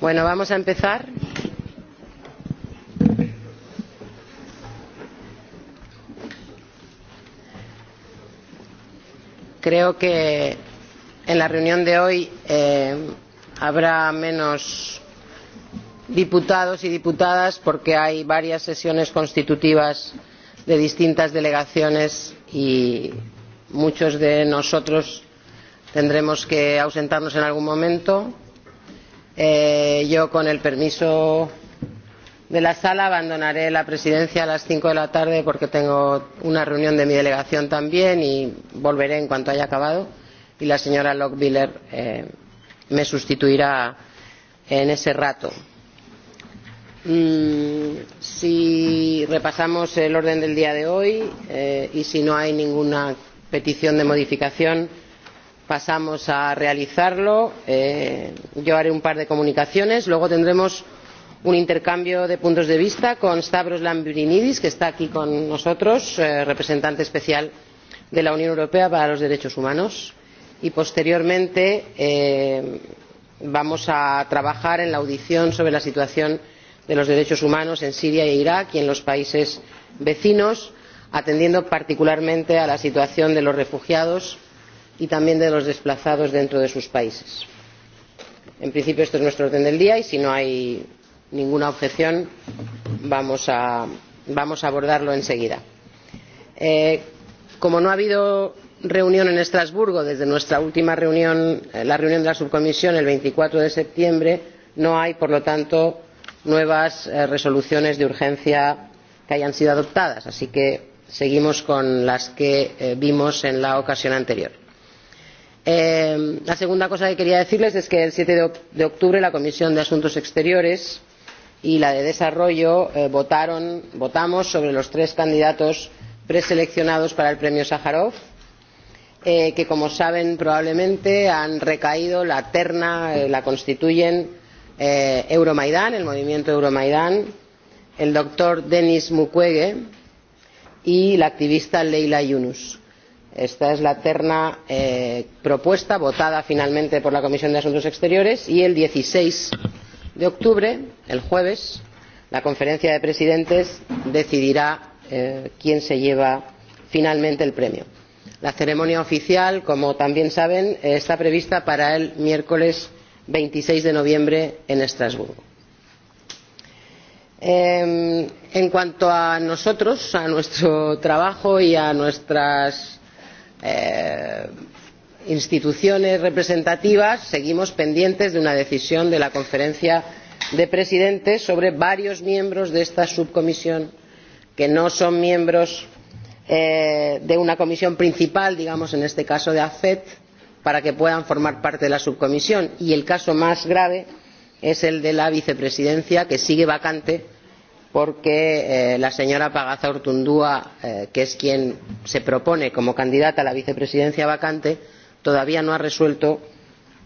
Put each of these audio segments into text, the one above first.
Bueno, vamos a empezar. Creo que en la reunión de hoy eh, habrá menos diputados y diputadas porque hay varias sesiones constitutivas de distintas delegaciones y muchos de nosotros tendremos que ausentarnos en algún momento Eh, yo, con el permiso de la sala, abandonaré la presidencia a las cinco de la tarde porque tengo una reunión de mi delegación también y volveré en cuanto haya acabado. Y la señora lochbihler eh, me sustituirá en ese rato. Mm, si repasamos el orden del día de hoy eh, y si no hay ninguna petición de modificación, pasamos a realizarlo. Eh, yo haré un par de comunicaciones luego tendremos un intercambio de puntos de vista con stavros lambrinidis que está aquí con nosotros eh, representante especial de la unión europea para los derechos humanos y posteriormente eh, vamos a trabajar en la audición sobre la situación de los derechos humanos en siria e irak y en los países vecinos atendiendo particularmente a la situación de los refugiados y también de los desplazados dentro de sus países. en principio este es nuestro orden del día y si no hay ninguna objeción vamos a, vamos a abordarlo enseguida. Eh, como no ha habido reunión en estrasburgo desde nuestra última reunión eh, la reunión de la subcomisión el 24 de septiembre no hay por lo tanto nuevas eh, resoluciones de urgencia que hayan sido adoptadas así que seguimos con las que eh, vimos en la ocasión anterior la segunda cosa que quería decirles es que el siete de octubre la comisión de asuntos exteriores y la de desarrollo eh, votaron, votamos sobre los tres candidatos preseleccionados para el premio sájarov eh, que como saben probablemente han recaído la terna eh, la constituyen eh, euromaidán el movimiento euromaidán el doctor denis mukwege y la activista leyla yunus esta es la terna eh, propuesta votada finalmente por la comisión de asuntos exteriores y el dieciseis de octubre el jueves la conferencia de presidentes decidirá eh, quién se lleva finalmente el premio. la ceremonia oficial como también saben eh, está prevista para el miércoles veintiséis de noviembre en estrasburgo. en cuanto a nosotros a nuestro trabajo y a nuestras Eh, instituciones representativas seguimos pendientes de una decisión de la conferencia de presidentes sobre varios miembros de esta subcomisión que no son miembros eh, de una comisión principal digamos en este caso de la afet para que puedan formar parte de la subcomisión y el caso más grave es el de la vicepresidencia que sigue vacante porque eh, la señora pagazaurtundúa eh, que es quien se propone como candidata a la vicepresidencia vacante todavía no ha resuelto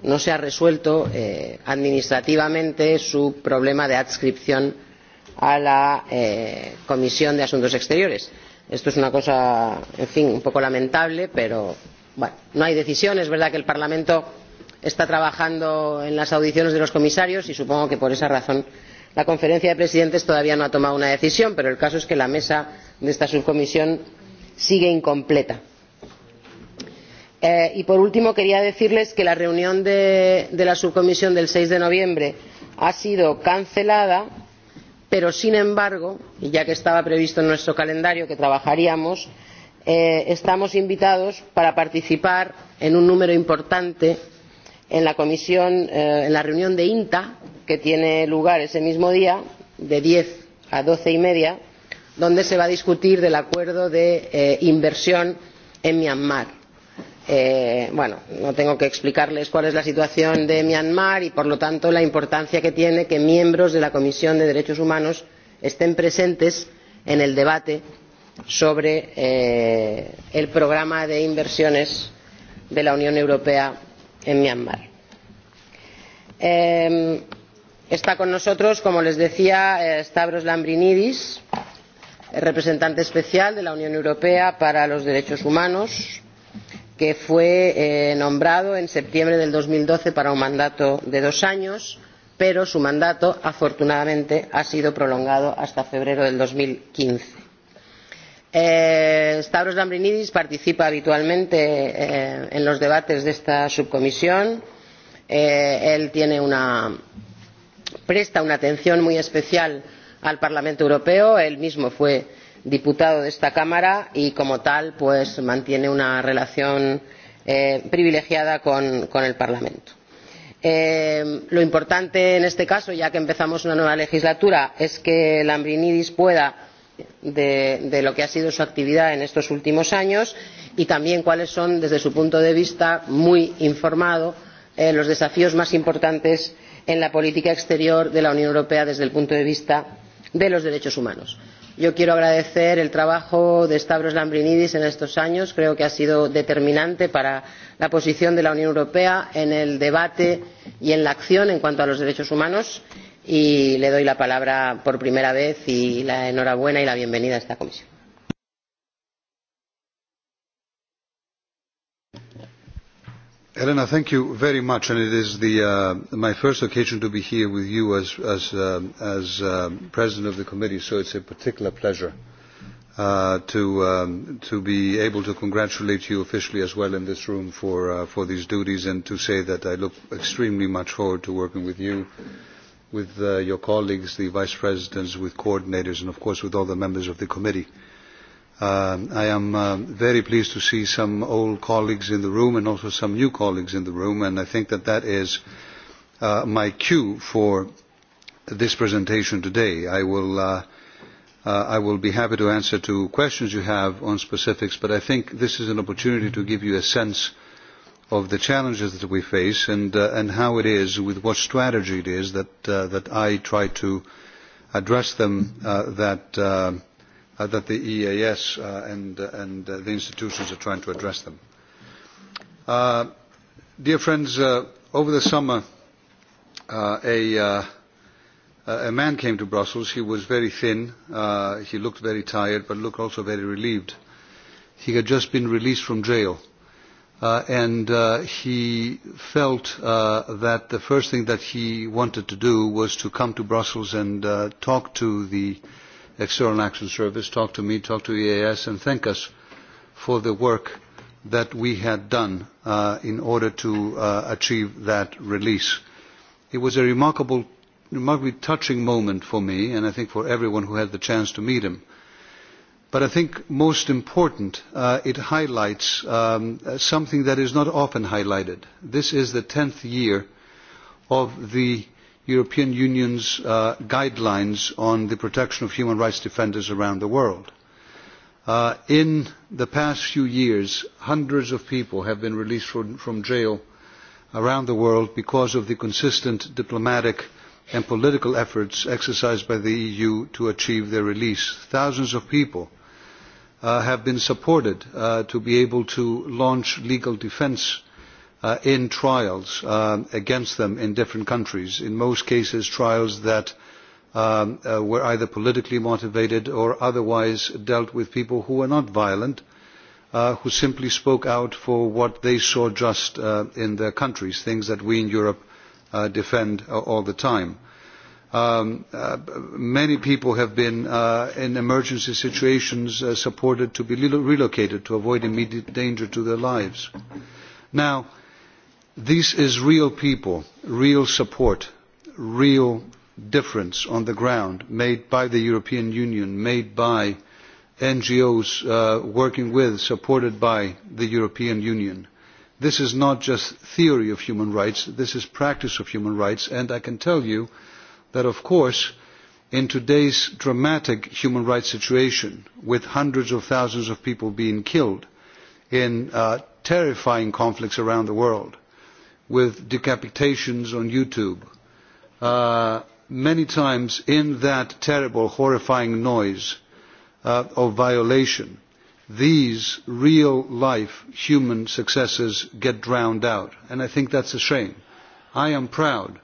no se ha resuelto eh, administrativamente su problema de adscripción a la eh, comisión de asuntos exteriores. esto es una cosa en fin un poco lamentable pero bueno no hay decisión. es verdad que el parlamento está trabajando en las audiciones de los comisarios y supongo que por esa razón la conferencia de presidentes todavía no ha tomado una decisión pero el caso es que la mesa de esta subcomisión sigue incompleta. Eh, y por último quería decirles que la reunión de, de la subcomisión del seis de noviembre ha sido cancelada pero sin embargo y ya que estaba previsto en nuestro calendario que trabajaríamos eh, estamos invitados para participar en un número importante en la, comisión, eh, en la reunión de inta que tiene lugar ese mismo día de diez a doce y media donde se va a discutir del acuerdo de eh, inversión en myanmar. Eh, bueno, no tengo que explicarles cuál es la situación de myanmar y por lo tanto la importancia que tiene que miembros de la comisión de derechos humanos estén presentes en el debate sobre eh, el programa de inversiones de la unión europea en myanmar. Eh, está con nosotros como les decía eh, stavros lambrinidis representante especial de la unión europea para los derechos humanos que fue eh, nombrado en septiembre de dos mil doce para un mandato de dos años pero su mandato afortunadamente ha sido prolongado hasta febrero de dos mil quince eh, stavros lambrinidis participa habitualmente eh, en los debates de esta subcomisión. Eh, él tiene una presta una atención muy especial al parlamento europeo él mismo fue diputado de esta cámara y como tal mantiene una relación eh, privilegiada con, el parlamento. Eh, lo importante en este caso ya que empezamos una nueva legislatura es que lambrinidis pueda de, de lo que ha sido su actividad en estos últimos años y también cuáles son desde su punto de vista muy informado eh, los desafíos más importantes en la política exterior de la unión europea desde el punto de vista de los derechos humanos. yo quiero agradecer el trabajo de stavros lambrinidis en estos años creo que ha sido determinante para la posición de la unión europea en el debate y en la acción en cuanto a los derechos humanos y le doy la palabra por primera vez y la enhorabuena y la bienvenida a esta comisión. Elena, thank you very much, and it is the, uh, my first occasion to be here with you as, as, uh, as um, President of the Committee, so it's a particular pleasure uh, to, um, to be able to congratulate you officially as well in this room for, uh, for these duties and to say that I look extremely much forward to working with you, with uh, your colleagues, the Vice Presidents, with coordinators, and of course with all the members of the Committee. Uh, Uh, I am uh, very pleased to see some old colleagues in the room and also some new colleagues in the room, and I think that that is uh, my cue for this presentation today. I will, uh, uh, I will be happy to answer to questions you have on specifics, but I think this is an opportunity to give you a sense of the challenges that we face and, uh, and how it is, with what strategy it is that, uh, that I try to address them uh, that uh, Uh, that the EAS uh, and, uh, and uh, the institutions are trying to address them. Uh, dear friends, uh, over the summer, uh, a, uh, a man came to Brussels. He was very thin. Uh, he looked very tired, but looked also very relieved. He had just been released from jail. Uh, and uh, he felt uh, that the first thing that he wanted to do was to come to Brussels and uh, talk to the uh, External Action Service, talk to me, talk to EAS, and thank us for the work that we had done uh, in order to uh, achieve that release. It was a remarkable, remarkably touching moment for me, and I think for everyone who had the chance to meet him. But I think most important, uh, it highlights um, something that is not often highlighted. This is the 10th year of the European Union's uh, guidelines on the protection of human rights defenders around the world. Uh, in the past few years, hundreds of people have been released from, jail around the world because of the consistent diplomatic and political efforts exercised by the EU to achieve their release. Thousands of people uh, have been supported to be able to launch legal defence uh, in trials um, against them in different countries, in most cases trials that um, uh, were either politically motivated or otherwise dealt with people who were not violent, uh, who simply spoke out for what they saw just uh, in their countries, things that we in Europe uh, defend uh, all the time. Um, uh, many people have been uh, in emergency situations uh, supported to be relocated to avoid immediate danger to their lives. Now, These is real people real support real difference on the ground made by the european union made by ngos uh, working with supported by the european union this is not just theory of human rights this is practice of human rights and i can tell you that of course in today's dramatic human rights situation with hundreds of thousands of people being killed in uh, terrifying conflicts around the world with decapitations on YouTube. Uh, many times in that terrible, horrifying noise uh, of violation, these real life human successes get drowned out. And I think that's a shame. I am proud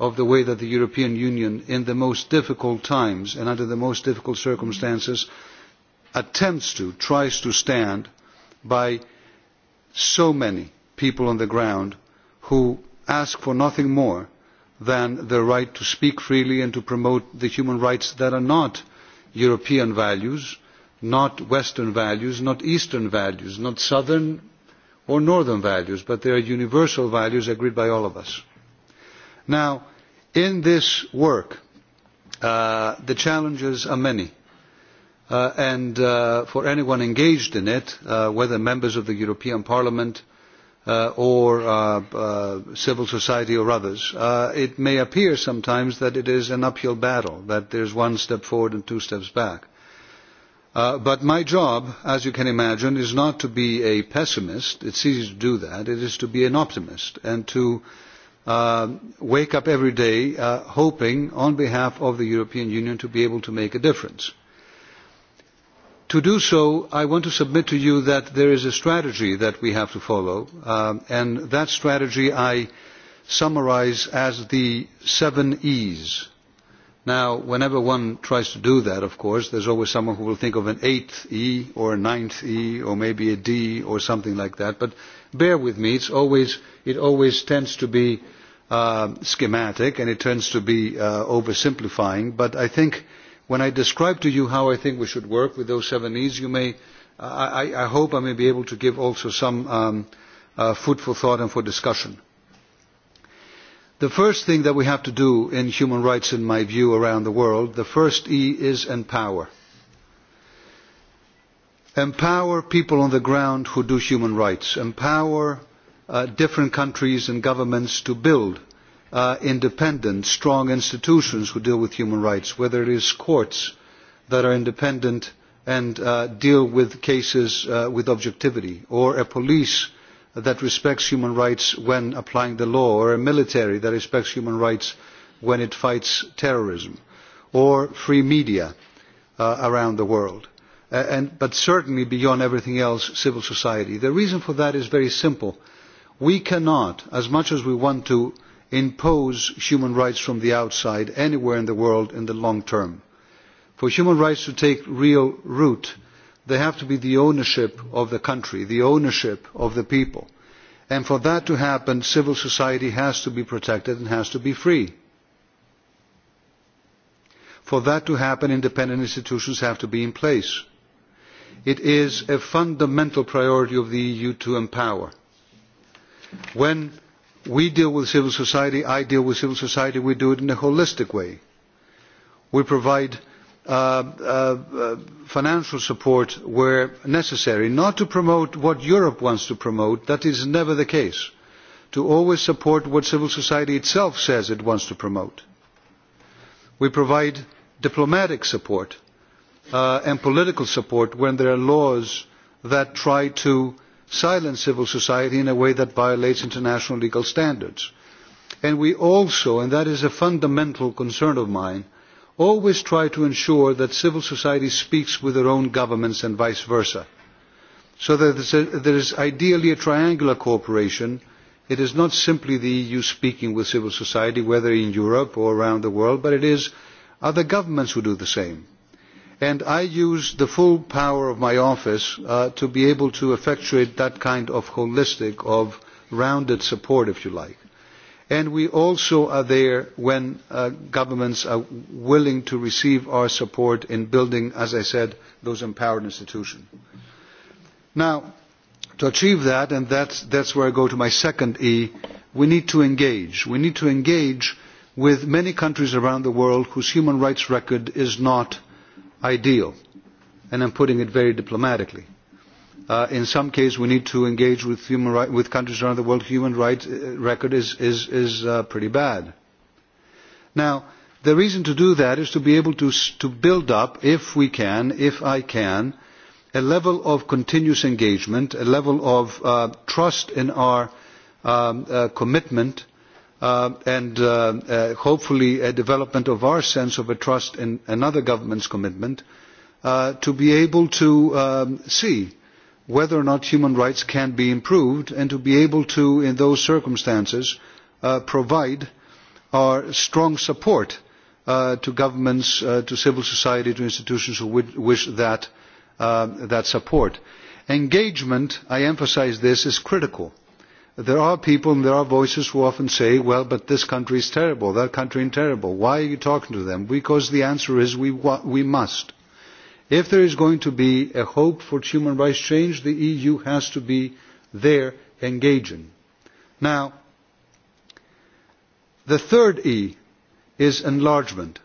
of the way that the European Union, in the most difficult times and under the most difficult circumstances, attempts to, tries to stand by so many people on the ground who ask for nothing more than the right to speak freely and to promote the human rights that are not European values, not Western values, not Eastern values, not Southern or Northern values, but they are universal values agreed by all of us. Now, in this work, uh, the challenges are many. Uh, and uh, for anyone engaged in it, uh, whether members of the European Parliament, uh, or uh, uh, civil society or others, uh, it may appear sometimes that it is an uphill battle, that there's one step forward and two steps back. Uh, but my job, as you can imagine, is not to be a pessimist. It's easy to do that. It is to be an optimist and to uh, wake up every day uh, hoping on behalf of the European Union to be able to make a difference to do so, I want to submit to you that there is a strategy that we have to follow, um, and that strategy I summarize as the seven E's. Now, whenever one tries to do that, of course, there's always someone who will think of an eighth E or a ninth E or maybe a D or something like that. But bear with me, it's always, it always tends to be uh, schematic and it tends to be uh, oversimplifying. But I think When I describe to you how I think we should work with those seven E's, you may, I, I hope I may be able to give also some um, uh, food for thought and for discussion. The first thing that we have to do in human rights, in my view, around the world, the first E is empower. Empower people on the ground who do human rights. Empower uh, different countries and governments to build Uh, independent, strong institutions who deal with human rights, whether it is courts that are independent and uh, deal with cases uh, with objectivity, or a police that respects human rights when applying the law, or a military that respects human rights when it fights terrorism, or free media around the world. and, but certainly beyond everything else, civil society. The reason for that is very simple. We cannot, as much as we want to, impose human rights from the outside anywhere in the world in the long term. For human rights to take real root, they have to be the ownership of the country, the ownership of the people. And for that to happen, civil society has to be protected and has to be free. For that to happen, independent institutions have to be in place. It is a fundamental priority of the EU to empower. When We deal with civil society, I deal with civil society, we do it in a holistic way. We provide uh, uh, uh, financial support where necessary, not to promote what Europe wants to promote, that is never the case, to always support what civil society itself says it wants to promote. We provide diplomatic support uh, and political support when there are laws that try to uh, silence civil society in a way that violates international legal standards. And we also, and that is a fundamental concern of mine, always try to ensure that civil society speaks with their own governments and vice versa. So that there is ideally a triangular cooperation. It is not simply the EU speaking with civil society, whether in Europe or around the world, but it is other governments who do the same and i use the full power of my office uh, to be able to effectuate that kind of holistic of rounded support if you like we are also there when uh, governments are willing to receive our support in building as i said those empowered institutions now to achieve that and that is where i go to my second e we need to engage we need to engage with many countries around the world whose human rights record is not ideal and i am putting it very diplomatically. Uh, in some cases we need to engage with, countries around the world whose human rights uh, record is, uh, pretty bad. the reason to do that is to be able to, build up, if we can, if I can, a level of continuous engagement, a level of trust in our um, commitment Uh, and uh, uh, hopefully a development of our sense of a trust in another government's commitment to be able to um, see whether or not human rights can be improved and to be able to, in those circumstances, provide our strong support to governments, to civil society, to institutions who wish that support. Engagement, I emphasise this, is critical there are people and there are voices who often say, well, but this country is terrible, that country is terrible. Why are you talking to them? Because the answer is we, we must. If there is going to be a hope for human rights change, the EU has to be there engaging. Now, the third E is enlargement.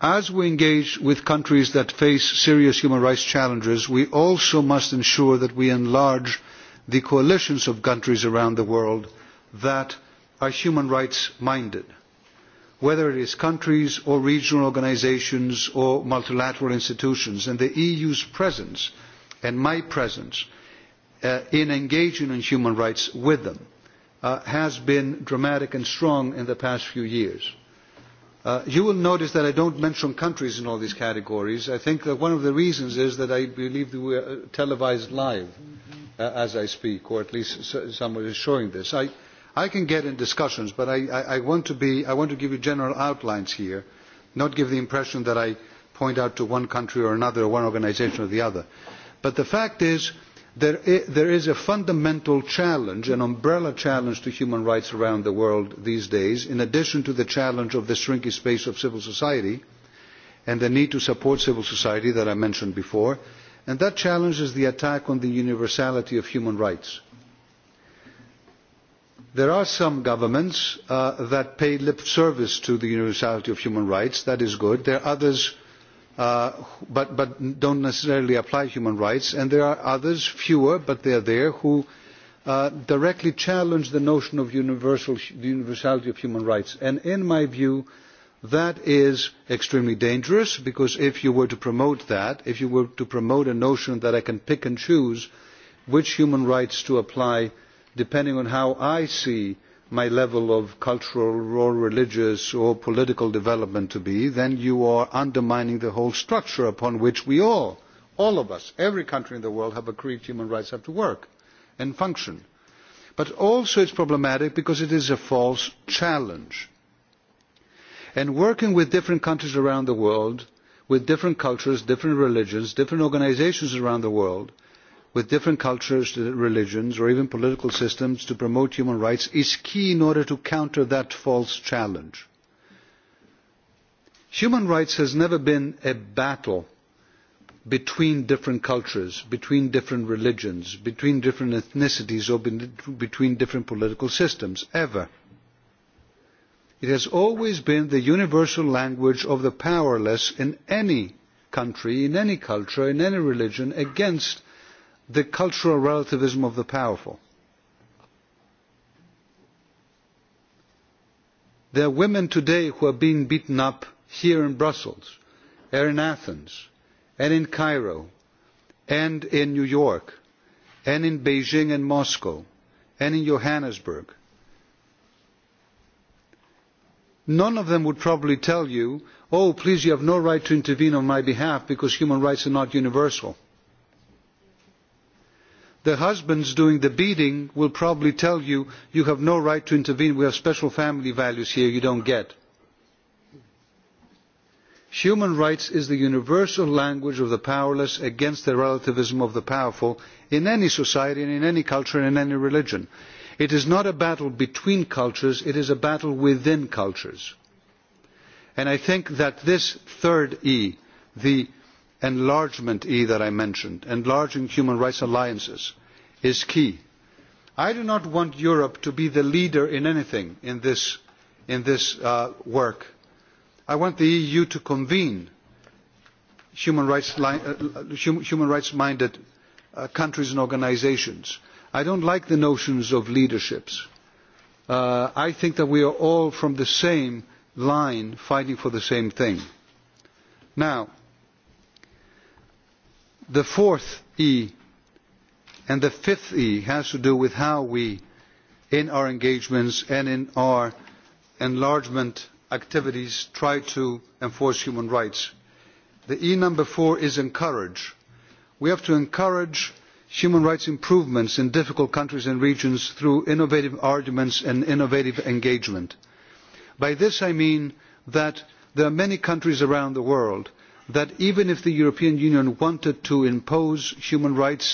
As we engage with countries that face serious human rights challenges, we also must ensure that we enlarge the coalitions of countries around the world that are human rights minded, whether it is countries or regional organisations or multilateral institutions. And the EU's presence and my presence uh, in engaging in human rights with them uh, has been dramatic and strong in the past few years. Uh, you will notice that I don't mention countries in all these categories. I think that one of the reasons is that I believe that we are televised live. Mm -hmm Uh, as I speak, or at least someone is showing this. I, I can get in discussions, but I, I, I, want to be, I want to give you general outlines here, not give the impression that I point out to one country or another, or one organisation or the other. But the fact is, there is a fundamental challenge, an umbrella challenge to human rights around the world these days, in addition to the challenge of the shrinking space of civil society and the need to support civil society that I mentioned before and that challenges the attack on the universality of human rights. There are some governments uh, that pay lip service to the universality of human rights. That is good. There are others, uh, but, but don't necessarily apply human rights. And there are others, fewer, but they are there, who uh, directly challenge the notion of universal, the universality of human rights. And in my view, uh, that is extremely dangerous because if you were to promote that if you were to promote a notion that i can pick and choose which human rights to apply depending on how i see my level of cultural or religious or political development to be then you are undermining the whole structure upon which we all all of us every country in the world have agreed human rights have to work and function. but also it is problematic because it is a false challenge and working with different countries around the world with different cultures different religions different organisations around the world with different cultures uh, religions or even political systems to promote human rights is key in order to counter that false challenge. human rights has never been a battle between different cultures between different religions between different ethnicities or between different political systems ever it has always been the universal language of the powerless in any country, in any culture, in any religion, against the cultural relativism of the powerful. There are women today who are being beaten up here in Brussels, and in Athens, and in Cairo, and in New York, and in Beijing and Moscow, and in Johannesburg none of them would probably tell you oh please you have no right to intervene on my behalf because human rights are not universal. the husbands doing the beating will probably tell you you have no right to intervene we have special family values here you don't get. human rights is the universal language of the powerless against the relativism of the powerful in any society and in any culture and in any religion. It is not a battle between cultures, it is a battle within cultures. And I think that this third E, the enlargement E that I mentioned, enlarging human rights alliances, is key. I do not want Europe to be the leader in anything in this, in this uh, work. I want the EU to convene human rights-minded uh, human rights uh, countries and organisations. I don't like the notions of leaderships. Uh, I think that we are all from the same line fighting for the same thing. Now, the fourth E and the fifth E has to do with how we, in our engagements and in our enlargement activities, try to enforce human rights. The E number four is encourage. We have to encourage human rights improvements in difficult countries and regions through innovative arguments and innovative engagement. by this i mean that there are many countries around the world that even if the european union wanted to impose human rights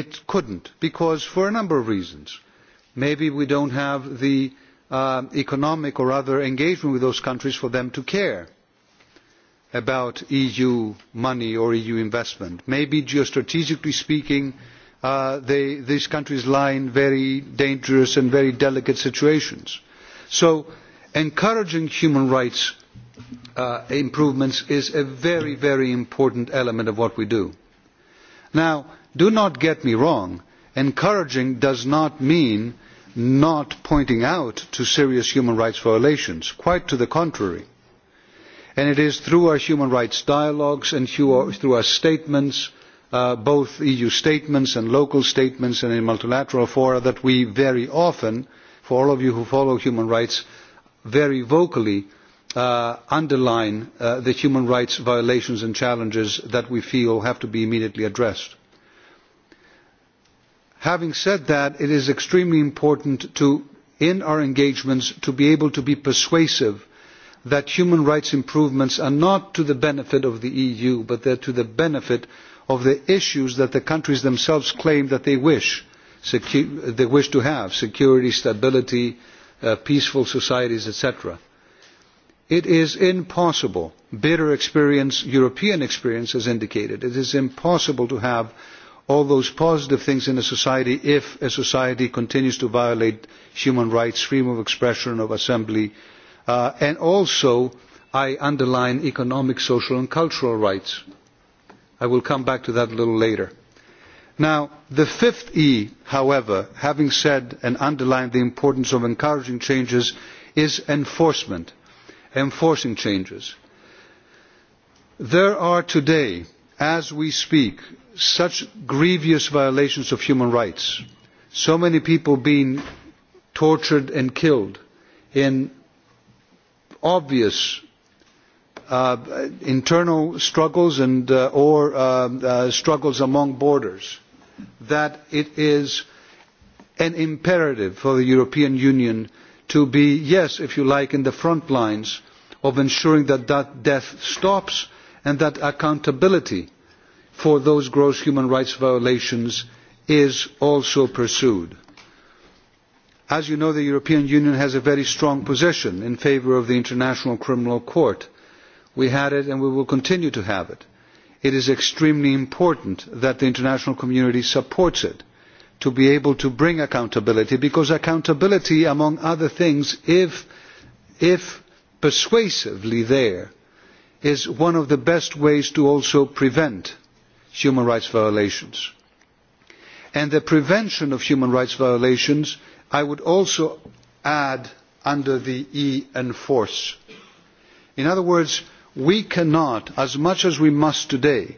it could not because for a number of reasons maybe we do not have the uh, economic or other engagement with those countries for them to care about eu money or eu investment. maybe geostrategically speaking uh, these countries lie in very dangerous and very delicate situations. so encouraging human rights uh, improvements is a very very important element of what we do. now do not get me wrong encouraging does not mean not pointing out to serious human rights violations quite to the contrary and it is through our human rights dialogues and through our statements uh, both eu statements and local statements and in multilateral fora that we very often for all of you who follow human rights very vocally uh, underline uh, the human rights violations and challenges that we feel have to be immediately addressed. Having said that, it is extremely important in our engagements, to be able to be persuasive that human rights improvements are not to the benefit of the eu but they are to the benefit of the issues that the countries themselves claim that they wish, secu they wish to have security stability uh, peaceful societies etc. it is impossible bitter experience european experience has indicated it is impossible to have all those positive things in a society if a society continues to violate human rights freedom of expression of assembly Uh, and also, I underline economic, social and cultural rights. I will come back to that a little later. Now, the fifth E, however, having said and underlined the importance of encouraging changes, is enforcement, enforcing changes. There are today, as we speak, such grievous violations of human rights, so many people being tortured and killed in obvious uh, internal struggles and uh, or uh, uh, struggles among borders that it is an imperative for the European Union to be, yes, if you like, in the front lines of ensuring that that death stops and that accountability for those gross human rights violations is also pursued as you know the european union has a very strong position in favour of the international criminal court. we had it and we will continue to have it. it is extremely important that the international community supports it to be able to bring accountability because accountability among other things if, if persuasively there is one of the best ways to also prevent human rights violations. and the prevention of human rights violations i would also add under the e enforce. in other words we cannot as much as we must today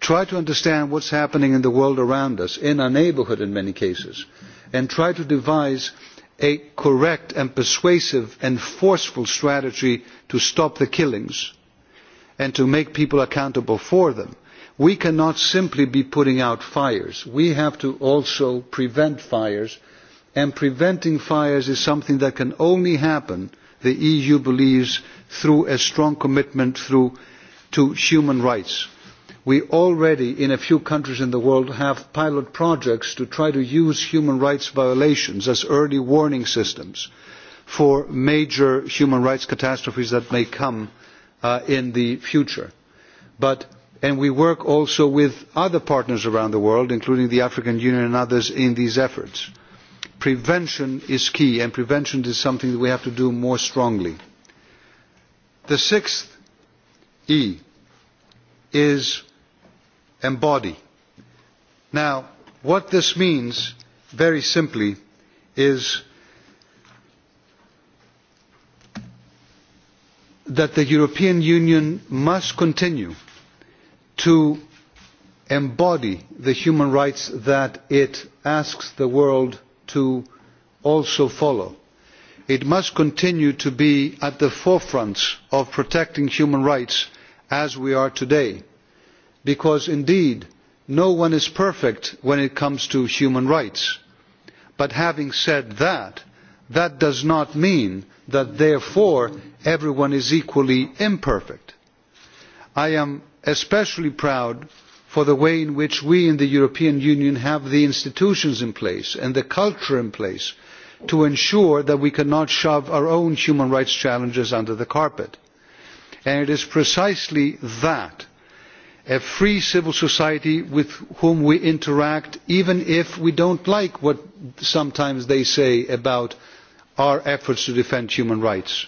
try to understand what is happening in the world around us in our neighbourhood in many cases and try to devise a correct and persuasive and forceful strategy to stop the killings and to make people accountable for them. We cannot simply be putting out fires. We have to also prevent fires and preventing fires is something that can only happen the eu believes through a strong commitment through, to human rights. we already in a few countries in the world have pilot projects to try to use human rights violations as early warning systems for major human rights catastrophes that may come uh, in the future. But, and we work also with other partners around the world including the african union and others in these efforts prevention is key and prevention is something that we have to do more strongly. The sixth E is embody. Now, what this means, very simply, is that the European Union must continue to embody the human rights that it asks the world to also follow. It must continue to be at the forefront of protecting human rights as we are today, because indeed no one is perfect when it comes to human rights. But having said that, that does not mean that therefore everyone is equally imperfect. I am especially proud for the way in which we in the European Union have the institutions in place and the culture in place to ensure that we cannot shove our own human rights challenges under the carpet. And it is precisely that a free civil society with whom we interact even if we do not like what sometimes they say about our efforts to defend human rights.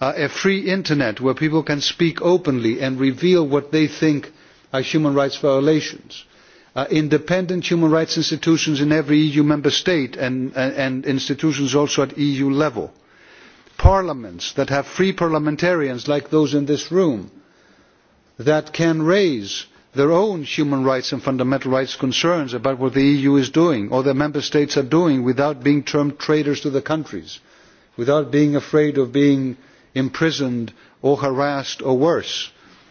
Uh, a free internet where people can speak openly and reveal what they think by uh, human rights violations. Uh, independent human rights institutions in every eu member state and, uh, and institutions also at eu level parliaments that have free parliamentarians like those in this room that can raise their own human rights and fundamental rights concerns about what the eu is doing or the member states are doing without being termed traitors to the countries without being afraid of being imprisoned or harassed or worse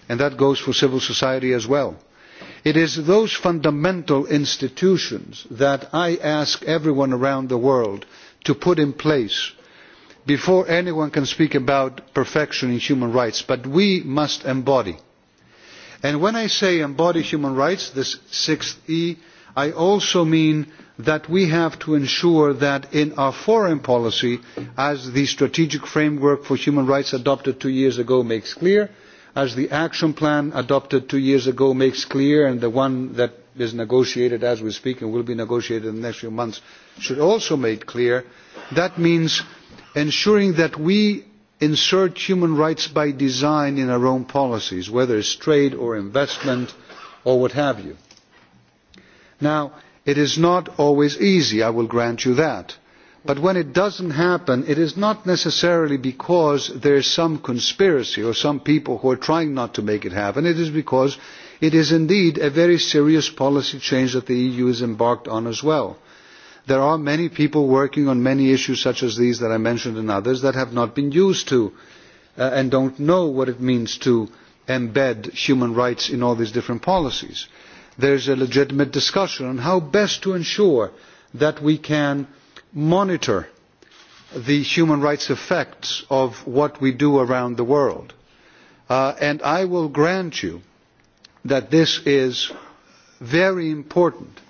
and that goes for civil society as well. It is those fundamental institutions that I ask everyone around the world to put in place before anyone can speak about perfection in human rights, but we must embody. And when I say embody human rights, this sixth E, I also mean that we have to ensure that in our foreign policy, as the strategic framework for human rights adopted two years ago makes clear, as the action plan adopted two years ago makes clear and the one that is negotiated as we speak and will be negotiated in the next few months should also make clear that means ensuring that we insert human rights by design in our own policies whether it is trade or investment or what have you. now it is not always easy i will grant you that but when it does not happen it is not necessarily because there is some conspiracy or some people who are trying not to make it happen it is because it is indeed a very serious policy change that the eu has embarked on as well. there are many people working on many issues such as these that i mentioned and others that have not been used to uh, and do not know what it means to embed human rights in all these different policies. there is a legitimate discussion on how best to ensure that we can monitor the human rights effects of what we do around the world. Uh, and I will grant you that this is very important,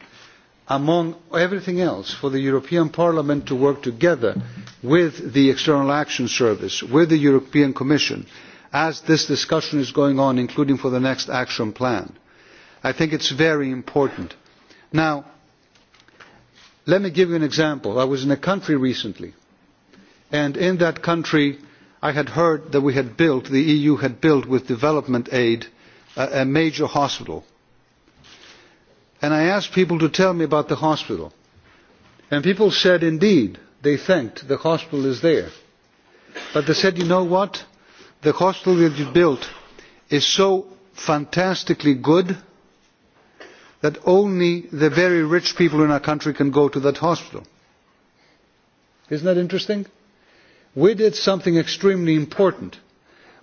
among everything else, for the European Parliament to work together with the External Action Service, with the European Commission, as this discussion is going on, including for the next action plan. I think it's very important. Now, Let me give you an example. I was in a country recently, and in that country, I had heard that we had built, the EU had built with development aid, a, major hospital. And I asked people to tell me about the hospital. And people said, indeed, they thanked the hospital is there. But they said, you know what? The hospital that you built is so fantastically good that only the very rich people in our country can go to that hospital. Isn't that interesting? We did something extremely important,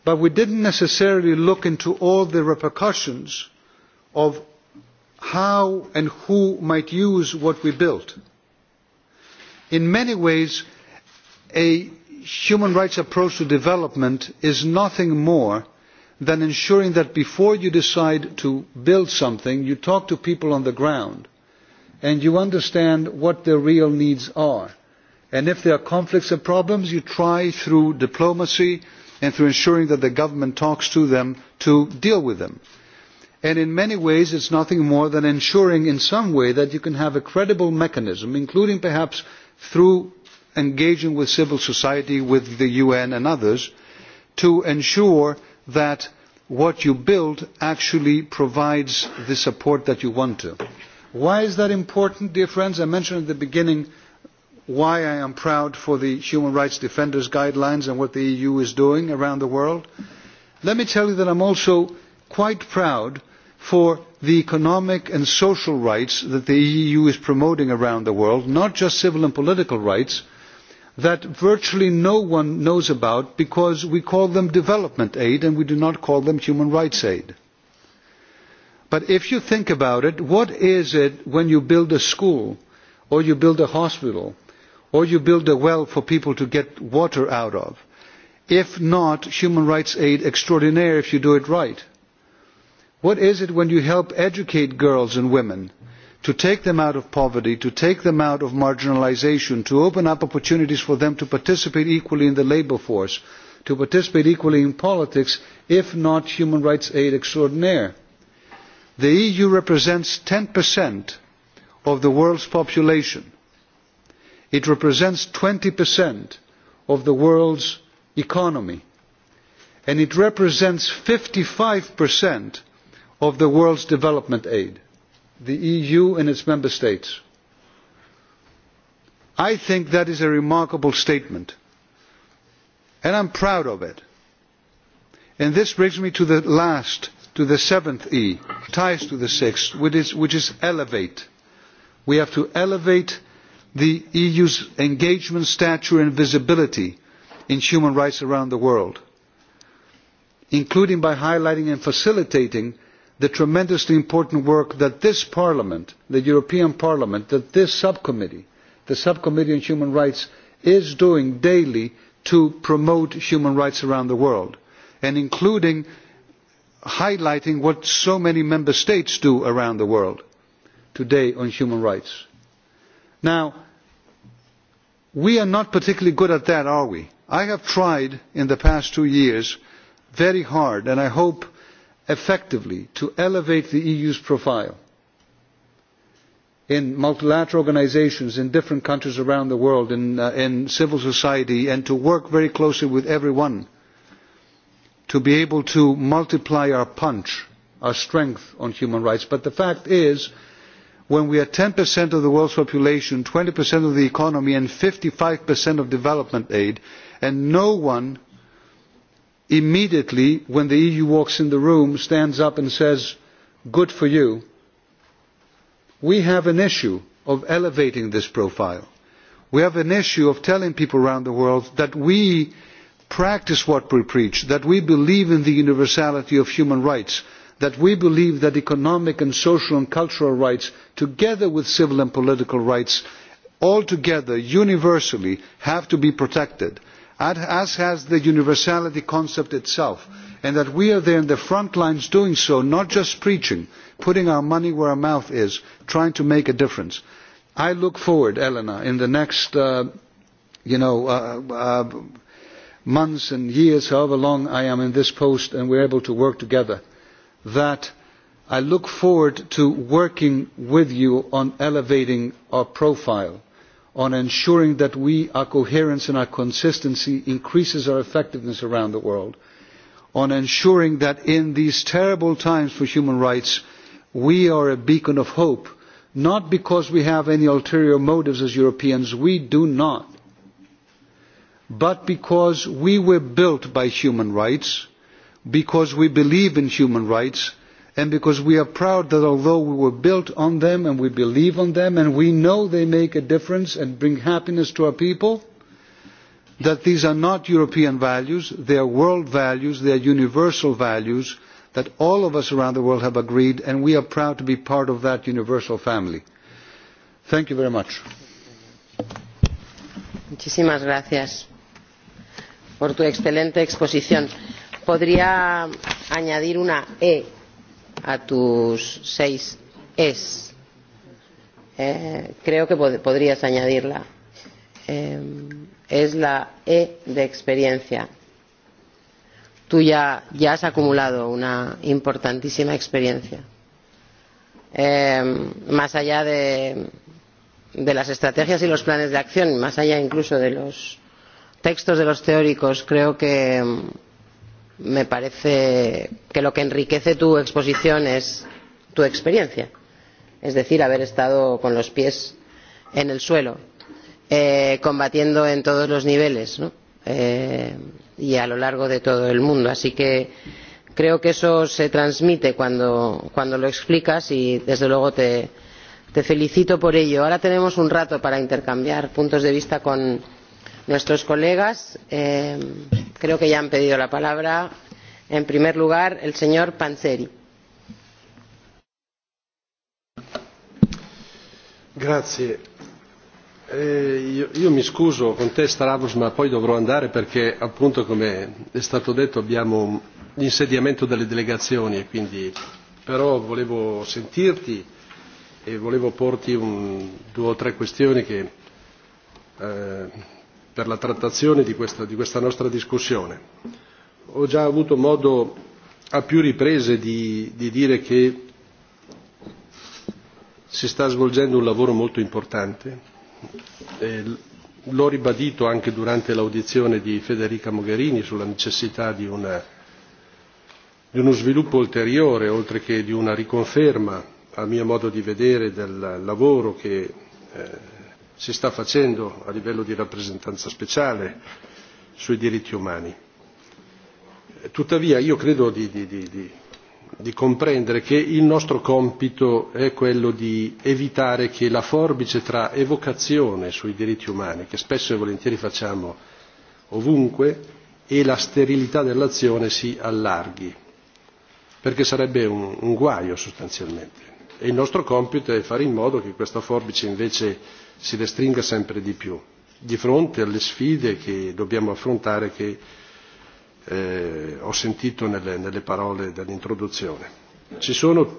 but we didn't necessarily look into all the repercussions of how and who might use what we built. In many ways, a human rights approach to development is nothing more than ensuring that before you decide to build something, you talk to people on the ground and you understand what their real needs are. And if there are conflicts and problems, you try through diplomacy and through ensuring that the government talks to them to deal with them. And in many ways, it's nothing more than ensuring in some way that you can have a credible mechanism, including perhaps through engaging with civil society, with the UN and others, to ensure that what you build actually provides the support that you want to. Why is that important, dear friends? I mentioned at the beginning why I am proud for the Human Rights Defenders Guidelines and what the EU is doing around the world. Let me tell you that I am also quite proud for the economic and social rights that the EU is promoting around the world, not just civil and political rights, that virtually no one knows about because we call them development aid and we do not call them human rights aid. But if you think about it, what is it when you build a school or you build a hospital or you build a well for people to get water out of? If not human rights aid extraordinaire if you do it right. What is it when you help educate girls and women to take them out of poverty to take them out of marginalisation to open up opportunities for them to participate equally in the labour force to participate equally in politics if not human rights aid extraordinaire. the eu represents ten of the world's population. it represents twenty of the world's economy and it represents fifty five of the world's development aid the eu and its member states. i think that is a remarkable statement and i am proud of it. and this brings me to the last to the seventh e ties to the sixth which is, which is elevate. we have to elevate the eu's engagement stature and visibility in human rights around the world including by highlighting and facilitating the tremendously important work that this parliament the european parliament that this subcommittee the subcommittee on human rights is doing daily to promote human rights around the world and including highlighting what so many member states do around the world today on human rights. Now, we are not particularly good at that, are we? I have tried in the past two years very hard, and I hope effectively to elevate the eu's profile in multilateral organisations in different countries around the world in, uh, in civil society and to work very closely with everyone to be able to multiply our punch our strength on human rights but the fact is when we are 10% of the world's population 20% of the economy and 55% of development aid and no one immediately when the eu walks in the room stands up and says good for you we have an issue of elevating this profile. we have an issue of telling people around the world that we practice what we preach that we believe in the universality of human rights that we believe that economic and social and cultural rights together with civil and political rights all together universally have to be protected as has the universality concept itself and that we are there in the front lines doing so not just preaching putting our money where our mouth is trying to make a difference. i look forward elena in the next uh, you know, uh, uh, months and years however long i am in this post and we are able to work together that i look forward to working with you on elevating our profile on ensuring that we, our coherence and our consistency increases our effectiveness around the world, on ensuring that in these terrible times for human rights, we are a beacon of hope, not because we have any ulterior motives as Europeans, we do not, but because we were built by human rights, because we believe in human rights, and because we are proud that although we were built on them and we believe in them and we know they make a difference and bring happiness to our people, that these are not European values, they are world values, they are universal values that all of us around the world have agreed and we are proud to be part of that universal family. Thank you very much. Muchísimas gracias por tu excelente exposición. Podría añadir una E a tus seis es. Eh, creo que pod podrías añadirla. Eh, es la E de experiencia. Tú ya, ya has acumulado una importantísima experiencia. Eh, más allá de, de las estrategias y los planes de acción, más allá incluso de los textos de los teóricos, creo que me parece que lo que enriquece tu exposición es tu experiencia es decir haber estado con los pies en el suelo eh, combatiendo en todos los niveles ¿no? eh, y a lo largo de todo el mundo así que creo que eso se transmite cuando, cuando lo explicas y desde luego te, te felicito por ello. ahora tenemos un rato para intercambiar puntos de vista con nuestros colegas. Eh, creo que ya han pedido la palabra. En primer lugar, el señor Panzeri. Grazie. Eh, io, io mi scuso con te Stravos ma poi dovrò andare perché appunto come è stato detto abbiamo l'insediamento delle delegazioni e quindi però volevo sentirti e volevo porti un, due o tre questioni che eh, per la trattazione di questa, di questa nostra discussione. Ho già avuto modo a più riprese di, di dire che si sta svolgendo un lavoro molto importante. E l'ho ribadito anche durante l'audizione di Federica Mogherini sulla necessità di, una, di uno sviluppo ulteriore, oltre che di una riconferma, a mio modo di vedere, del lavoro che eh, si sta facendo a livello di rappresentanza speciale sui diritti umani. Tuttavia io credo di, di, di, di, di comprendere che il nostro compito è quello di evitare che la forbice tra evocazione sui diritti umani, che spesso e volentieri facciamo ovunque, e la sterilità dell'azione si allarghi, perché sarebbe un, un guaio sostanzialmente. E il nostro compito è fare in modo che questa forbice invece si restringa sempre di più di fronte alle sfide che dobbiamo affrontare che eh, ho sentito nelle, nelle parole dell'introduzione. Ci sono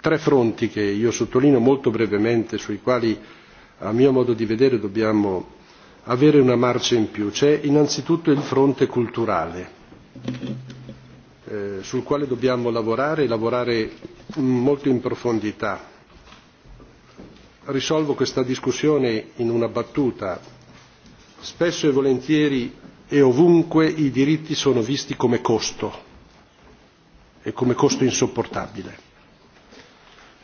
tre fronti che io sottolineo molto brevemente sui quali a mio modo di vedere dobbiamo avere una marcia in più. C'è innanzitutto il fronte culturale eh, sul quale dobbiamo lavorare e lavorare molto in profondità risolvo questa discussione in una battuta. Spesso e volentieri e ovunque i diritti sono visti come costo e come costo insopportabile.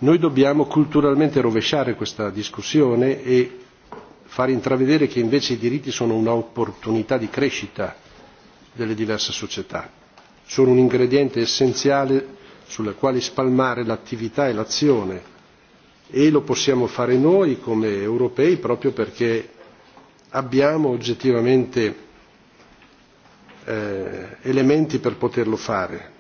Noi dobbiamo culturalmente rovesciare questa discussione e far intravedere che invece i diritti sono un'opportunità di crescita delle diverse società, sono un ingrediente essenziale sulla quale spalmare l'attività e l'azione e lo possiamo fare noi come europei proprio perché abbiamo oggettivamente eh, elementi per poterlo fare.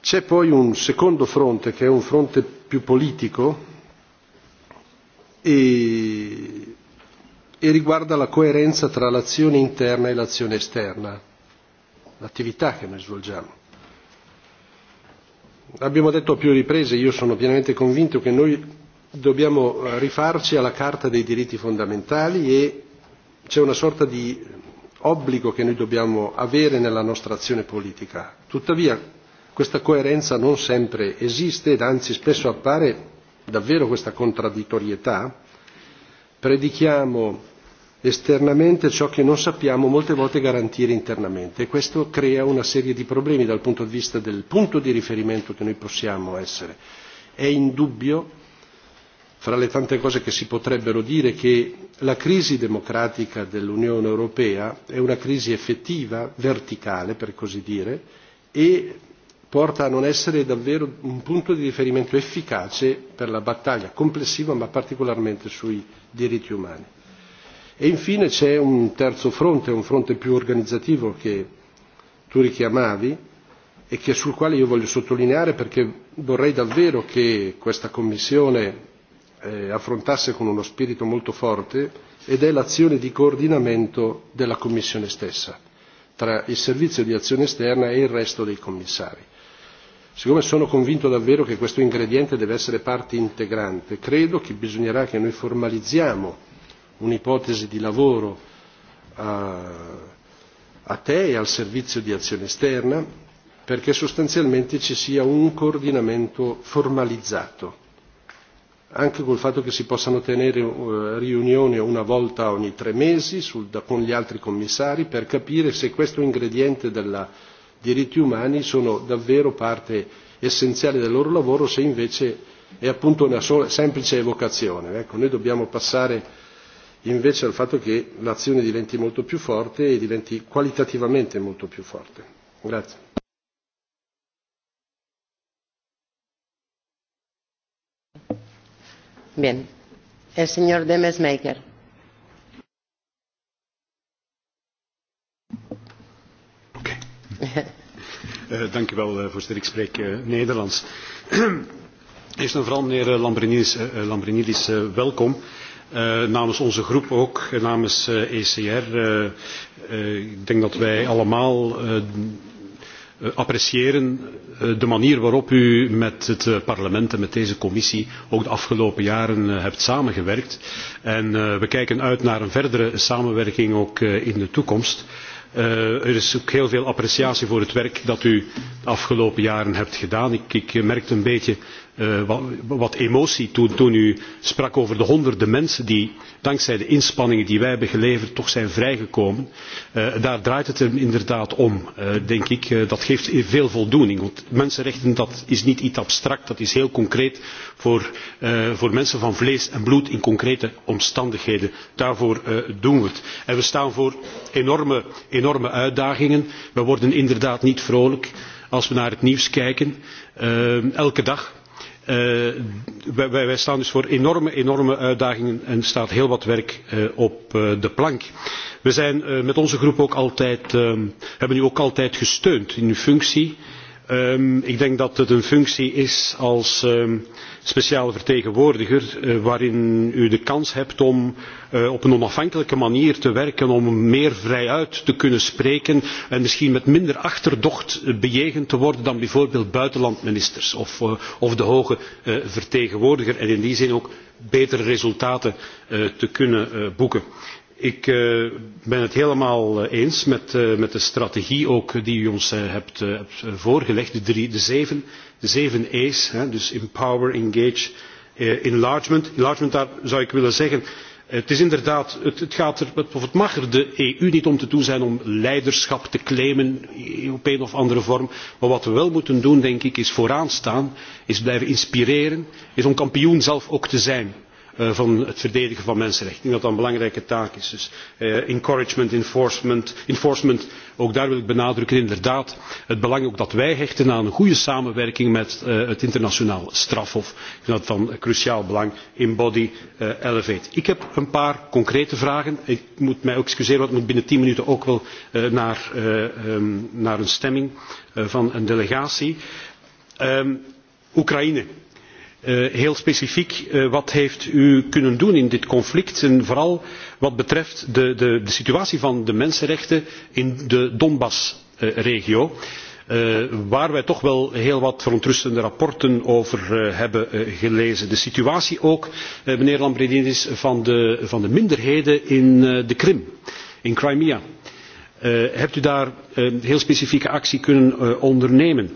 C'è poi un secondo fronte che è un fronte più politico e, e riguarda la coerenza tra l'azione interna e l'azione esterna, l'attività che noi svolgiamo abbiamo detto a più riprese io sono pienamente convinto che noi dobbiamo rifarci alla carta dei diritti fondamentali e c'è una sorta di obbligo che noi dobbiamo avere nella nostra azione politica. Tuttavia questa coerenza non sempre esiste ed anzi spesso appare davvero questa contraddittorietà. Predichiamo esternamente ciò che non sappiamo molte volte garantire internamente e questo crea una serie di problemi dal punto di vista del punto di riferimento che noi possiamo essere. È indubbio, fra le tante cose che si potrebbero dire, che la crisi democratica dell'Unione Europea è una crisi effettiva, verticale per così dire, e porta a non essere davvero un punto di riferimento efficace per la battaglia complessiva ma particolarmente sui diritti umani E infine c'è un terzo fronte, un fronte più organizzativo che tu richiamavi e che, sul quale io voglio sottolineare perché vorrei davvero che questa Commissione eh, affrontasse con uno spirito molto forte ed è l'azione di coordinamento della Commissione stessa tra il servizio di azione esterna e il resto dei commissari. Siccome sono convinto davvero che questo ingrediente deve essere parte integrante, credo che bisognerà che noi formalizziamo un'ipotesi di lavoro a, eh, a te e al servizio di azione esterna perché sostanzialmente ci sia un coordinamento formalizzato, anche col fatto che si possano tenere uh, riunioni una volta ogni tre mesi sul, da, con gli altri commissari per capire se questo ingrediente dei diritti umani sono davvero parte essenziale del loro lavoro, se invece è appunto una sola, semplice evocazione. Ecco, noi dobbiamo passare invece al fatto che l'azione diventi molto più forte e diventi qualitativamente molto più forte. Grazie. Bien. El señor Demesmaker. Oké. Okay. uh, dank u wel, uh, voorzitter. Ik spreek uh, Nederlands. Eerst en vooral, meneer Lambrinidis, uh, Lambrinidis uh, welkom. Eh, namens onze groep ook, eh, namens uh, eh, ECR. ik denk dat wij allemaal appreciëren de manier waarop u met het parlement en met deze commissie ook de afgelopen jaren hebt samengewerkt. En we kijken uit naar een verdere samenwerking ook in de toekomst. Uh, er is ook heel veel appreciatie voor het werk dat u de afgelopen jaren hebt gedaan. Ik, ik merkte een beetje Eh, wat emotie toen, toen u sprak over de honderden mensen die dankzij de inspanningen die wij hebben geleverd toch zijn vrijgekomen. Eh, daar draait het hem inderdaad om, eh, denk ik. dat geeft veel voldoening. Want mensenrechten dat is niet iets abstract, dat is heel concreet voor, voor mensen van vlees en bloed in concrete omstandigheden. Daarvoor doen we het. En we staan voor enorme, enorme uitdagingen. We worden inderdaad niet vrolijk als we naar het nieuws kijken. elke dag Eh, wij, wij staan dus voor enorme, enorme uitdagingen en er staat heel wat werk eh, op eh, de plank. We zijn met onze groep ook altijd, hebben u ook altijd gesteund in uw functie. Ehm, ik denk dat het een functie is als ehm, speciale vertegenwoordiger eh, waarin u de kans hebt om eh, op een onafhankelijke manier te werken om meer vrijuit te kunnen spreken en misschien met minder achterdocht eh, bejegend te worden dan bijvoorbeeld buitenlandministers of, of de hoge vertegenwoordiger en in die zin ook betere resultaten te kunnen boeken. Ik eh, ben het helemaal eh, eens eh, met, de strategie die u ons hebt, voorgelegd, de, zeven, E's, dus empower, engage, uh, enlargement. Enlargement, daar zou ik willen zeggen, het is inderdaad, het gaat er, of het mag er de EU niet om te doen zijn om leiderschap te claimen op een of andere vorm. Maar wat we wel moeten doen, denk ik, is vooraan staan, is blijven inspireren, is om kampioen zelf ook te zijn Eh, van het verdedigen van mensenrechten. Ik denk dat dat een belangrijke taak is. Dus eh, encouragement, enforcement, enforcement, ook daar wil ik benadrukken inderdaad het belang ook dat wij hechten aan een goede samenwerking met eh, het internationaal strafhof. Ik vind dat van cruciaal belang in body elevate. Ik heb een paar concrete vragen. Ik moet mij ook excuseren, want ik moet binnen tien minuten ook wel ehm, naar, een stemming van een delegatie. Ehm, Oekraïne Eh, heel specifiek eh, wat heeft u kunnen doen in dit conflict en vooral wat betreft de, situatie van de mensenrechten in de donbass regio eh, waar wij toch wel heel wat verontrustende rapporten over hebben gelezen. de situatie ook mijnheer lambrinidis van de, van de minderheden in de krim in crimea. hebt u daar heel specifieke actie kunnen ondernemen?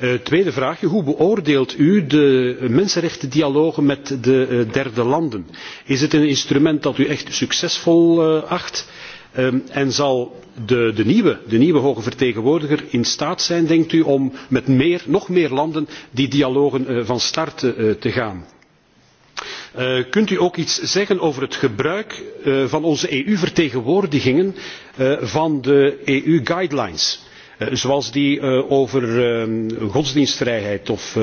Eh, tweede vraag hoe beoordeelt u de mensenrechtendialogen met de eh, derde landen? is het een instrument dat u echt succesvol eh, acht ehm, en zal de, nieuwe, hoge vertegenwoordiger in staat zijn denkt u om met nog meer landen die dialogen van start te gaan? kunt u ook iets zeggen over het gebruik uh, van onze eu vertegenwoordigingen van de eu richtlijnen? Eh, zoals die eh, over ehm, godsdienstvrijheid of eh,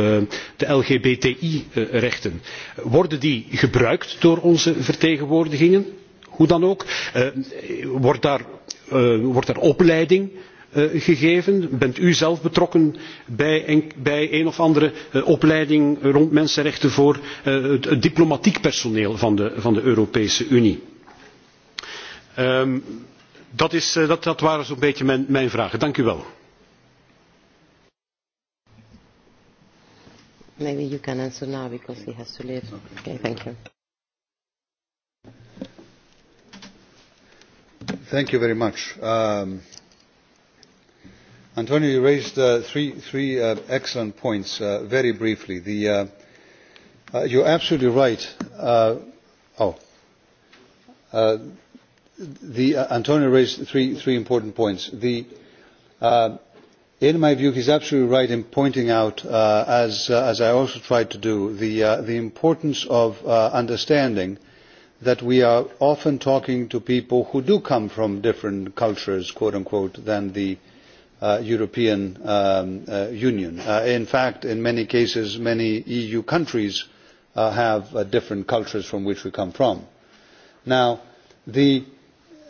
de lgbti rechten. worden die gebruikt door onze vertegenwoordigingen? hoe dan ook? wordt daar, wordt daar opleiding gegeven? bent u zelf betrokken bij een, of andere opleiding rond mensenrechten voor het diplomatiek personeel van de, europese unie? Ehm, dat, is, eh, dat, dat waren zo'n beetje mijn, mijn vragen. Dank u wel. Maybe you can answer now because he has to leave. Okay, thank you. Thank you very much. Um, Antonio, you raised uh, three, three uh, excellent points uh, very briefly. The, uh, uh, you're absolutely right. Uh, oh. Uh, Uh, Antonio raised three, important points. Uh, in my view, he is absolutely right in pointing out, uh, as, I also tried to do, the, importance of understanding that we are often talking to people who do come from different cultures, quote unquote, than the European um, Union. in fact, in many cases, many EU countries have different cultures from which we come from. Now, the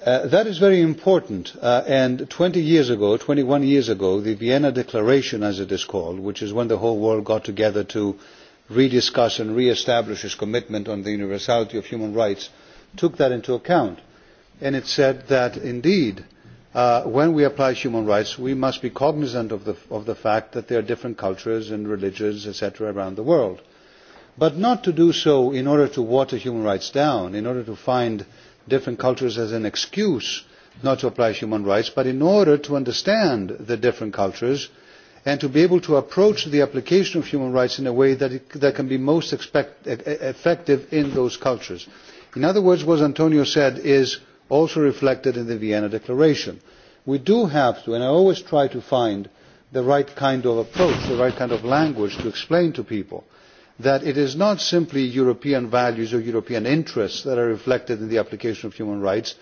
Uh, that is very important uh, and twenty years ago twenty one years ago the vienna declaration as it is called which is when the whole world got together to rediscuss and re establish its commitment on the universality of human rights took that into account and it said that indeed uh, when we apply human rights we must be cognisant of the, of the fact that there are different cultures and religions etc. around the world but not to do so in order to water human rights down in order to find different cultures as an excuse not to apply human rights, but in order to understand the different cultures and to be able to approach the application of human rights in a way that, it, that can be most expect, e, e, effective in those cultures. In other words, what Antonio said is also reflected in the Vienna Declaration. We do have to, and I always try to find the right kind of approach, the right kind of language to explain to people that it is not simply european values or european interests that are reflected in the application of human rights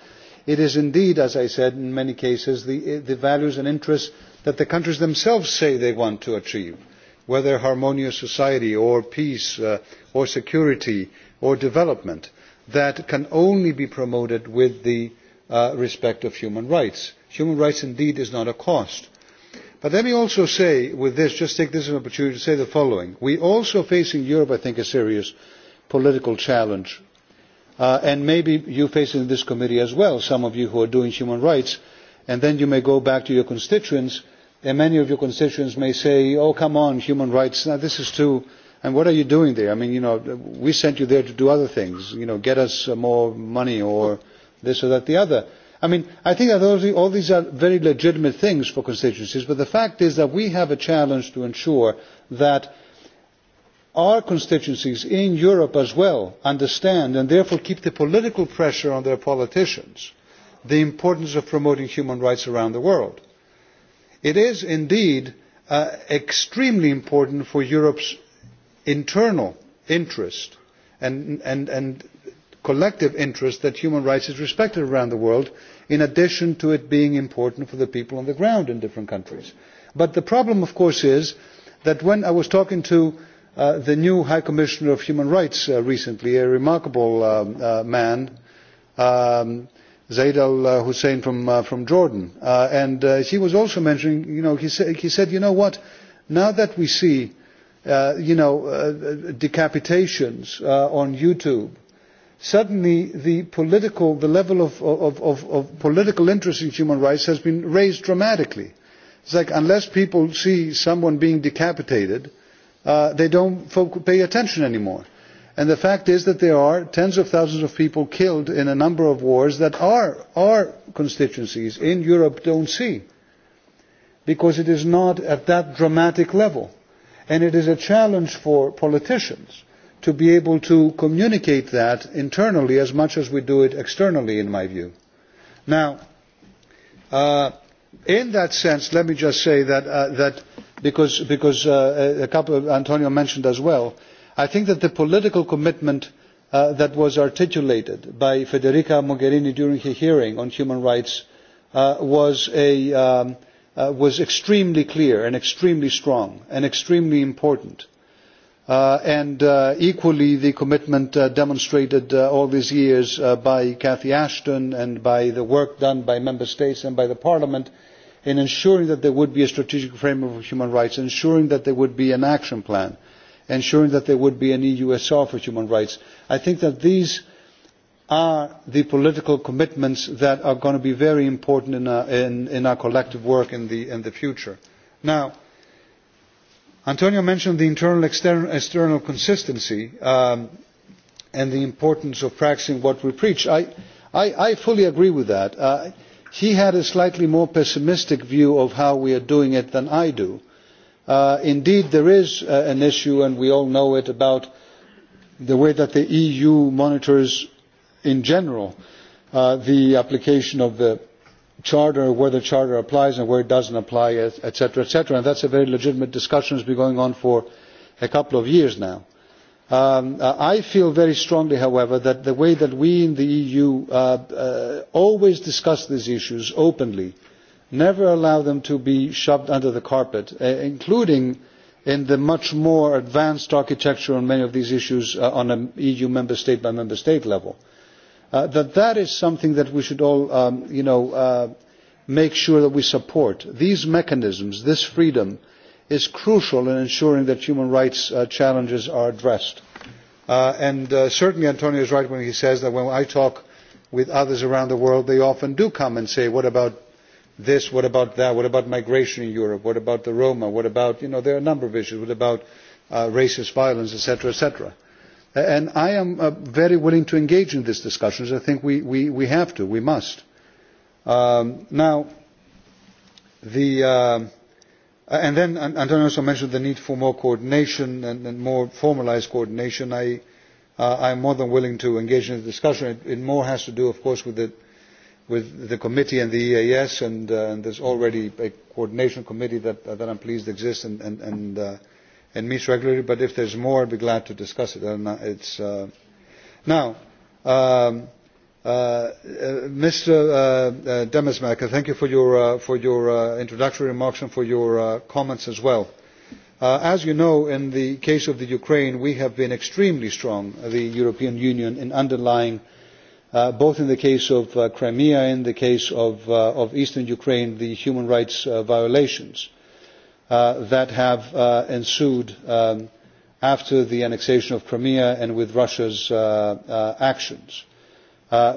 it is indeed as i said in many cases the, values and interests that the countries themselves say they want to achieve whether harmonious society or peace uh, or security or development that can only be promoted with the uh, respect of human rights. human rights indeed is not a cost. But let me also say with this, just take this as an opportunity to say the following. We also face in Europe, I think, a serious political challenge. Uh, and maybe you face it in this committee as well, some of you who are doing human rights. And then you may go back to your constituents, and many of your constituents may say, oh, come on, human rights, now this is too, and what are you doing there? I mean, you know, we sent you there to do other things, you know, get us uh, more money or this or that, the other i mean, I think that those, all these are very legitimate things for constituencies, but the fact is that we have a challenge to ensure that our constituencies in Europe as well understand and therefore keep the political pressure on their politicians the importance of promoting human rights around the world. It is indeed uh, extremely important for Europe's internal interest and, and, and collective interest that human rights are respected around the world in addition to it being important for the people on the ground in different countries. but the problem of course is that when i was talking to uh, the new high commissioner for human rights uh, recently a remarkable um, uh, man um, zeid al hussein from jordan and he was also mentioning you know he said you know what now that we see you know decapitations on youtube suddenly the level of, political interest in human rights has been raised dramatically. it It's like unless people see someone being decapitated, uh, they do not pay attention any more. the fact is that there are tens of thousands of people killed in a number of wars that our, constituencies in Europe do not see because it is not at that dramatic level. And it is a challenge for politicians to be able to communicate that internally as much as we do it externally, in my view. Now, uh, in that sense, let me just say that, uh, that because, because uh, a couple of Antonio mentioned as well, I think that the political commitment uh, that was articulated by Federica Mogherini during her hearing on human rights uh, was, a, um, uh, was extremely clear and extremely strong and extremely important Uh, and uh, equally the commitment uh, demonstrated all these years by cathy ashton and by the work done by member states and by parliament in ensuring that there would be a strategic framework for human rights ensuring that there would be an action plan ensuring that there would be an eu sr for human rights. i think that these are the political commitments that are going to be very important in our, collective work in the future. now antonio mentioned the internal external, external consistency um, and the importance of practicing what we preach. i, I, I fully agree with that. Uh, he had a slightly more pessimistic view of how we are doing it than i do. Uh, indeed there is uh, an issue and we all know it about the way that the eu monitors in general uh, the application of the charter where the charter applies and where it does not apply etc. that is a very legitimate discussion that has been going on for a couple of years now. Um, uh, i feel very strongly however that the way that we in the eu uh, uh, always discuss these issues openly never allow them to be shoved under the carpet including in the much more advanced architecture on many of these issues on an eu member state by member state level. Uh, that that is something that we should all um, uh, make sure that we support. These mechanisms, this freedom, is crucial in ensuring that human rights uh, challenges are addressed. and certainly Antonio is right when he says that when I talk with others around the world, they often do come and say, what about this, what about that, what about migration in Europe, what about the Roma, what about, you know, there are a number of issues, what about racist violence, etc., etc. Uh, and I am uh, very willing to engage in these discussions. I think we, we, we have to, we must. Um, now, the, uh, uh and then Antonio also mentioned the need for more coordination and, and more formalized coordination. I, uh, I'm more than willing to engage in the discussion. It, it more has to do, of course, with the, with the committee and the EAS, and, uh, and there's already a coordination committee that, that I'm pleased exists, and, and, and uh, and Ms. regularly, but if there is more, i would be glad to discuss it. Uh, uh, Mr. Um, uh, Demesmaeker, thank you for your, introductory remarks and for your comments as well. as you know, in the case of Ukraine, we have been extremely strong, the European Union, in underlining both in the case of Crimea and in the case of eastern Ukraine, the human rights violations Uh, that have uh, ensued um, after the annexation of Crimea and with Russia's uh, actions.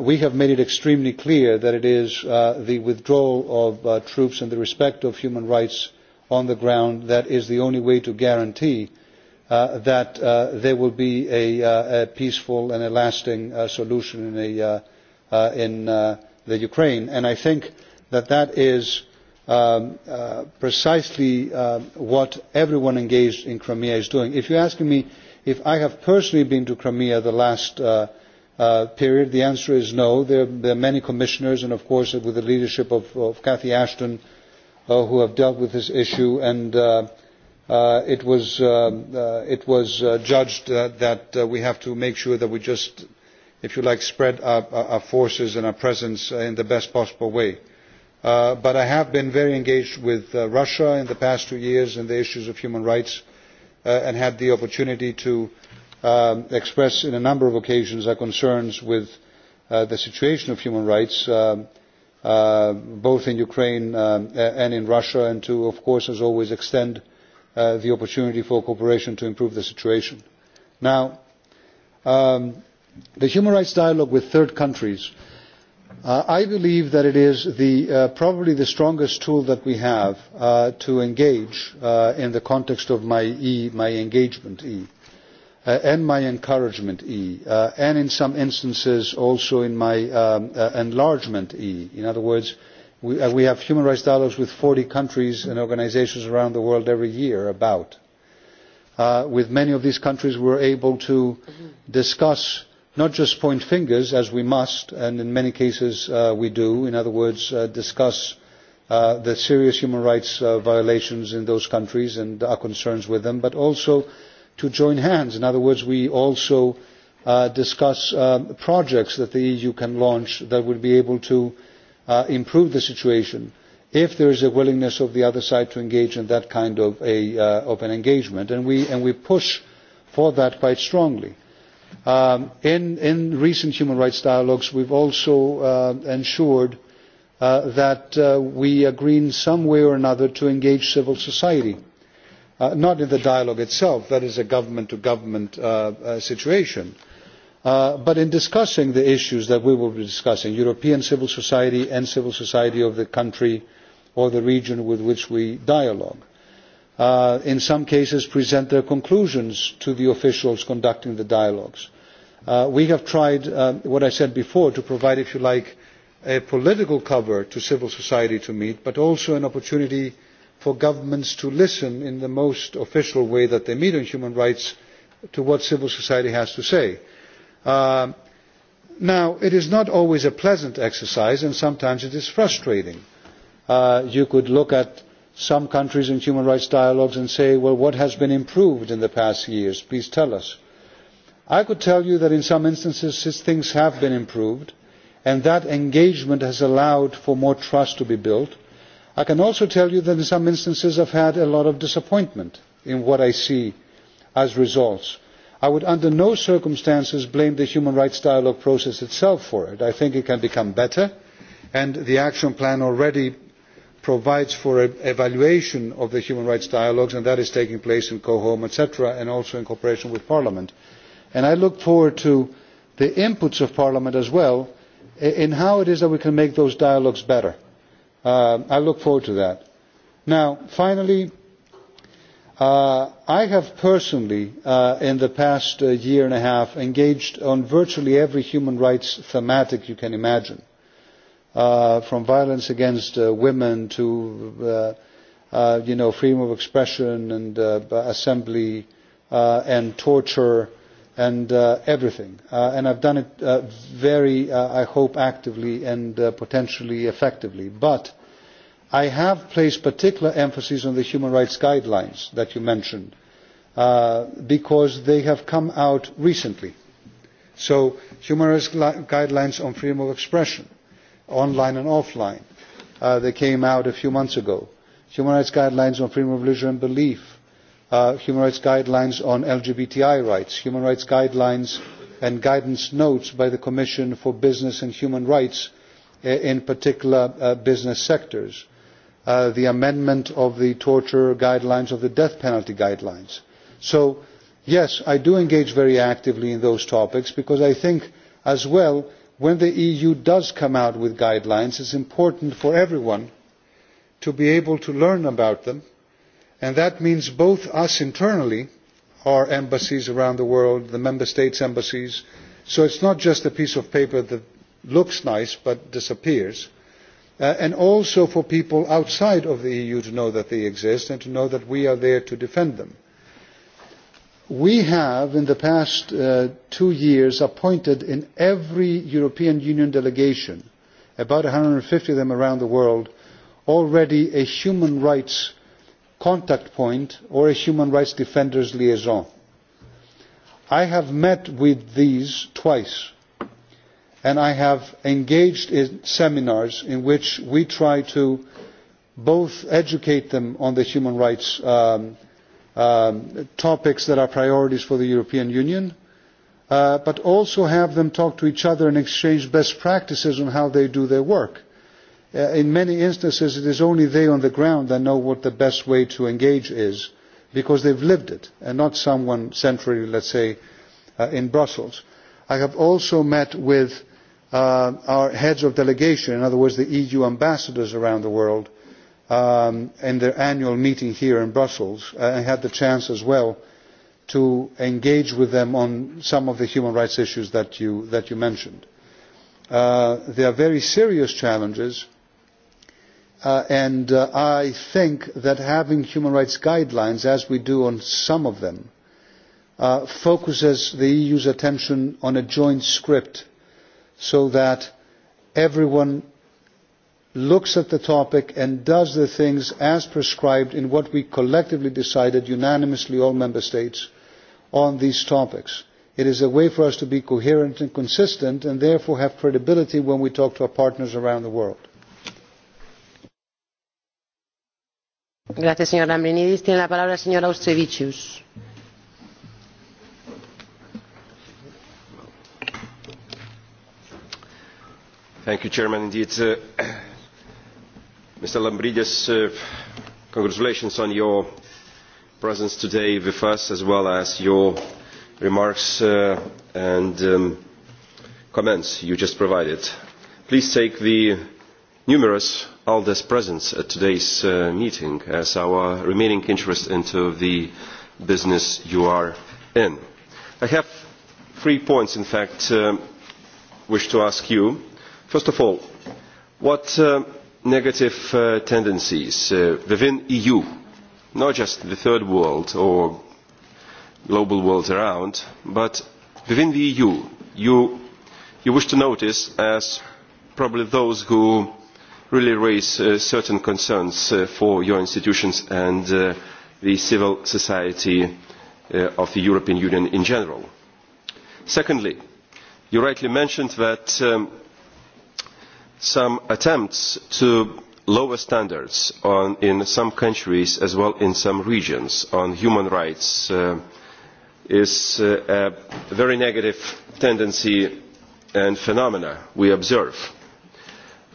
we have made it extremely clear that it is the withdrawal of troops and the respect of human rights on the ground that is the only way to guarantee that there will be a, peaceful and a lasting solution in, in the Ukraine. And I think that that is Um, uh, precisely um, what everyone engaged in Crimea is doing. If are asking me if I have personally been to Crimea the last uh, uh, period, the answer is no. There, are many commissioners and, of course, with the leadership of, Cathy Ashton who have dealt with this issue and it was, um, judged that we have to make sure that we just, if you like, spread our forces and our presence in the best possible way Uh, but i have been very engaged with uh, russia in the past two years on the issues of human rights uh, and had the opportunity to um, express on a number of occasions our concerns with the situation of human rights um, both in ukraine um, and in russia and to of course as always extend the opportunity for cooperation to improve the situation. the human rights dialogue with third countries Uh, I believe that it is uh, probably the strongest tool that we have uh, to engage in the context of my E, my engagement E, and my encouragement E, and in some instances also in my um, enlargement E. In other words, we, have human rights dialogues with 40 countries and organisations around the world every year about. with many of these countries, we are able to discuss not just point fingers as we must and in many cases uh, we do in other words uh, discuss uh, the serious human rights uh, violations in those countries and our concerns with them but also to join hands in other words we also uh, discuss um, projects that the eu can launch that would be able to uh, improve the situation if there is a willingness of the other side to engage in that kind of, a, of an engagement and we, and we push for that quite strongly Um, in, recent human rights dialogues, we've also uh, ensured uh, that uh, we agree in some way or another to engage civil society. not in the dialogue itself, that is a government-to-government situation, but in discussing the issues that we will be discussing, European civil society and civil society of the country or the region with which we dialogue. Uh, in some cases present their conclusions to the officials conducting the dialogues. Uh, we have tried, um, what I said before, to provide, if you like, a political cover to civil society to meet, but also an opportunity for governments to listen in the most official way that they meet on human rights to what civil society has to say. Uh, now, it is not always a pleasant exercise, and sometimes it is frustrating. Uh, you could look at some countries in human rights dialogues and say, well, what has been improved in the past years? Please tell us. I could tell you that in some instances things have been improved and that engagement has allowed for more trust to be built. I can also tell you that in some instances I've had a lot of disappointment in what I see as results. I would under no circumstances blame the human rights dialogue process itself for it. I think it can become better and the action plan already provides for an e-, evaluation of the human rights dialogues and that is taking place in cohom etc. and also in cooperation with parliament. And i look forward to the inputs of parliament as well in how it is that we can make those dialogues better. Uh, i look forward to that. now finally uh, i have personally uh, in the past uh, year and a half engaged on virtually every human rights thematic you can imagine Uh, from violence against uh, women to uh, you know freedom of expression and assembly and torture and everything and i've done it very i hope actively and potentially effectively but i have placed particular emphasis on the human rights guidelines that you mentioned because they have come out recently so human rights guidelines on freedom of expression online and offline. Uh, they came out a few months ago. Human rights guidelines on freedom of religion and belief, uh, human rights guidelines on LGBTI rights, human rights guidelines and guidance notes by the Commission for Business and Human Rights uh, in particular uh, business sectors, uh, the amendment of the torture guidelines of the death penalty guidelines. So, yes, I do engage very actively in those topics because I think as well when the eu does come out with guidelines it is important for everyone to be able to learn about them and that means both us internally our embassies around the world the member states' embassies so it is not just a piece of paper that looks nice but disappears uh, and also for people outside of the eu to know that they exist and to know that we are there to defend them we have in the past uh, two years appointed in every european union delegation about one hundred and fifty of them around the world already a human rights contact point or a human rights defenders liaison. i have met with these twice and i have engaged in seminars in which we try to both educate them on the human rights um, um, topics that are priorities for the European Union, uh, but also have them talk to each other and exchange best practices on how they do their work. Uh, in many instances, it is only they on the ground that know what the best way to engage is, because they've lived it, and not someone centrally, let's say, uh, in Brussels. I have also met with uh, our heads of delegation, in other words, the EU ambassadors around the world, Um, in their annual meeting here in Brussels. I uh, had the chance as well to engage with them on some of the human rights issues that you, mentioned. Uh, they are very serious challenges, uh, and I think that having human rights guidelines, as we do on some of them, focuses the EU's attention on a joint script so that everyone looks at the topic and does the things as prescribed in what we collectively decided unanimously all member states on these topics. It is a way for us to be coherent and consistent and therefore have credibility when we talk to our partners around the world. Thank you, Chairman. Indeed, uh, Mr. Lambridis, uh, congratulations on your presence today with us as well as your remarks uh, and um, comments you just provided. Please take the numerous ALDE's presence at today's uh, meeting as our remaining interest into the business you are in. I have three points, in fact, um, wish to ask you. First of all, what uh, negative uh, tendencies uh, within EU, not just the third world or global world around, but within the EU, you, you wish to notice as probably those who really raise uh, certain concerns uh, for your institutions and uh, the civil society uh, of the European Union in general. Secondly, you rightly mentioned that um, some attempts to lower standards on, in some countries as well in some regions on human rights uh, is uh, a very negative tendency and phenomena we observe.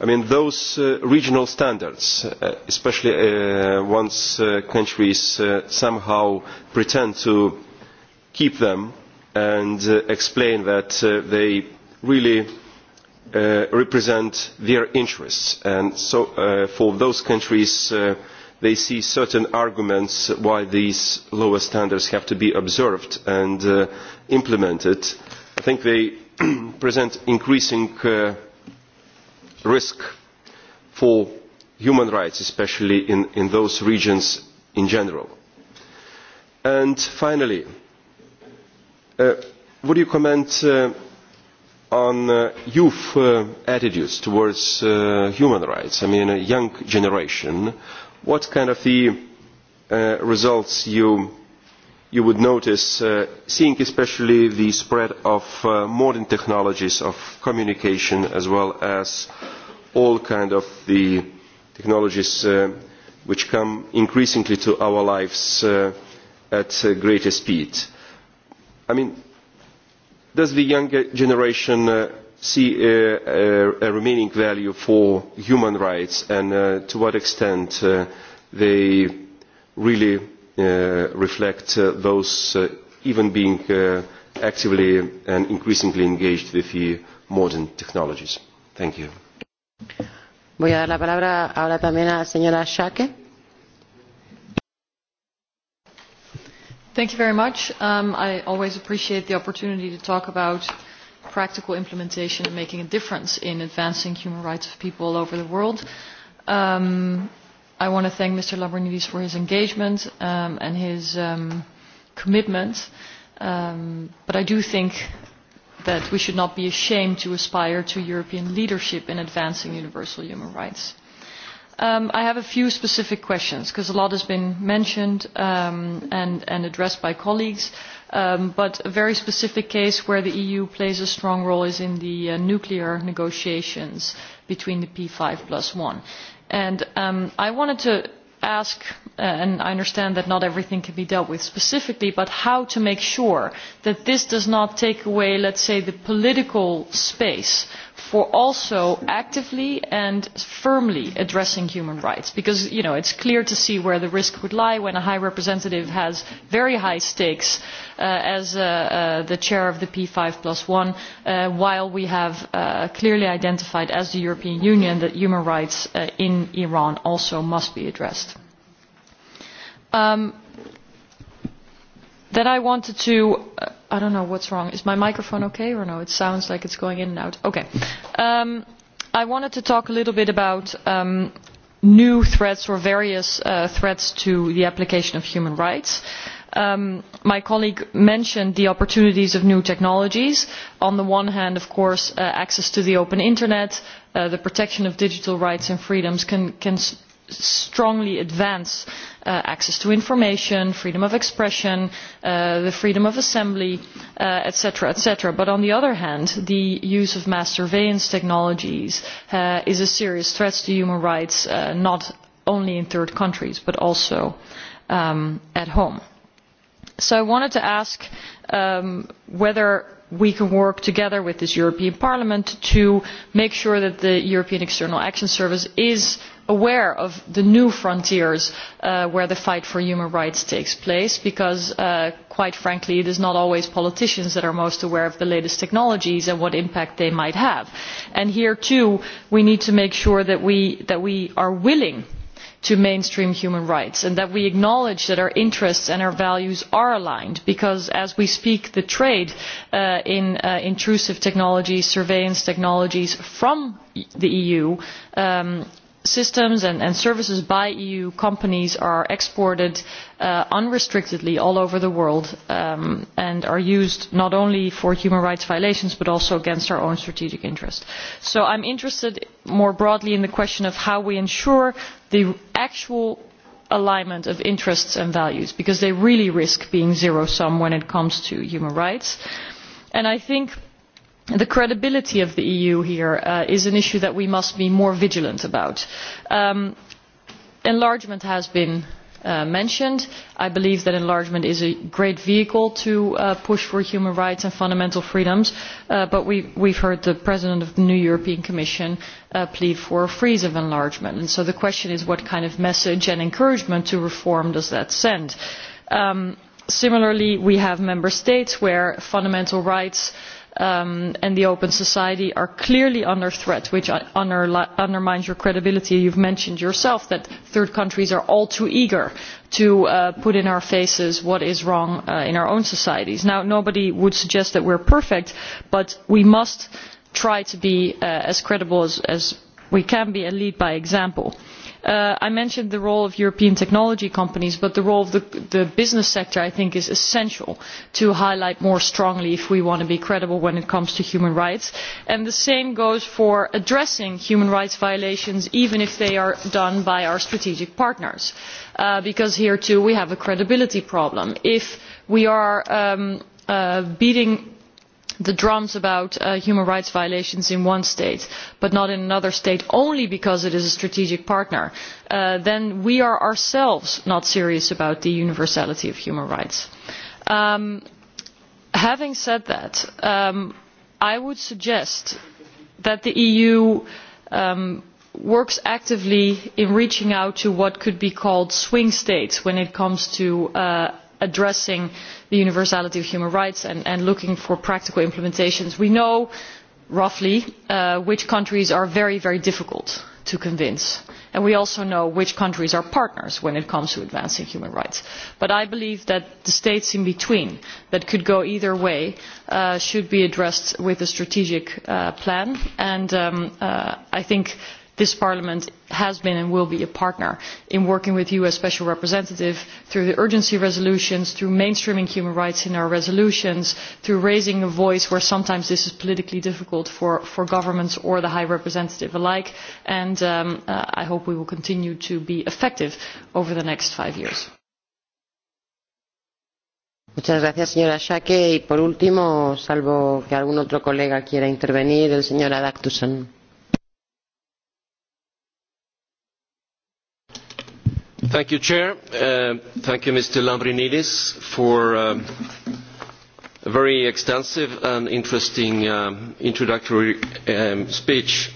I mean, those uh, regional standards, uh, especially uh, once uh, countries somehow pretend to keep them and explain that they really Uh, represent their interests. And so uh, for those countries, uh, they see certain arguments why these lower standards have to be observed and uh, implemented. I think they present increasing uh, risk for human rights, especially in, in those regions in general. And finally, uh, would you comment uh, on uh, youth uh, attitudes towards uh, human rights, I mean a young generation, what kind of the results you, you would notice, seeing especially the spread of modern technologies of communication as well as all kind of the technologies which come increasingly to our lives at greater speed. I mean, does the younger generation uh, see uh, uh, a remaining value for human rights and uh, to what extent uh, they really uh, reflect those even being actively and increasingly engaged with the modern technologies? Thank you. Voy a dar la palabra ahora también a señora Schake. Thank you very much. Um, I always appreciate the opportunity to talk about practical implementation and making a difference in advancing human rights of people all over the world. Um, I want to thank Mr. Lambrinidis for his engagement um, and his um, commitment. Um, but I do think that we should not be ashamed to aspire to European leadership in advancing universal human rights. Um, I have a few specific questions because a lot has been mentioned um, and, addressed by colleagues. Um, but a very specific case where the EU plays a strong role is in the uh, nuclear negotiations between the P5 one. And I wanted to ask, uh, and I understand that not everything can be dealt with specifically, but how to make sure that this does not take away, let's say, the political space for also actively and firmly addressing human rights because you know, it's clear to see where the risk would lie when a high representative has very high stakes uh, as uh, uh, the chair of the P5 plus one uh, while we have uh, clearly identified as the European Union that human rights uh, in Iran also must be addressed. Um, Then I wanted to, uh, I don't know what's wrong. Is my microphone okay or no? It sounds like it's going in and out. Okay. Um, I wanted to talk a little bit about um, new threats or various uh, threats to the application of human rights. Um, my colleague mentioned the opportunities of new technologies. On the one hand, of course, uh, access to the open internet, uh, the protection of digital rights and freedoms can, can s- strongly advance uh, Uh, access to information freedom of expression uh, the freedom of assembly uh, etc. but on the other hand the use of mass surveillance technologies is a serious threat to human rights not only in third countries but also um, at home. so i wanted to ask um, whether we can work together with this european parliament to make sure that the european external action service is aware of the new frontiers uh, where the fight for human rights takes place because uh, quite frankly it is not always politicians that are most aware of the latest technologies and what impact they might have and here too we need to make sure that we, are willing to mainstream human rights and that we acknowledge that our interests and our values are aligned because as we speak the trade uh, in intrusive technologies surveillance technologies from the eu um, systems and, services by eu companies are exported uh, unrestrictedly all over the world um, and are used not only for human rights violations but also against our own strategic interests. so i am interested more broadly in the question of how we ensure the actual alignment of interests and values because they really risk being zero sum when it comes to human rights and i think that the credibility of the eu here uh, is an issue that we must be more vigilant about. Um, enlargement has been uh, mentioned. i believe that enlargement is a great vehicle to uh, push for human rights and fundamental freedoms but we have heard the president of the new european commission plead for a freeze of enlargement and so the question is what kind of message and encouragement to reform does that send? Um, similarly we have member states where fundamental rights Um, and the open society are clearly under threat, which undermines your credibility. You've mentioned yourself that third countries are all too eager to uh, put in our faces what is wrong uh, in our own societies. Now, nobody would suggest that we're perfect, but we must try to be uh, as credible as, as we can be and lead by example Uh, i mentioned the role of european technology companies but the role of the, business sector i think is essential to highlight more strongly if we want to be credible when it comes to human rights and the same goes for addressing human rights violations even if they are done by our strategic partners uh, because here too we have a credibility problem. if we are um, uh, beating the drums about uh, human rights violations in one state but not in another state only because it is a strategic partner uh, then we are ourselves not serious about the universality of human rights. Um, having said that um, i would suggest that the eu um, works actively in reaching out to what could be called swing states when it comes to uh, addressing the universality of human rights and, looking for practical implementations. we know roughly uh, which countries are very very difficult to convince and we also know which countries are partners when it comes to advancing human rights but i believe that the states in between that could go either way uh, should be addressed with a strategic uh, plan and um, i think that this parliament has been and will be a partner in working with you as special representative through the urgency resolutions through mainstreaming human rights in our resolutions through raising a voice where sometimes this is politically difficult for, for governments or the high representative alike and um, uh, i hope we will continue to be effective over the next five years. Muchas gracias, señora Shaque. Y por último, salvo que algún otro colega quiera intervenir, el señor Adactuson. Thank you, Chair. Uh, thank you, Mr. Lambrinidis, for um, a very extensive and interesting um, introductory um, speech,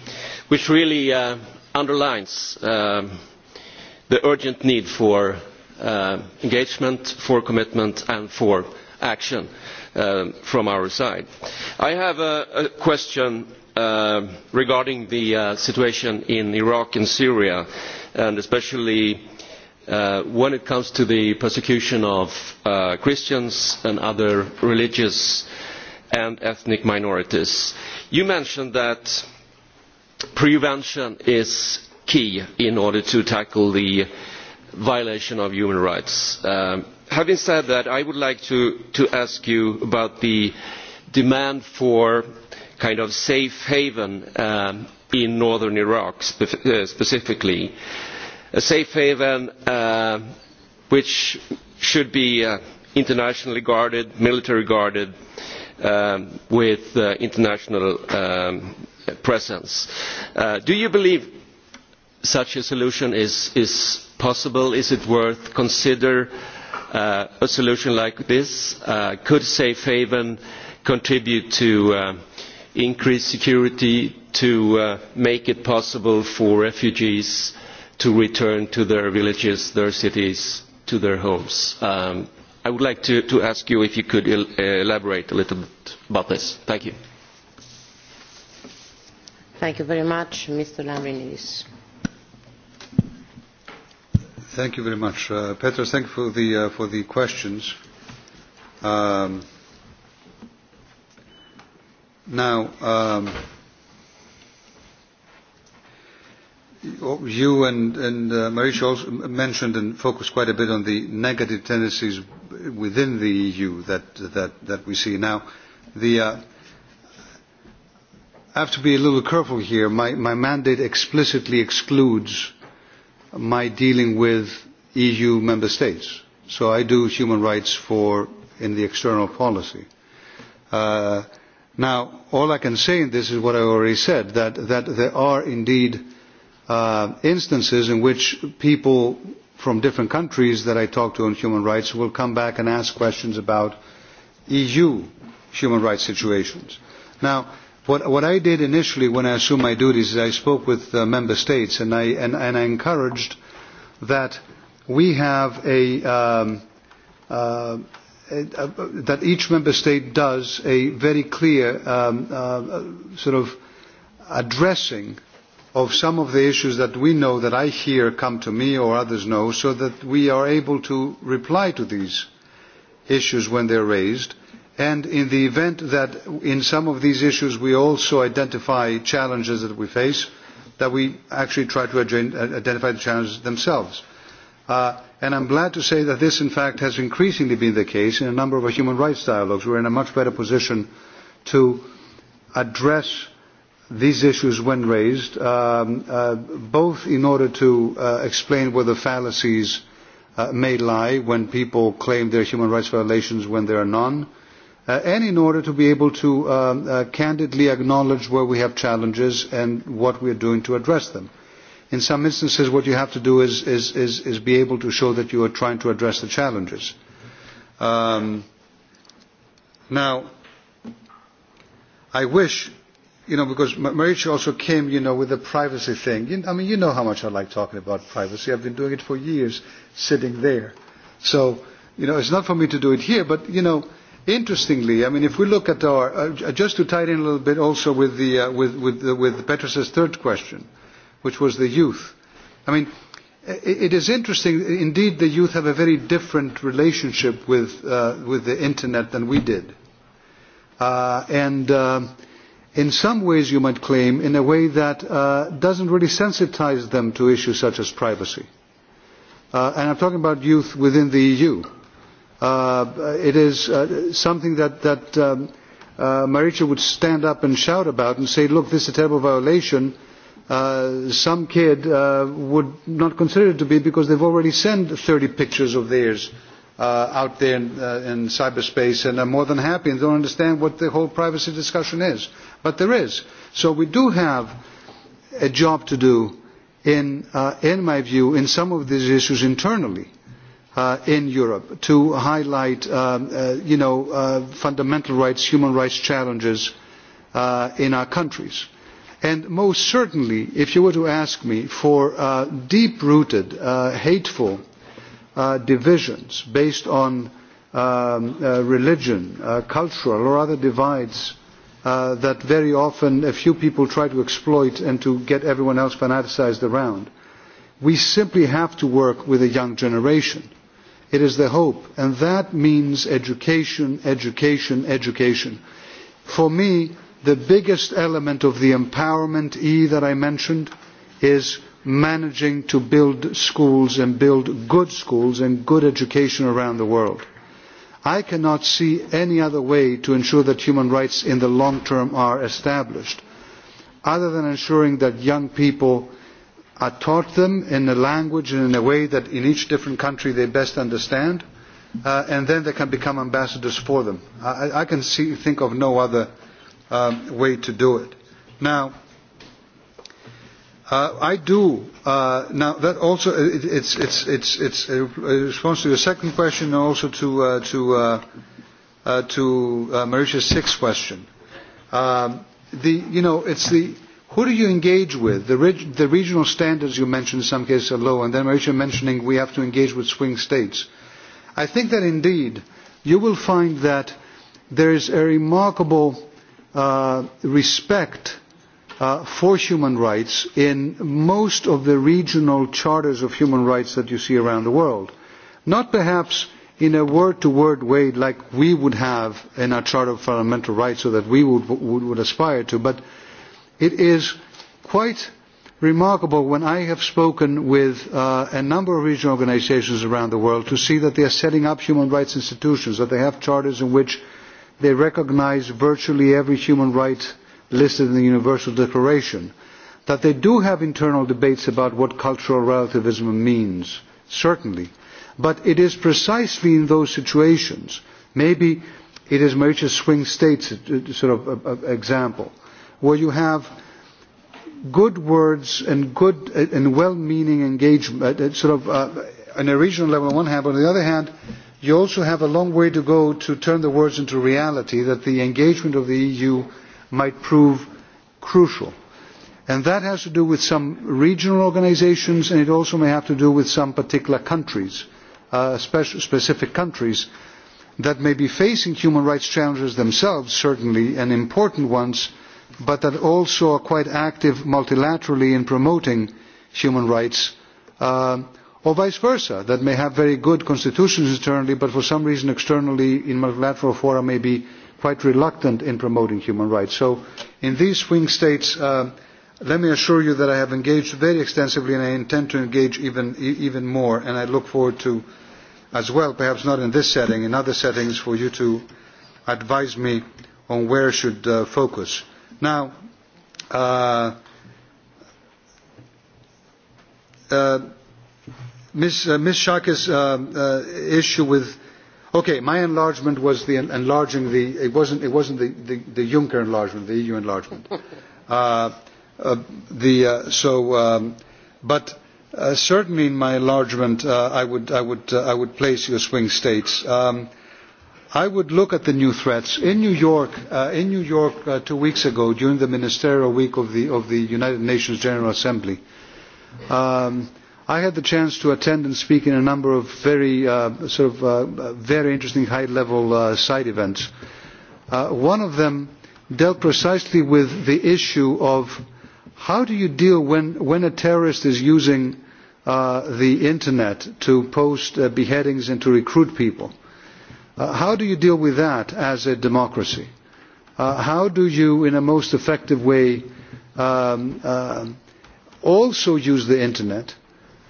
which really uh, underlines um, the urgent need for uh, engagement, for commitment, and for action uh, from our side. I have a, a question uh, regarding the uh, situation in Iraq and Syria, and especially Uh, when it comes to the persecution of uh, Christians and other religious and ethnic minorities. You mentioned that prevention is key in order to tackle the violation of human rights. Um, having said that, I would like to, ask you about the demand for kind of safe haven um, in northern Iraq uh, specifically a safe haven uh, which should be uh, internationally guarded, military guarded, um, with uh, international um, presence. do you believe such a solution is, possible? Is it worth consider a solution like this? could safe haven contribute to increased security, to make it possible for refugees to return to their villages, their cities, to their homes. Um, I would like to, to ask you if you could el elaborate a little bit about this. Thank you. Thank you very much, Mr. Lambrinidis. Thank you very much, uh, Petros. Thank you for the uh, for the questions. Um, now. Um, Oh, you and, and uh, Marisha also mentioned and focused quite a bit on the negative tendencies within the EU that, that, that we see now. The, uh, I have to be a little careful here. My, my mandate explicitly excludes my dealing with EU member states. So I do human rights for in the external policy. Uh, now, all I can say in this is what I already said, that, that there are indeed Uh, instances in which people from different countries that I talk to on human rights will come back and ask questions about EU human rights situations. Now, what, what I did initially when I assumed my duties is I spoke with uh, member states and I, and, and I encouraged that we have a, um, uh, a, a, that each member state does a very clear um, uh, sort of addressing of some of the issues that we know that I hear come to me or others know so that we are able to reply to these issues when they're raised. And in the event that in some of these issues we also identify challenges that we face, that we actually try to uh, identify the challenges themselves. Uh, and I'm glad to say that this, in fact, has increasingly been the case in a number of our human rights dialogues. We're in a much better position to address these issues when raised, um, uh, both in order to uh, explain where the fallacies uh, may lie when people claim there are human rights violations when there are none, uh, and in order to be able to um, uh, candidly acknowledge where we have challenges and what we are doing to address them. In some instances, what you have to do is, is, is, is be able to show that you are trying to address the challenges. Um, now, I wish you know, because Maricha also came, you know, with the privacy thing. You, I mean, you know how much I like talking about privacy. I've been doing it for years, sitting there. So, you know, it's not for me to do it here, but, you know, interestingly, I mean, if we look at our, uh, just to tie it in a little bit also with, the, uh, with, with, the, with Petrus's third question, which was the youth. I mean, it, it is interesting, indeed, the youth have a very different relationship with, uh, with the Internet than we did. Uh, and... Uh, in some ways you might claim in a way that uh, doesn't really sensitise them to issues such as privacy. Uh, and I'm talking about youth within the EU. Uh, it is uh, something that, that um, uh, Maricha would stand up and shout about and say, look, this is a terrible violation. Uh, some kid uh, would not consider it to be because they've already sent 30 pictures of theirs uh, uh, out there in, uh, in cyberspace and are more than happy and don't understand what the whole privacy discussion is. But there is. So we do have a job to do in, uh, in my view, in some of these issues internally. Uh, in Europe to highlight, um, uh, you know, uh, fundamental rights, human rights challenges uh, in our countries. And most certainly, if you were to ask me for uh, deep-rooted, uh, hateful uh, divisions based on um, uh, religion, uh, cultural or other divides uh, that very often a few people try to exploit and to get everyone else fanaticized around. We simply have to work with a young generation. It is the hope, and that means education, education, education. For me, the biggest element of the empowerment E that I mentioned is managing to build schools and build good schools and good education around the world. I cannot see any other way to ensure that human rights in the long term are established other than ensuring that young people are taught them in a language and in a way that in each different country they best understand, uh, and then they can become ambassadors for them. I, I can see, think of no other um, way to do it. Now, Uh, I do. Uh, now that also it, it's it's it's it's a response to your second question, and also to uh, to uh, uh, to uh, Marisha's sixth question. Um, the you know it's the who do you engage with? The, reg- the regional standards you mentioned in some cases are low, and then Marisha mentioning we have to engage with swing states. I think that indeed you will find that there is a remarkable uh, respect Uh, for human rights in most of the regional charters of human rights that you see around the world. Not perhaps in a word-to-word -word way like we would have in our Charter of Fundamental Rights or that we would, would, would aspire to, but it is quite remarkable when I have spoken with uh, a number of regional organizations around the world to see that they are setting up human rights institutions, that they have charters in which they recognize virtually every human right listed in the Universal Declaration, that they do have internal debates about what cultural relativism means, certainly. But it is precisely in those situations, maybe it is Mauritius swing states uh, uh, sort of uh, example, where you have good words and good and well-meaning engagement, sort of uh, on a regional level on one hand, but on the other hand, you also have a long way to go to turn the words into reality that the engagement of the EU might prove crucial. And that has to do with some regional organisations and it also may have to do with some particular countries, uh, specific countries that may be facing human rights challenges themselves, certainly, and important ones, but that also are quite active multilaterally in promoting human rights, uh, or vice versa, that may have very good constitutions internally, but for some reason externally in multilateral fora may be quite reluctant in promoting human rights. So in these swing states, uh, let me assure you that I have engaged very extensively and I intend to engage even, e, even more. And I look forward to, as well, perhaps not in this setting, in other settings, for you to advise me on where should uh, focus. Now, uh, uh, Ms. Uh, Ms. Shaka's uh, um, uh, issue with Okay, my enlargement was the enlarging the it wasn't it wasn't the, the, the Juncker enlargement, the EU enlargement. uh, uh, the uh, so um, but uh, certainly in my enlargement uh, I would I would uh, I would place your swing states. Um, I would look at the new threats in New York. Uh, in New York, uh, two weeks ago, during the ministerial week of the of the United Nations General Assembly, um, i had the chance to attend and speak in a number of very uh, sort of uh, very interesting high-level uh, side events. Uh, one of them dealt precisely with the issue of how do you deal when, when a terrorist is using uh, the internet to post uh, beheadings and to recruit people? Uh, how do you deal with that as a democracy? Uh, how do you, in a most effective way, um, uh, also use the internet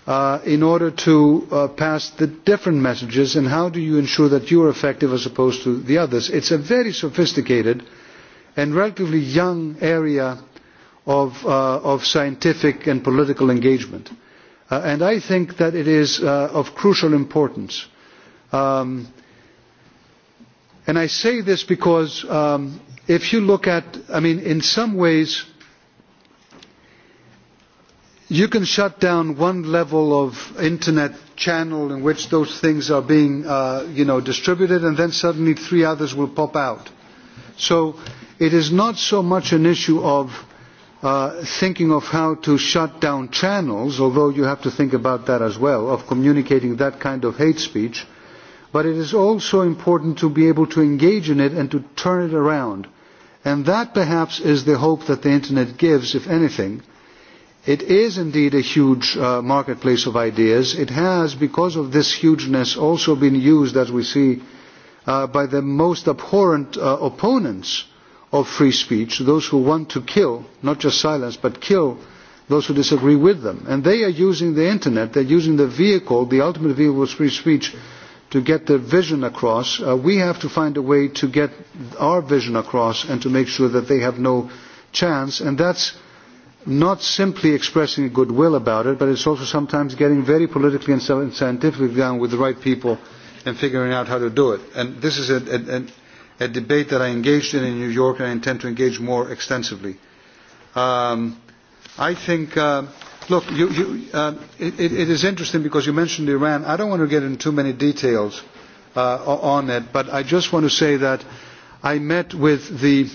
Uh, in order to uh, pass the different messages and how do you ensure that you are effective as opposed to the others? It's a very sophisticated and relatively young area of, uh, of scientific and political engagement. Uh, and I think that it is uh, of crucial importance. Um, and I say this because um, if you look at, I mean, in some ways, you can shut down one level of internet channel in which those things are being uh, you know, distributed, and then suddenly three others will pop out. So it is not so much an issue of uh, thinking of how to shut down channels, although you have to think about that as well, of communicating that kind of hate speech, but it is also important to be able to engage in it and to turn it around. And that perhaps is the hope that the internet gives, if anything It is indeed a huge uh, marketplace of ideas. It has, because of this hugeness, also been used, as we see, uh, by the most abhorrent uh, opponents of free speech, those who want to kill, not just silence, but kill those who disagree with them. And they are using the internet, they're using the vehicle, the ultimate vehicle of free speech, to get their vision across. Uh, we have to find a way to get our vision across and to make sure that they have no chance. And that's not simply expressing goodwill about it, but it's also sometimes getting very politically and scientifically down with the right people and figuring out how to do it. And this is a, a, a debate that I engaged in in New York and I intend to engage more extensively. Um, I think, uh, look, you, you, uh, it, it is interesting because you mentioned Iran. I don't want to get into too many details uh, on it, but I just want to say that I met with the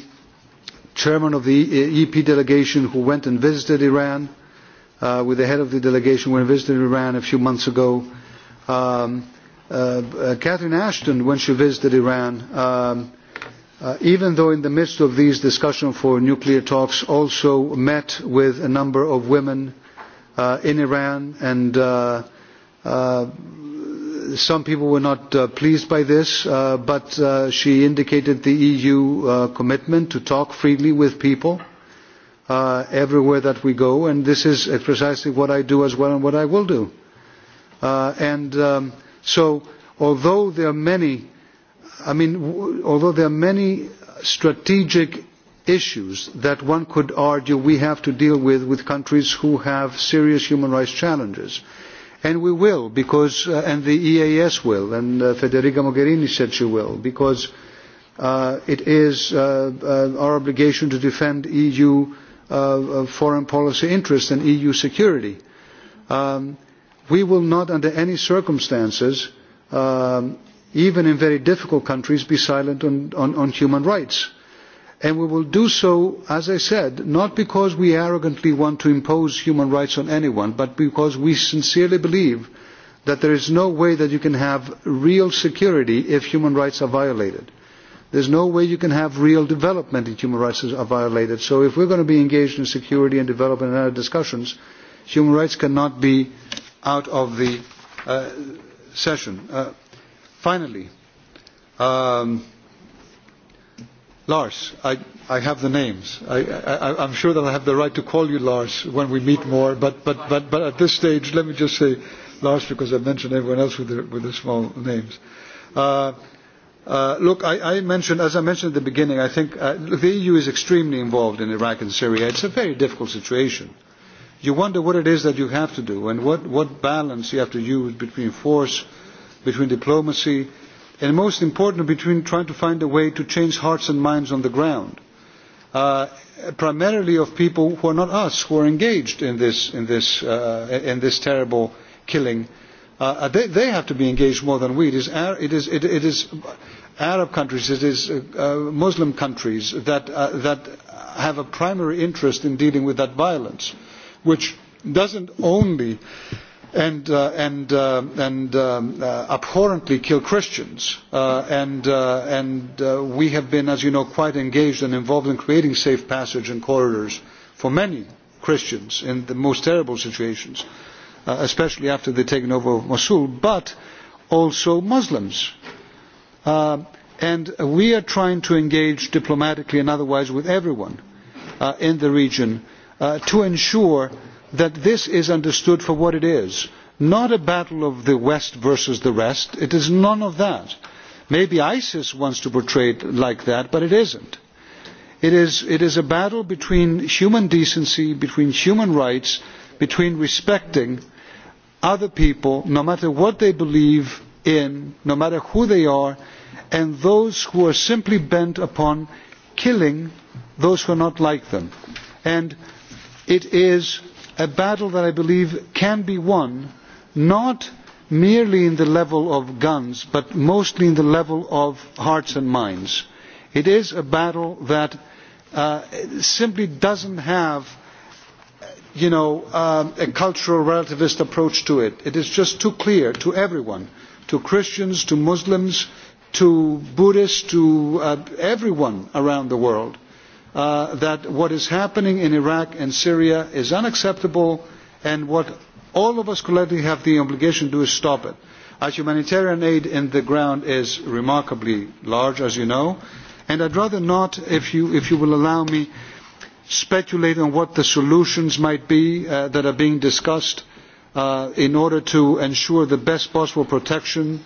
chairman of the EP e delegation who went and visited Iran, uh, with the head of the delegation when visited Iran a few months ago. Um, uh, uh, Catherine Ashton, when she visited Iran, um, uh, even though in the midst of these discussions for nuclear talks, also met with a number of women uh, in Iran and uh, some people were not uh, pleased by this, uh, but uh, she indicated the EU uh, commitment to talk freely with people uh, everywhere that we go, and this is precisely what I do as well and what I will do. Uh, and um, so, although there are many, I mean, w- although there are many strategic issues that one could argue we have to deal with with countries who have serious human rights challenges, uh, and we will because uh, and the EAS will and uh, Federica Mogherini said she will because uh, it is uh, uh, our obligation to defend EU uh, uh, foreign policy interests and EU security. Um, we will not under any circumstances um, even in very difficult countries be silent on, on, on human rights and we will do so as i said not because we arrogantly want to impose human rights on anyone but because we sincerely believe that there is no way that you can have real security if human rights are violated. There is no way you can have real development if human rights are violated. So if we are going to be engaged in security and development and other discussions, human rights cannot be out of the uh, session. Uh, finally, um, Lars, I, I have the names. I, I, I'm sure that I have the right to call you Lars when we meet more, but, but, but, but at this stage, let me just say Lars because I mentioned everyone else with the, with the small names. Uh, Uh, look, I, I mentioned, as I mentioned at the beginning, I think uh, the EU is extremely involved in Iraq and Syria. It's a very difficult situation. You wonder what it is that you have to do and what, what balance you have to use between force, between diplomacy, and most importantly between trying to find a way to change hearts and minds on the ground, uh, primarily of people who are not us, who are engaged in this, in this, uh, in this terrible killing. Uh, uh they, they have to be engaged more than we. It is, it is, it, it is Arab countries, it is uh, uh, Muslim countries that, uh, that have a primary interest in dealing with that violence, which doesn't only and, uh, and, uh, and um, uh, abhorrently kill Christians. Uh, and uh, and uh, we have been, as you know, quite engaged and involved in creating safe passage and corridors for many Christians in the most terrible situations, uh, especially after they've taken over Mosul, but also Muslims. Uh, and we are trying to engage diplomatically and otherwise with everyone uh, in the region uh, to ensure that this is understood for what it is not a battle of the west versus the rest it is none of that. maybe isis wants to portray it like that but it isn't. It is, it is a battle between human decency between human rights between respecting other people no matter what they believe in no matter who they are and those who are simply bent upon killing those who are not like them. and it is a battle that I believe can be won not merely in the level of guns but mostly in the level of hearts and minds. It is a battle that uh, simply doesn't have you know, um, a cultural relativist approach to it. It is just too clear to everyone, to Christians, to Muslims, to Buddhists, to uh, everyone around the world Uh, that what is happening in Iraq and Syria is unacceptable and what all of us collectively have the obligation to do is stop it. Our humanitarian aid in the ground is remarkably large, as you know, and I'd rather not, if you, if you will allow me, speculate on what the solutions might be uh, that are being discussed uh, in order to ensure the best possible protection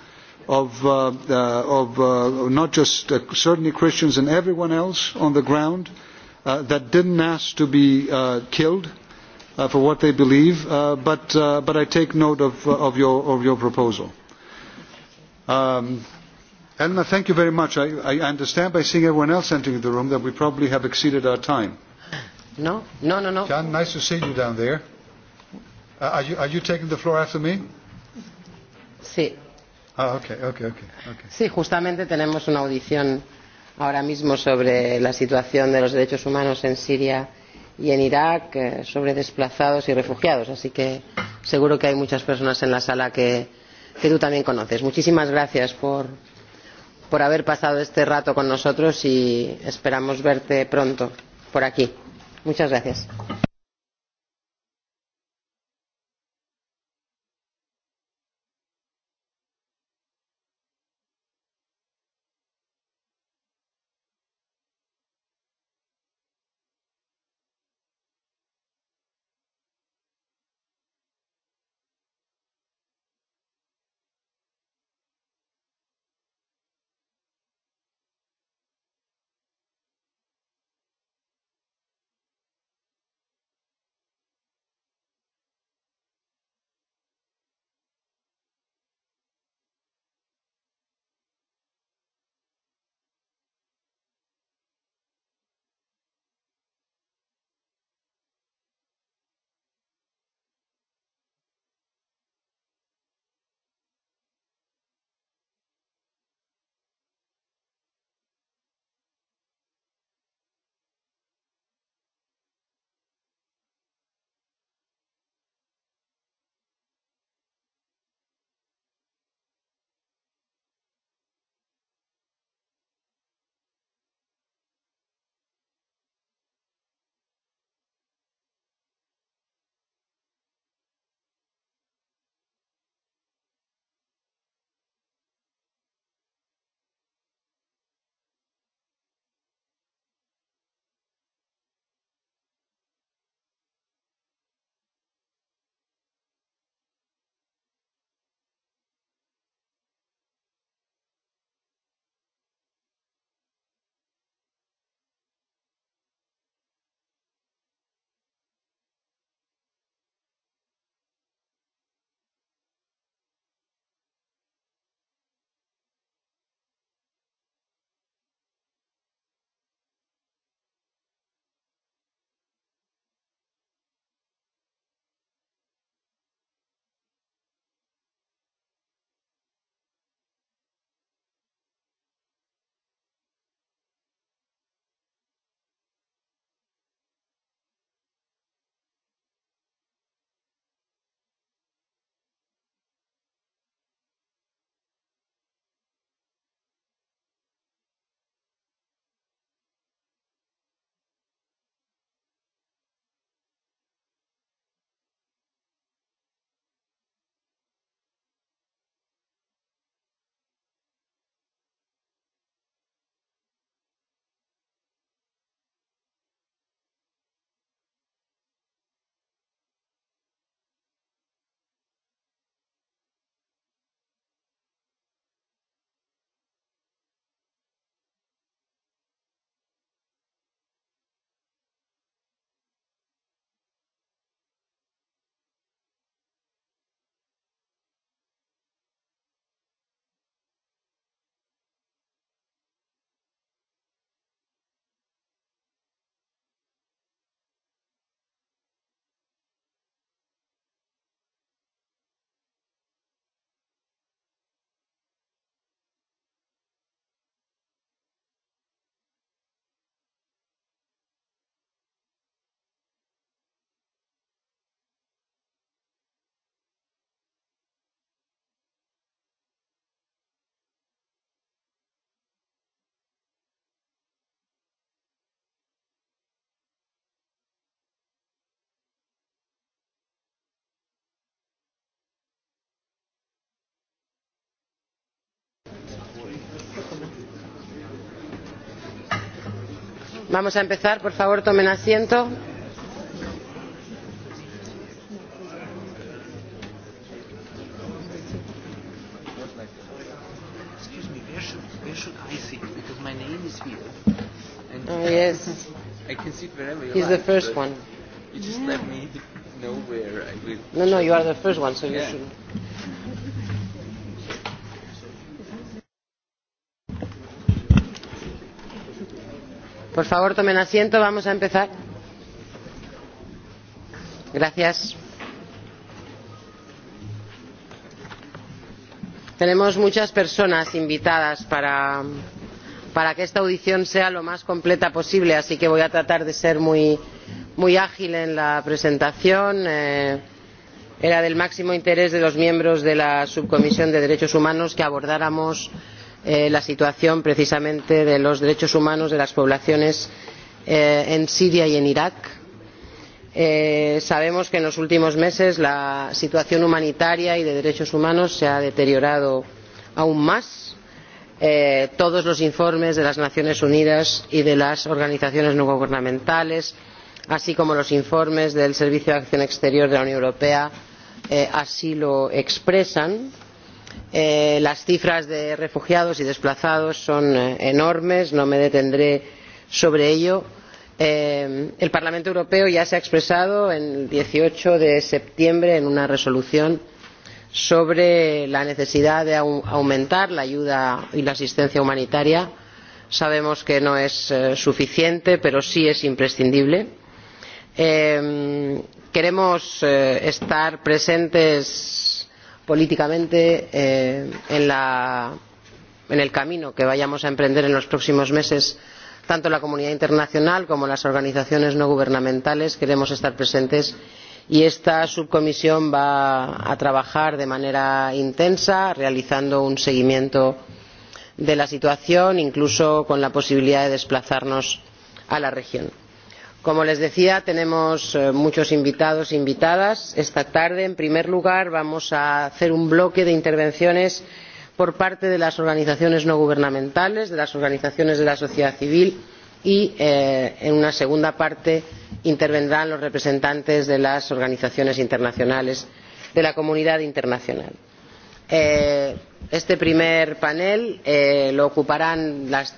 of, uh, uh, of uh, not just uh, certainly Christians and everyone else on the ground uh, that didn't ask to be uh, killed uh, for what they believe, uh, but, uh, but I take note of, uh, of, your, of your proposal. Um, Elena, thank you very much. I, I understand by seeing everyone else entering the room that we probably have exceeded our time. No, no, no, no. John, nice to see you down there. Uh, are, you, are you taking the floor after me? Sí. Ah, okay, okay, okay, okay. Sí, justamente tenemos una audición ahora mismo sobre la situación de los derechos humanos en Siria y en Irak, eh, sobre desplazados y refugiados. Así que seguro que hay muchas personas en la sala que, que tú también conoces. Muchísimas gracias por, por haber pasado este rato con nosotros y esperamos verte pronto por aquí. Muchas gracias. Vamos a empezar, por favor, tomen asiento. Oh, yes. I can sit wherever you He's like, the first one. You just yeah. let me know where I No, no, you are the first one, so yeah. you should. Por favor, tomen asiento. Vamos a empezar. Gracias. Tenemos muchas personas invitadas para, para que esta audición sea lo más completa posible, así que voy a tratar de ser muy, muy ágil en la presentación. Eh, era del máximo interés de los miembros de la subcomisión de derechos humanos que abordáramos Eh, la situación precisamente de los derechos humanos de las poblaciones eh, en siria y en irak. Eh, sabemos que en los últimos meses la situación humanitaria y de derechos humanos se ha deteriorado aún más. todos los informes de las naciones unidas y de las organizaciones no gubernamentales así como los informes del servicio europeo de acción exterior así lo expresan. Eh, las cifras de refugiados y desplazados son eh, enormes no me detendré sobre ello. Eh, el parlamento europeo ya se ha expresado el dieciocho de septiembre en una resolución sobre la necesidad de aumentar la ayuda y la asistencia humanitaria. sabemos que no es suficiente pero sí es imprescindible. queremos estar presentes políticamente eh, en, la, en el camino que vayamos a emprender en los próximos meses tanto la comunidad internacional como las organizaciones no gubernamentales queremos estar presentes y esta subcomisión va a trabajar de manera intensa realizando un seguimiento de la situación incluso con la posibilidad de desplazarnos a la región como les decía tenemos eh, muchos invitados e invitadas esta tarde. en primer lugar vamos a hacer un bloque de intervenciones por parte de las organizaciones no gubernamentales de las organizaciones de la sociedad civil y eh, en una segunda parte intervendrán los representantes de las organizaciones internacionales de la comunidad internacional. Eh, este primer panel eh, lo ocuparán las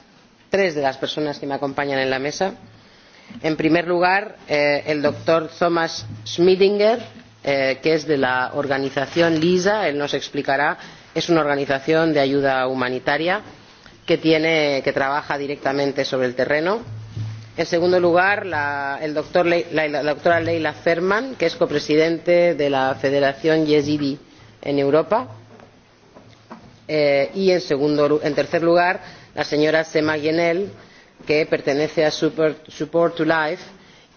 tres de las personas que me acompañan en la mesa en primer lugar eh, el doctor thomas schmidinger eh, que es de la organización lisa él nos explicará es una organización de ayuda humanitaria que, tiene, que trabaja directamente sobre el terreno. En segundo lugar, la, el doctor Le, la, la doctora Leila Ferman, que es copresidente de la Federación Yezidi en Europa. Eh, y en, segundo, en tercer lugar, la señora Sema Yenel, que pertenece a support to life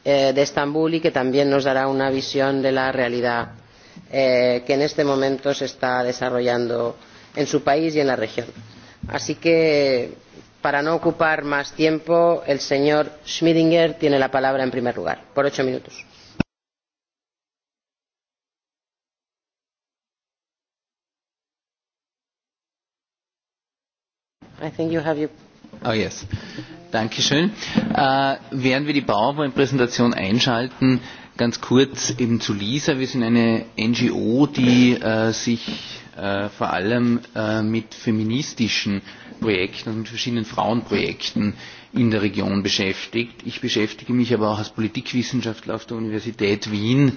eh, de estambul y que también nos dará una visión de la realidad eh, que en este momento se está desarrollando en su país y en la región. así que para no ocupar más tiempo el señor schmidinger tiene la palabra en primer lugar por ocho minutos. i think you have your Oh yes. Dankeschön. Äh, während wir die PowerPoint-Präsentation einschalten, ganz kurz eben zu Lisa. Wir sind eine NGO, die äh, sich äh, vor allem äh, mit feministischen Projekten und mit verschiedenen Frauenprojekten in der Region beschäftigt. Ich beschäftige mich aber auch als Politikwissenschaftler auf der Universität Wien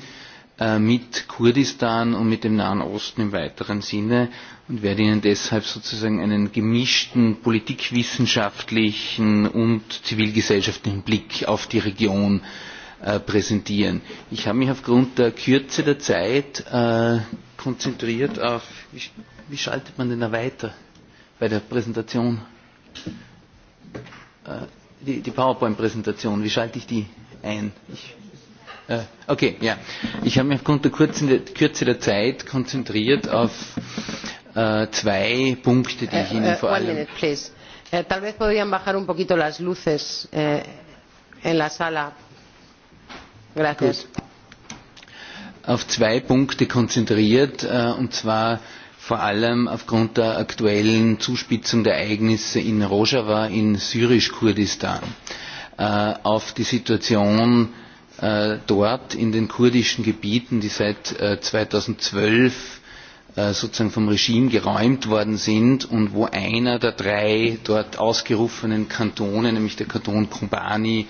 Äh, mit Kurdistan und mit dem Nahen Osten im weiteren Sinne und werde Ihnen deshalb sozusagen einen gemischten politikwissenschaftlichen und zivilgesellschaftlichen Blick auf die Region äh, präsentieren. Ich habe mich aufgrund der Kürze der Zeit äh, konzentriert auf, wie, wie schaltet man denn da weiter bei der Präsentation? Äh, die, die PowerPoint-Präsentation, wie schalte ich die ein? Ich, Äh, okay, ja. Ich habe mich aufgrund der kurzen, Kürze der Zeit konzentriert auf äh, zwei Punkte, die äh, ich Ihnen äh, vor allem. Minute, please. tal vez podrían bajar un poquito las luces eh, en la sala. Gracias. Auf zwei Punkte konzentriert, äh, und zwar vor allem aufgrund der aktuellen Zuspitzung der Ereignisse in Rojava in syrisch-Kurdistan, äh, auf die Situation Äh, dort in den kurdischen Gebieten, die seit 2012 äh, äh, sozusagen vom Regime geräumt worden sind und wo einer der drei dort ausgerufenen Kantone, nämlich der Kanton Kobani,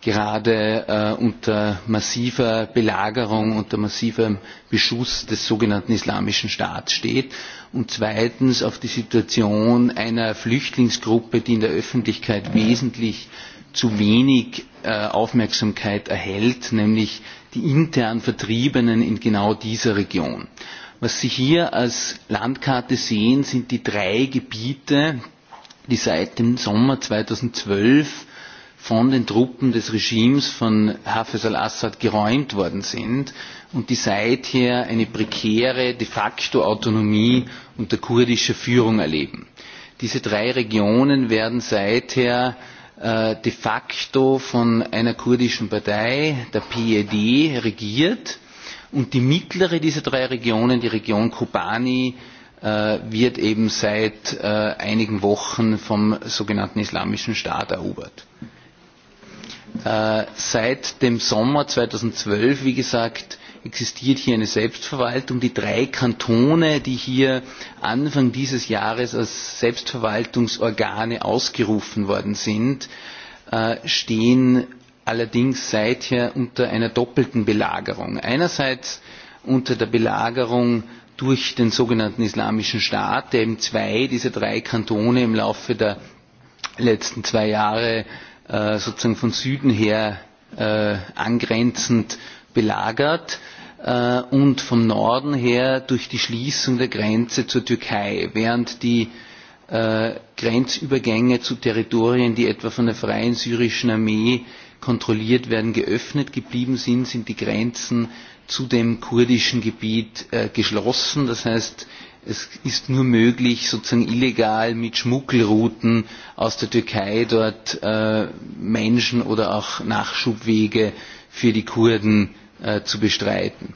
gerade äh, unter massiver Belagerung, unter massivem Beschuss des sogenannten Islamischen Staats steht und zweitens auf die Situation einer Flüchtlingsgruppe, die in der Öffentlichkeit wesentlich zu wenig äh, Aufmerksamkeit erhält, nämlich die intern Vertriebenen in genau dieser Region. Was Sie hier als Landkarte sehen, sind die drei Gebiete, die seit dem Sommer 2012 von den Truppen des Regimes von Hafez al-Assad geräumt worden sind und die seither eine prekäre de facto Autonomie unter kurdischer Führung erleben. Diese drei Regionen werden seither äh, de facto von einer kurdischen Partei, der PED, regiert und die mittlere dieser drei Regionen, die Region Kobani, äh, wird eben seit äh, einigen Wochen vom sogenannten Islamischen Staat erobert. Äh, seit dem Sommer 2012, wie gesagt, existiert hier eine Selbstverwaltung. Die drei Kantone, die hier Anfang dieses Jahres als Selbstverwaltungsorgane ausgerufen worden sind, äh, stehen allerdings seither unter einer doppelten Belagerung. Einerseits unter der Belagerung durch den sogenannten Islamischen Staat, der eben zwei dieser drei Kantone im Laufe der letzten zwei Jahre Äh, sozusagen von Süden her äh, angrenzend belagert äh, und vom Norden her durch die Schließung der Grenze zur Türkei, während die äh, Grenzübergänge zu Territorien, die etwa von der Freien Syrischen Armee kontrolliert werden, geöffnet geblieben sind, sind die Grenzen zu dem kurdischen Gebiet äh, geschlossen. Das heißt, es ist nur möglich, sozusagen illegal mit Schmuggelrouten aus der Türkei dort äh, Menschen oder auch Nachschubwege für die Kurden äh, zu bestreiten.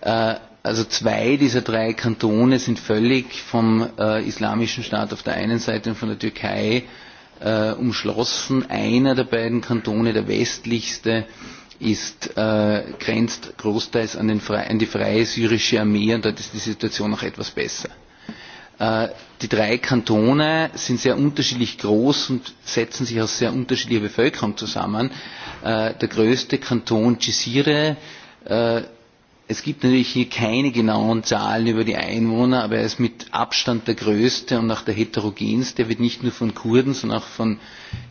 Äh, also zwei dieser drei Kantone sind völlig vom äh, Islamischen Staat auf der einen Seite und von der Türkei äh, umschlossen. Einer der beiden Kantone, der westlichste, ist, äh, grenzt großteils an, den, an die freie syrische Armee und dort ist die Situation noch etwas besser. Äh, die drei Kantone sind sehr unterschiedlich groß und setzen sich aus sehr unterschiedlicher Bevölkerung zusammen. Äh, der größte Kanton Cisire äh, Es gibt natürlich hier keine genauen Zahlen über die Einwohner, aber er ist mit Abstand der größte und auch der heterogenste. Er wird nicht nur von Kurden, sondern auch von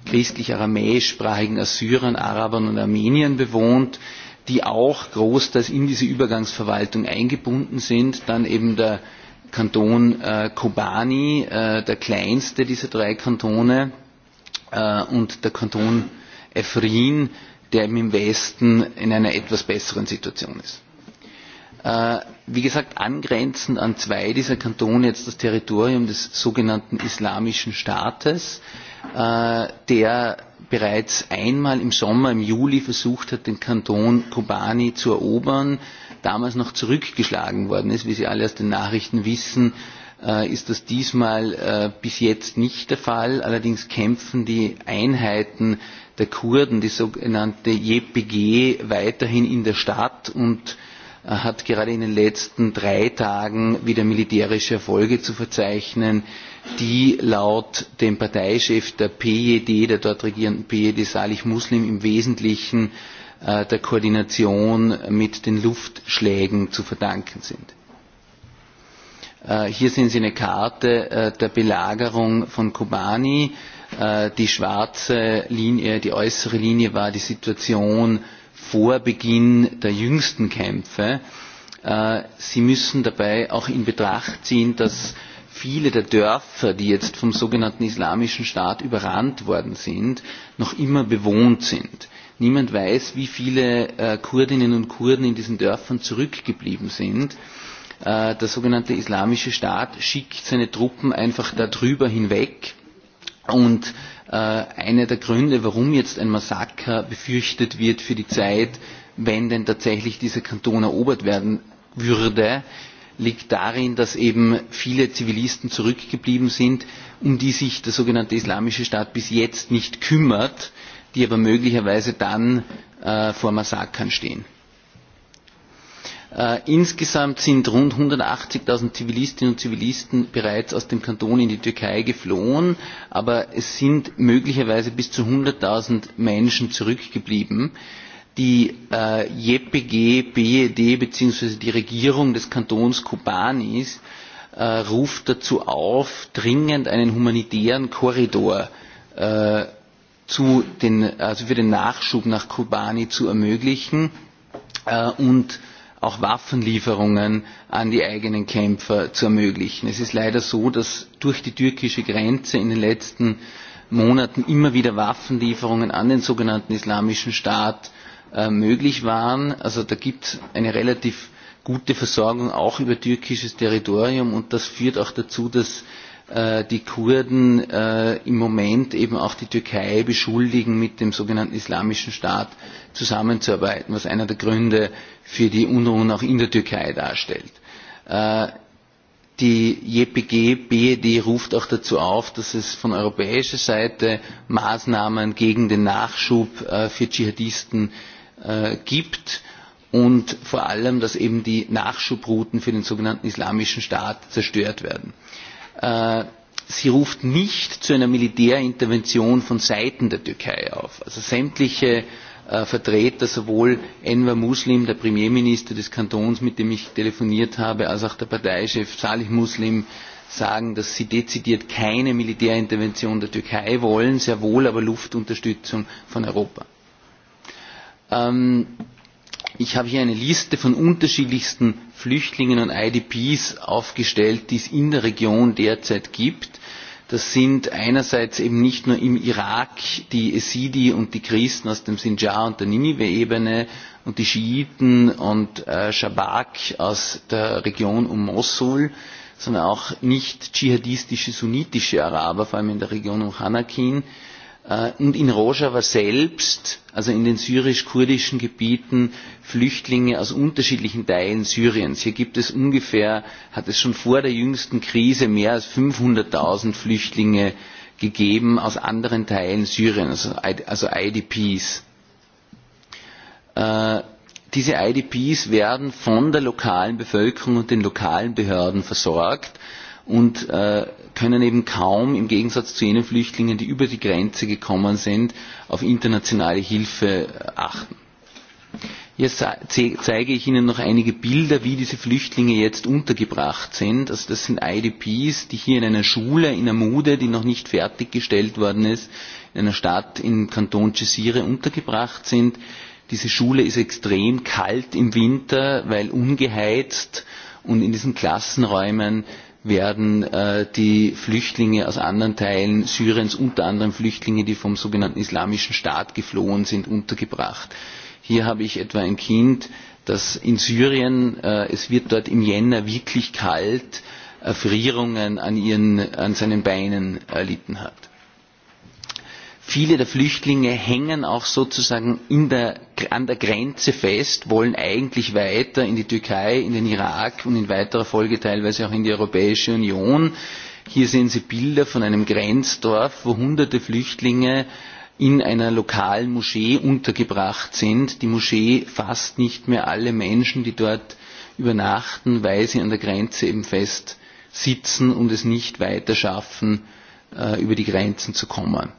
christlich-aramäischsprachigen Assyrern, Arabern und Armeniern bewohnt, die auch großteils in diese Übergangsverwaltung eingebunden sind. Dann eben der Kanton äh, Kobani, äh, der kleinste dieser drei Kantone, äh, und der Kanton Efrin, der im Westen in einer etwas besseren Situation ist. Äh, wie gesagt, angrenzend an zwei dieser Kantone jetzt das Territorium des sogenannten Islamischen Staates, äh, der bereits einmal im Sommer, im Juli versucht hat, den Kanton Kobani zu erobern, damals noch zurückgeschlagen worden ist. Wie Sie alle aus den Nachrichten wissen, äh, ist das diesmal bis jetzt nicht der Fall. Allerdings kämpfen die Einheiten der Kurden, die sogenannte JPG, weiterhin in der Stadt und Er hat gerade in den letzten drei Tagen wieder militärische Erfolge zu verzeichnen, die laut dem Parteichef der PED, der dort regierenden PED Salih Muslim, im Wesentlichen äh, der Koordination mit den Luftschlägen zu verdanken sind. Äh, hier sehen Sie eine Karte äh, der Belagerung von Kobani. Die schwarze Linie, die äußere Linie war die Situation vor Beginn der jüngsten Kämpfe. Äh, Sie müssen dabei auch in Betracht ziehen, dass viele der Dörfer, die jetzt vom sogenannten Islamischen Staat überrannt worden sind, noch immer bewohnt sind. Niemand weiß, wie viele äh, Kurdinnen und Kurden in diesen Dörfern zurückgeblieben sind. Äh, der sogenannte Islamische Staat schickt seine Truppen einfach darüber hinweg und Äh, einer der Gründe, warum jetzt ein Massaker befürchtet wird für die Zeit, wenn denn tatsächlich dieser Kanton erobert werden würde, liegt darin, dass eben viele Zivilisten zurückgeblieben sind, um die sich der sogenannte Islamische Staat bis jetzt nicht kümmert, die aber möglicherweise dann äh, vor Massakern stehen. Äh, insgesamt sind rund einhundertachtzig null zivilistinnen und zivilisten bereits aus dem kanton in die türkei geflohen aber es sind möglicherweise bis zu einhundert null menschen zurückgeblieben. die ypg äh, bed beziehungsweise die regierung des kantons kobane äh, ruft dazu auf dringend einen humanitären korridor für den nachschub nach kobane zu ermöglichen und auch Waffenlieferungen an die eigenen Kämpfer zu ermöglichen. Es ist leider so, dass durch die türkische Grenze in den letzten Monaten immer wieder Waffenlieferungen an den sogenannten Islamischen Staat äh, möglich waren. Also da gibt es eine relativ gute Versorgung auch über türkisches Territorium und das führt auch dazu, dass äh, die Kurden äh, im Moment eben auch die Türkei beschuldigen, mit dem sogenannten Islamischen Staat zusammenzuarbeiten, was einer der Gründe für die Unruhen auch in der Türkei darstellt. Äh, die JPG BED ruft auch dazu auf, dass es von europäischer Seite Maßnahmen gegen den Nachschub äh, für Dschihadisten äh, gibt und vor allem, dass eben die Nachschubrouten für den sogenannten Islamischen Staat zerstört werden. sie ruft nicht zu einer Militärintervention von Seiten der Türkei auf. Also sämtliche äh, Äh, Vertreter sowohl Enver Muslim, der Premierminister des Kantons, mit dem ich telefoniert habe, als auch der Parteichef Salih Muslim sagen, dass sie dezidiert keine Militärintervention der Türkei wollen, sehr wohl aber Luftunterstützung von Europa. Ähm, ich habe hier eine Liste von unterschiedlichsten Flüchtlingen und IDPs aufgestellt, die es in der Region derzeit gibt Das sind einerseits eben nicht nur im Irak die Esidi und die Christen aus dem Sinjar und der Ninive-Ebene und die Schiiten und äh, Shabak aus der Region um Mosul, sondern auch nicht dschihadistische sunnitische Araber, vor allem in der Region um Hanakin, Äh, und in Rojava selbst, also in den syrisch-kurdischen Gebieten, Flüchtlinge aus unterschiedlichen Teilen Syriens. Hier gibt es ungefähr, hat es schon vor der jüngsten Krise mehr als fünfhundert null Flüchtlinge gegeben aus anderen Teilen Syriens, also IDPs. Äh, diese IDPs werden von der lokalen Bevölkerung und den lokalen Behörden versorgt und äh, können eben kaum im Gegensatz zu jenen Flüchtlingen, die über die Grenze gekommen sind, auf internationale Hilfe äh, achten. Jetzt zeige ich Ihnen noch einige Bilder, wie diese Flüchtlinge jetzt untergebracht sind. Also das sind IDPs, die hier in einer Schule in Amude, die noch nicht fertiggestellt worden ist, in einer Stadt im Kanton Cesire untergebracht sind. Diese Schule ist extrem kalt im Winter, weil ungeheizt und in diesen Klassenräumen äh, werden äh, die Flüchtlinge aus anderen Teilen Syriens, unter anderem Flüchtlinge, die vom sogenannten Islamischen Staat geflohen sind, untergebracht. Hier habe ich etwa ein Kind, das in Syrien, äh, es wird dort im Jänner wirklich kalt, Erfrierungen an, ihren, an seinen Beinen erlitten hat Viele der Flüchtlinge hängen auch sozusagen in der, an der Grenze fest, wollen eigentlich weiter in die Türkei, in den Irak und in weiterer Folge teilweise auch in die Europäische Union. Hier sehen Sie Bilder von einem Grenzdorf, wo hunderte Flüchtlinge in einer lokalen Moschee untergebracht sind. Die Moschee fasst nicht mehr alle Menschen, die dort übernachten, weil sie an der Grenze eben fest sitzen und es nicht weiter schaffen, äh, über die Grenzen zu kommen.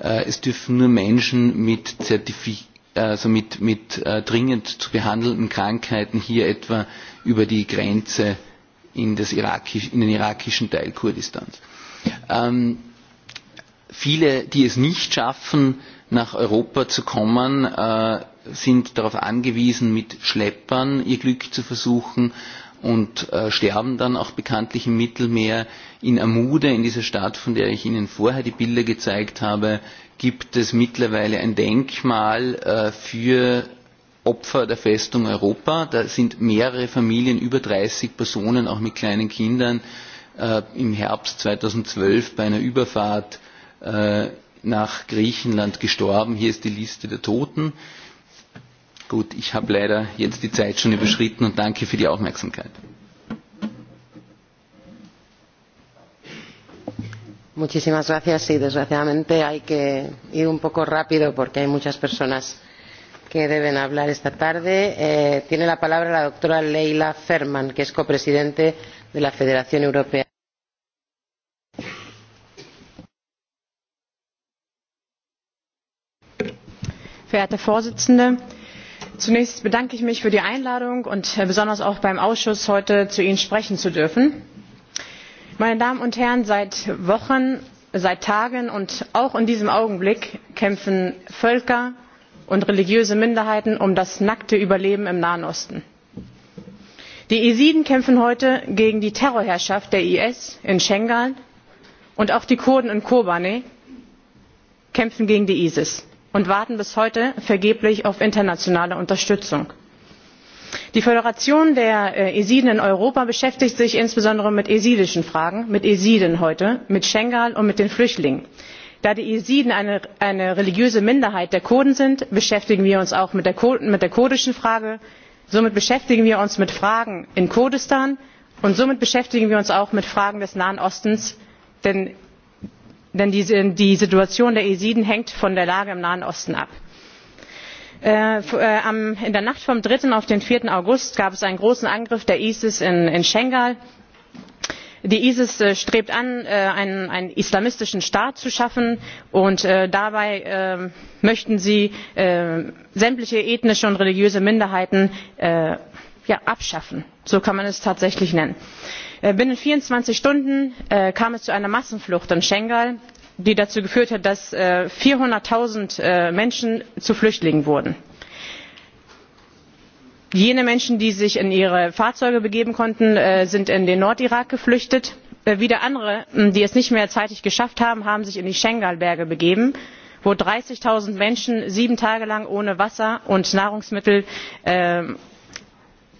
Äh, es dürfen nur Menschen mit Zertifikat also mit, mit äh, dringend zu behandelnden Krankheiten hier etwa über die Grenze in, das Irakisch, in den irakischen Teil Kurdistans. Ähm, viele, die es nicht schaffen, nach Europa zu kommen, äh, sind darauf angewiesen, mit Schleppern ihr Glück zu versuchen und äh, sterben dann auch bekanntlich im Mittelmeer. In Amude, in dieser Stadt, von der ich Ihnen vorher die Bilder gezeigt habe, gibt es mittlerweile ein Denkmal äh, für Opfer der Festung Europa. Da sind mehrere Familien, über 30 Personen, auch mit kleinen Kindern, äh, im Herbst 2012 bei einer Überfahrt äh, nach Griechenland gestorben. Hier ist die Liste der Toten. Äh, Gut, ich habe leider jetzt die Zeit schon überschritten und danke für die Aufmerksamkeit. Muchísimas gracias. y desgraciadamente hay que ir un poco rápido porque hay muchas personas que deben hablar esta tarde. Eh, tiene la palabra la doctora Leila Ferman, que es copresidente de la Federación Europea. Verehrte Vorsitzende, zunächst bedanke ich mich für die einladung und äh, besonders auch beim ausschuss heute zu ihnen sprechen zu dürfen. meine damen und herren seit wochen seit tagen und auch in diesem augenblick kämpfen völker und religiöse minderheiten um das nackte überleben im nahen osten. die jesiden kämpfen heute gegen die terrorherrschaft des is in schengal und auch die kurden in kobane kämpfen gegen den isis und warten bis heute vergeblich auf internationale unterstützung. die föderation der jesiden äh, in europa beschäftigt sich insbesondere mit jesidischen fragen mit jesiden heute mit schengal und mit den flüchtlingen. da die jesiden eine, religiöse minderheit der kurden sind beschäftigen wir uns auch mit der kurdischen frage somit beschäftigen wir uns mit fragen in kurdistan und somit beschäftigen wir uns auch mit fragen des nahen ostens denn denn die, situation der jesiden hängt von der lage im nahen osten ab. Äh, äh, in der nacht vom. drei auf den. vier august gab es einen großen angriff des isis in, schengal die isis äh, strebt an einen, islamistischen staat zu schaffen und dabei möchten sie sämtliche ethnische und religiöse minderheiten abschaffen so kann man es tatsächlich nennen Äh, binnen vierundzwanzig stunden äh, kam es zu einer massenflucht in schengal die dazu geführt hat dass äh, vierhundert null menschen zu flüchtlingen wurden jene menschen die sich in ihre fahrzeuge begeben konnten sind in den nordirak geflüchtet wieder andere die es nicht mehr zeitig geschafft haben haben sich in die schengal berge begeben wo dreißig null menschen sieben tage lang ohne wasser und nahrungsmittel ähm,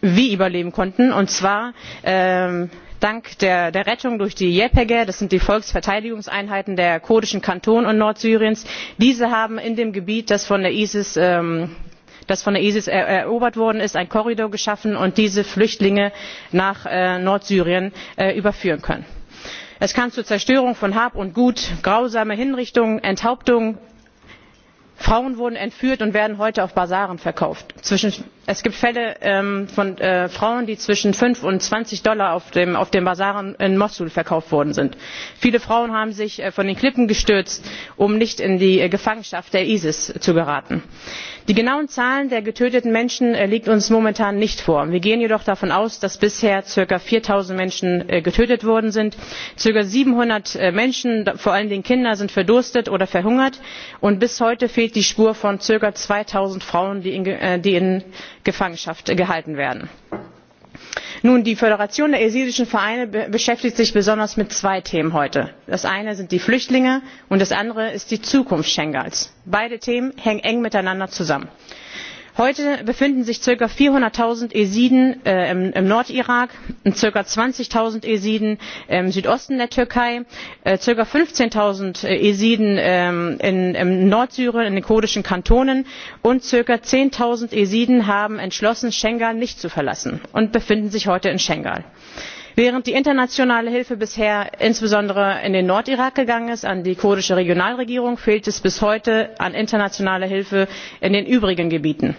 wie überleben konnten und zwar ähm, dank der, rettung durch die ypg das sind die volksverteidigungseinheiten der kurdischen kantone in nordsyrien diese haben in dem gebiet das von der isis, ähm, er, erobert worden ist einen korridor geschaffen und diese flüchtlinge nach äh, nordsyrien äh, überführen können. es kam zur zerstörung von hab und gut grausame hinrichtungen enthauptungen frauen wurden entführt und werden heute auf basaren verkauft. Zwischen es gibt fälle ähm, von äh, frauen die zwischen fünf und zwanzig dollar auf dem, Basaren basar in mossul verkauft worden sind. viele frauen haben sich äh, von den klippen gestürzt um nicht in die äh, gefangenschaft des is zu geraten. die genauen zahlen der getöteten menschen liegen uns momentan nicht vor. wir gehen jedoch davon aus dass bisher circa vier null menschen getötet worden sind circa siebenhundert menschen vor allen dingen kinder sind verdurstet oder verhungert und bis heute fehlt die spur von circa zwei null frauen die die in gefangenschaft gehalten werden. nun die föderation der jesidischen vereine beschäftigt sich besonders mit zwei themen heute das eine sind die flüchtlinge und das andere ist die zukunft schengens. beide themen hängen eng miteinander zusammen heute befinden sich circa vierhundert null jesiden äh, im nordirak circa zwanzig null jesiden im ähm, südosten der türkei äh, circa fünfzehn null jesiden äh, ähm, in nordsyrien in den kurdischen kantonen und circa zehn null jesiden haben entschlossen schengal nicht zu verlassen und befinden sich heute in schengal während die internationale hilfe bisher insbesondere in den nordirak gegangen ist an die kurdische regionalregierung fehlt es bis heute an internationaler hilfe in den übrigen gebieten.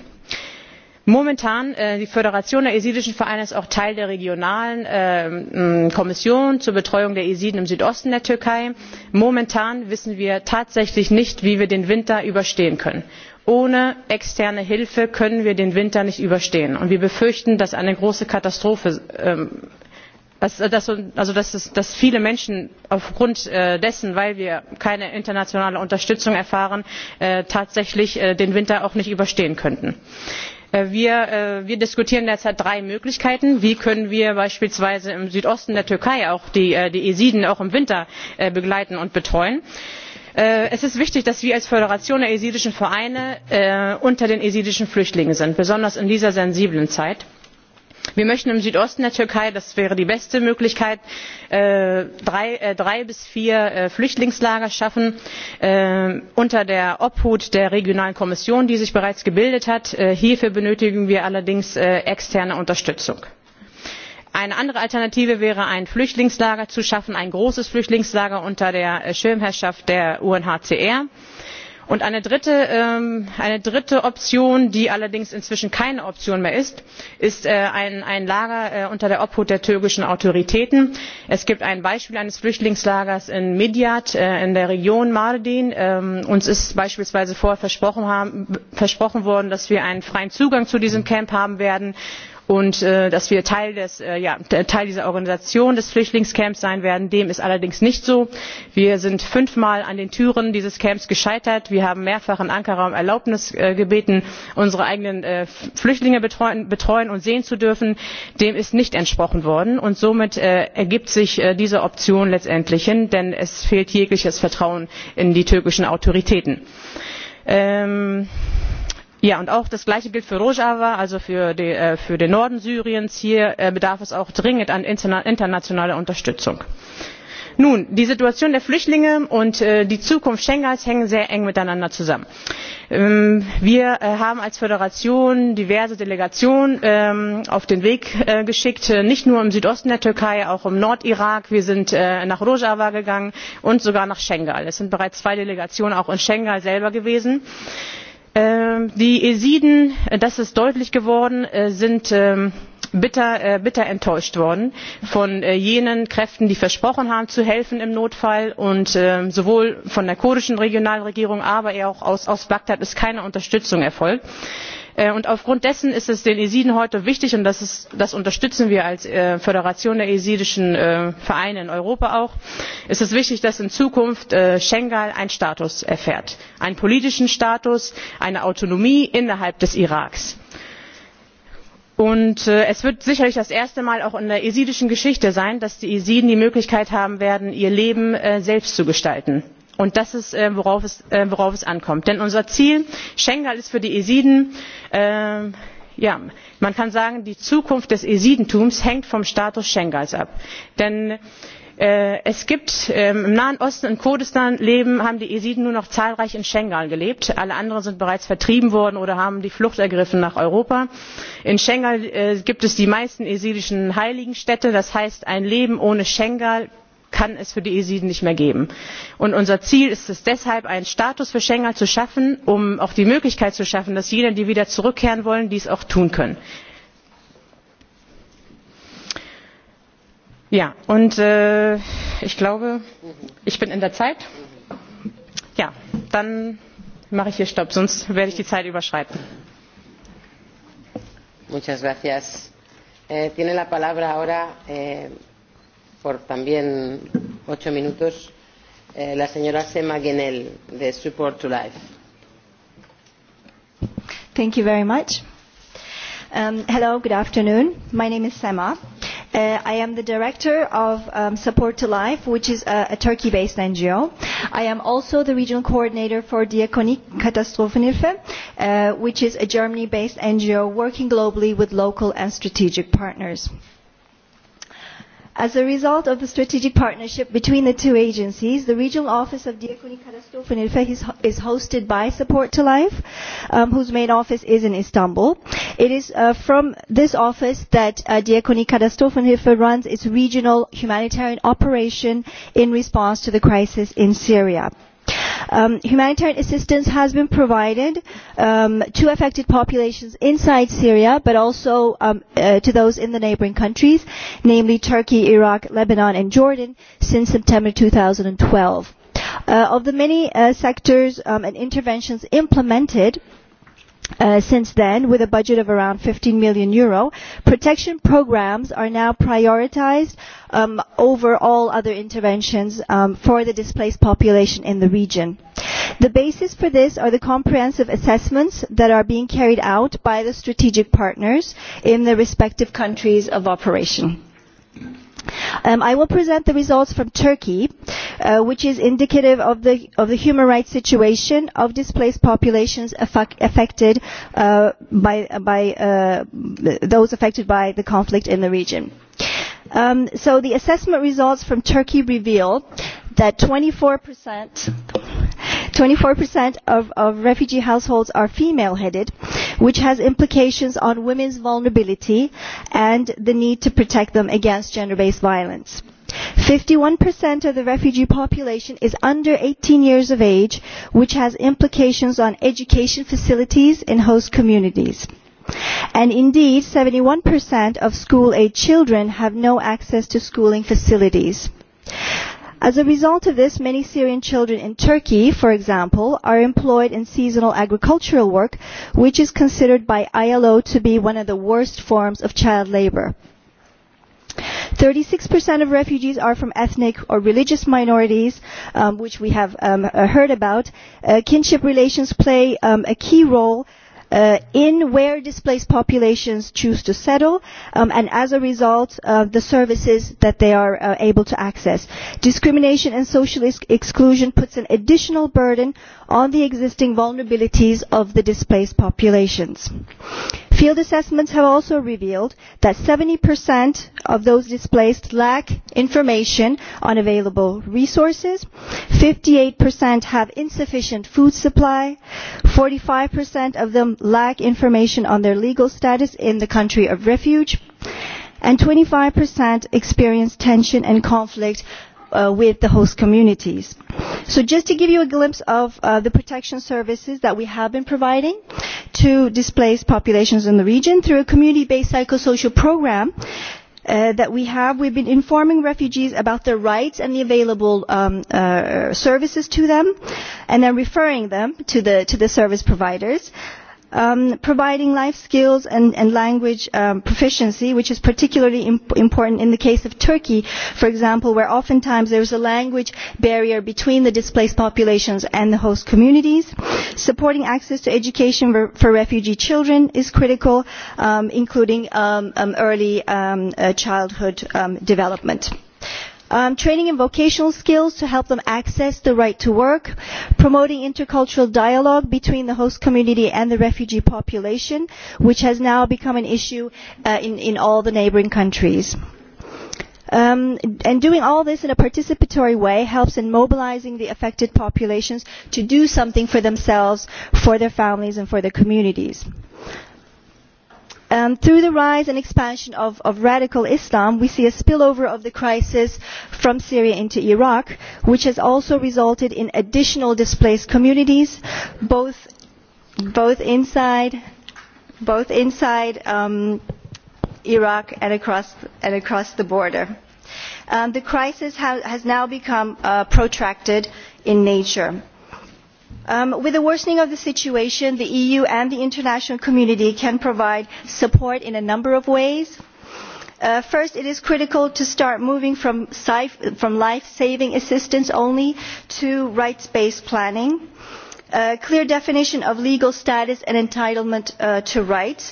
momentan ist äh, die föderation der jesidischen vereine auch teil der regionalen ähm, kommission zur betreuung der jesiden im südosten der türkei. momentan wissen wir tatsächlich nicht wie wir den winter überstehen können. ohne externe hilfe können wir den winter nicht überstehen und wir befürchten dass eine große katastrophe ähm, dass, viele menschen aufgrund äh, dessen weil wir keine internationale unterstützung erfahren äh, tatsächlich äh, den winter auch nicht überstehen könnten. Wir, diskutieren derzeit drei möglichkeiten wie können wir beispielsweise im südosten der türkei auch die, die jesiden auch im winter begleiten und betreuen? es ist wichtig dass wir als föderation der jesidischen vereine unter den jesidischen flüchtlingen sind besonders in dieser sensiblen zeit wir möchten im südosten der türkei das wäre die beste möglichkeit äh, äh, drei, bis vier äh, flüchtlingslager schaffen unter der obhut der regionalen kommission die sich bereits gebildet hat. hierfür benötigen wir allerdings externe unterstützung eine andere alternative wäre ein flüchtlingslager zu schaffen ein großes flüchtlingslager unter der schirmherrschaft der unhcr und ähm, eine dritte, option die allerdings inzwischen keine option mehr ist ist äh, ein, lager äh, unter der obhut der türkischen autoritäten. es gibt ein beispiel eines flüchtlingslagers in midyat äh, in der region mardin. Ähm, uns ist beispielsweise vorher versprochen worden dass wir einen freien zugang zu diesem camp haben werden und äh, dass wir äh, teil, dieser organisation des flüchtlingscamps sein werden dem ist allerdings nicht so. wir sind fünfmal an den türen dieses camps gescheitert wir haben mehrfach in ankara um erlaubnis äh, gebeten unsere eigenen flüchtlinge betreuen, und sehen zu dürfen dem ist nicht entsprochen worden und somit ergibt sich diese option letztendlich denn es fehlt jegliches vertrauen in die türkischen autoritäten. Ähm und auch das gleiche gilt für rojava also für, äh, den norden syriens hier äh, bedarf es auch dringend internationaler unterstützung. nun die situation der flüchtlinge und äh, die zukunft schengens hängen sehr eng miteinander zusammen. Ähm, wir haben als föderation diverse delegationen ähm, auf den weg geschickt nicht nur im südosten der türkei auch im nordirak wir sind nach rojava gegangen und sogar nach schengal. es sind bereits zwei delegationen auch in schengal selber gewesen Ähm, die jesiden das ist deutlich geworden äh, sind ähm, äh, bitter, enttäuscht worden von äh, jenen kräften die versprochen haben zu helfen im notfall und ähm, sowohl von der kurdischen regionalregierung aber auch aus bagdad ist keine unterstützung erfolgt. Äh, und aufgrund dessen ist es den jesiden heute wichtig und das, unterstützen wir als äh, föderation der jesidischen äh, vereine in europa auch ist es wichtig dass in zukunft schengal einen status erfährt einen politischen status eine autonomie innerhalb des iraks. Und es wird sicherlich das erste mal auch in der jesidischen geschichte sein dass die jesiden die möglichkeit haben werden ihr leben selbst zu gestalten und das ist äh, äh, worauf es, ankommt. denn unser ziel schengen ist für die jesiden ähm, ja man kann sagen die zukunft des jesidentums hängt vom status schengals ab. denn äh, es gibt ähm, im nahen osten in kurdistan haben die jesiden nur noch zahlreich in schengen gelebt alle anderen sind bereits vertrieben worden oder haben die flucht ergriffen nach europa. in schengen gibt es die meisten jesidischen heiligenstädte das heißt ein leben ohne schengen kann es für die jesiden nicht mehr geben. unser ziel ist es deshalb einen status für schengen zu schaffen um auch die möglichkeit zu schaffen dass jene die wieder zurückkehren wollen dies auch tun können. Äh, ich glaube ich bin in der zeit. dann mache ich hier stopp sonst werde ich die zeit überschreiten por también ocho minutos eh, la señora Sema Genel de Support to Life. Thank you very much. Um, hello, good afternoon. My name is Sema. Uh, I am the director of um, Support to Life, which is a, a Turkey-based NGO. I am also the regional coordinator for Diakonik Katastrophenhilfe, uh, which is a Germany-based NGO working globally with local and strategic partners. As a result of the strategic partnership between the two agencies, the regional office of Diakoni Katastofen Ilfe is, is hosted by Support to Life, um, whose main office is in Istanbul. It is uh, from this office that uh, Diakoni Katastofen Ilfe runs its regional humanitarian operation in response to the crisis in Syria. Um, humanitarian assistance has been provided um, to affected populations inside Syria, but also um, uh, to those in the neighboring countries, namely Turkey, Iraq, Lebanon, and Jordan, since September 2012. Uh, of the many uh, sectors um, and interventions implemented, uh, Uh, since then, with a budget of around 15 million euro, protection programs are now prioritized um, over all other interventions um, for the displaced population in the region. The basis for this are the comprehensive assessments that are being carried out by the strategic partners in the respective countries of operation. Um, I will present the results from Turkey, uh, which is indicative of the, of the human rights situation of displaced populations affect, affected uh, by, uh, by uh, those affected by the conflict in the region. Um, so the assessment results from Turkey reveal that 24 percent 24% of, of refugee households are female headed, which has implications on women's vulnerability and the need to protect them against gender based violence. 51% of the refugee population is under 18 years of age, which has implications on education facilities in host communities. And indeed, 71% of school age children have no access to schooling facilities As a result of this, many Syrian children in Turkey, for example, are employed in seasonal agricultural work, which is considered by ILO to be one of the worst forms of child labor. 36% of refugees are from ethnic or religious minorities, um, which we have um, heard about. Uh, kinship relations play um, a key role uh, in where displaced populations choose to settle um, and as a result uh, the services that they are uh, able to access. Discrimination and social ex exclusion puts an additional burden on the existing vulnerabilities of the displaced populations Field assessments have also revealed that 70% of those displaced lack information on available resources, 58% have insufficient food supply, 45% of them lack information on their legal status in the country of refuge, and 25% experience tension and conflict uh, with the host communities. So just to give you a glimpse of uh, the protection services that we have been providing to displaced populations in the region through a community-based psychosocial program uh, that we have, we've been informing refugees about their rights and the available um, uh, services to them, and then referring them to the to the service providers um, providing life skills and, and language um, proficiency, which is particularly imp important in the case of Turkey, for example, where oftentimes there is a language barrier between the displaced populations and the host communities. Supporting access to education for, for refugee children is critical, um, including um, um, early um, uh, childhood um, development. Um, training in vocational skills to help them access the right to work, promoting intercultural dialogue between the host community and the refugee population, which has now become an issue uh, in, in all the neighbouring countries. Um, and doing all this in a participatory way helps in mobilizing the affected populations to do something for themselves, for their families, and for their communities. Um, through the rise and expansion of, of radical Islam, we see a spillover of the crisis from Syria into Iraq, which has also resulted in additional displaced communities, both, both inside, both inside um, Iraq and across, and across the border. Um, the crisis ha has now become uh, protracted in nature Um, with the worsening of the situation the eu and the international community can provide support in a number of ways. Uh, first it is critical to start moving from, life saving assistance only to rights based planning a uh, clear definition of legal status and entitlement uh, to rights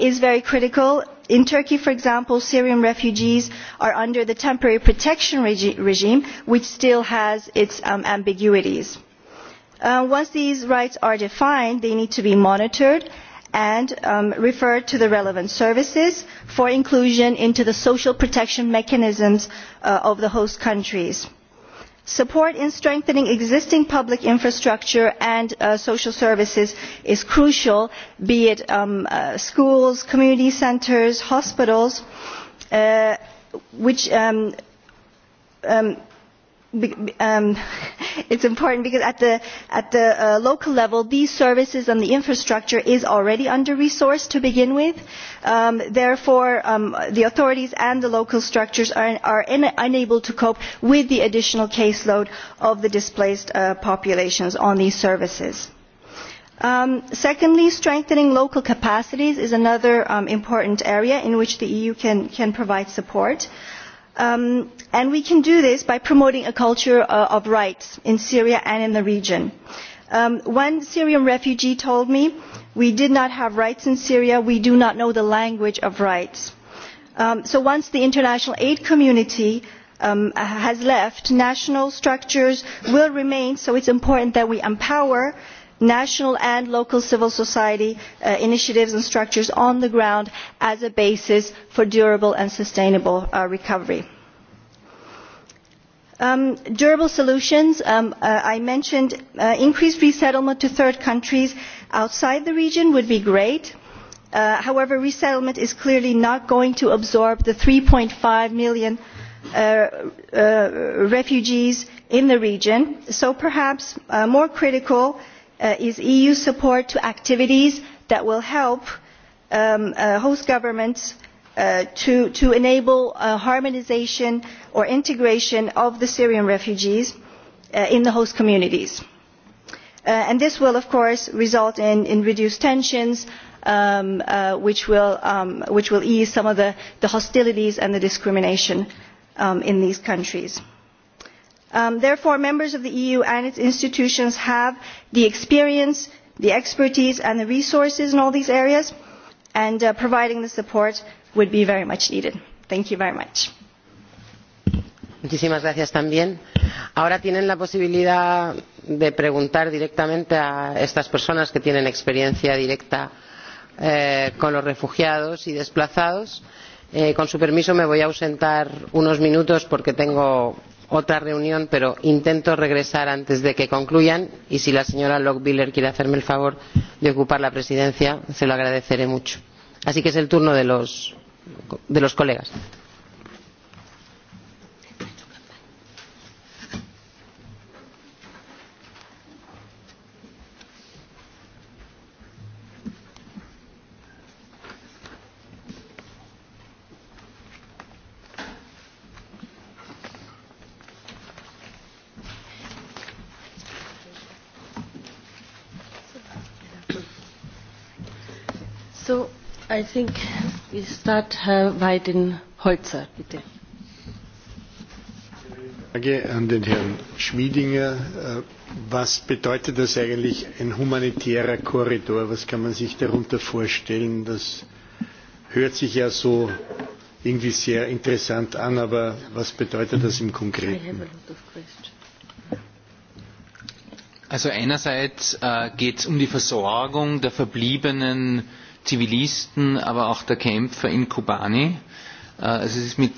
is very critical. in turkey for example syrian refugees are under the temporary protection regime which still has its um, ambiguities Uh, once these rights are defined they need to be monitored and um, referred to the relevant services for inclusion into the social protection mechanisms uh, of the host countries. support in strengthening existing public infrastructure and uh, social services is crucial be it um, uh, schools community centres hospitals uh, which um, um um, it's important because at the, at the uh, local level, these services and the infrastructure is already under-resourced to begin with. Um, therefore, um, the authorities and the local structures are, are in, unable to cope with the additional caseload of the displaced uh, populations on these services. Um, secondly, strengthening local capacities is another um, important area in which the EU can, can provide support. Uh, Um, and we can do this by promoting a culture uh, of rights in Syria and in the region. Um, one Syrian refugee told me, we did not have rights in Syria, we do not know the language of rights. Um, so once the international aid community has left, national structures will remain, so it is important that we empower national and local civil society uh, initiatives and structures on the ground as a basis for durable and sustainable uh, recovery. Um, durable solutions um, uh, i mentioned increased resettlement to third countries outside the region would be great. however resettlement is clearly not going to absorb the. three five million refugees in the region so perhaps more critical Uh, is eu support to activities that will help um, uh, host governments uh, to, enable uh, harmonisation or integration of the syrian refugees in the host communities. this will of course result in, reduced tensions um, um, which, will, ease some of the, hostilities and the discrimination in these countries. Um, therefore members of the eu and its institutions have the experience the expertise and the resources in all these areas and uh, providing the support would be very much needed. thank you very much. Muchísimas gracias también. Ahora tienen la posibilidad de preguntar directamente a estas personas que tienen experiencia directa eh, con los refugiados y desplazados. Eh, con su permiso me voy a ausentar unos minutos porque tengo otra reunión pero intento regresar antes de que concluyan y si la señora lochbihler quiere hacerme el favor de ocupar la presidencia se lo agradeceré mucho. así que es el turno de los, de los colegas. Uh, Frage an den Herrn Schmiedinger. Äh, was bedeutet das eigentlich, ein humanitärer Korridor? Was kann man sich darunter vorstellen? Das hört sich ja so irgendwie sehr interessant an, aber was bedeutet das im Konkreten? Also einerseits äh, geht es um die Versorgung der verbliebenen Zivilisten, aber auch der Kämpfer in Kobani. Also äh, es ist mit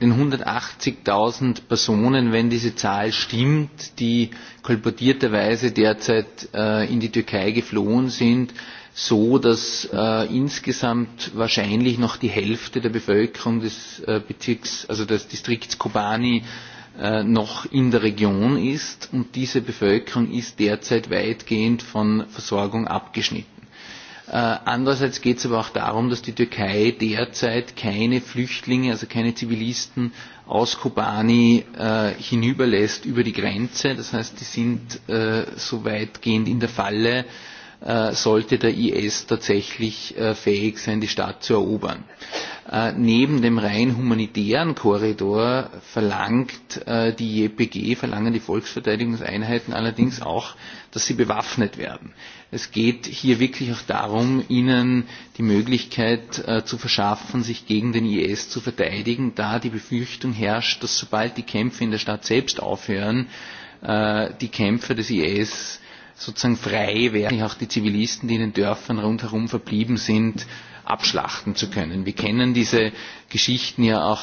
den 180.000 Personen, wenn diese Zahl stimmt, die kolportierterweise derzeit äh, in die Türkei geflohen sind, so, dass äh, insgesamt wahrscheinlich noch die Hälfte der Bevölkerung des äh, Bezirks, also des Distrikts Kobani äh, noch in der Region ist und diese Bevölkerung ist derzeit weitgehend von Versorgung abgeschnitten. Äh, andererseits geht es aber auch darum, dass die Türkei derzeit keine Flüchtlinge, also keine Zivilisten aus Kobani äh, hinüberlässt über die Grenze. Das heißt, die sind äh, so weitgehend in der Falle, Äh, sollte der IS tatsächlich äh, fähig sein, die Stadt zu erobern. Äh, neben dem rein humanitären Korridor verlangt die JPG, verlangen die Volksverteidigungseinheiten allerdings auch, dass sie bewaffnet werden. Es geht hier wirklich auch darum, ihnen die Möglichkeit zu verschaffen, sich gegen den IS zu verteidigen, da die Befürchtung herrscht, dass sobald die Kämpfe in der Stadt selbst aufhören, die Kämpfer des IS sozusagen frei werden, auch die Zivilisten, die in den Dörfern rundherum verblieben sind, abschlachten zu können. Wir kennen diese Geschichten ja auch,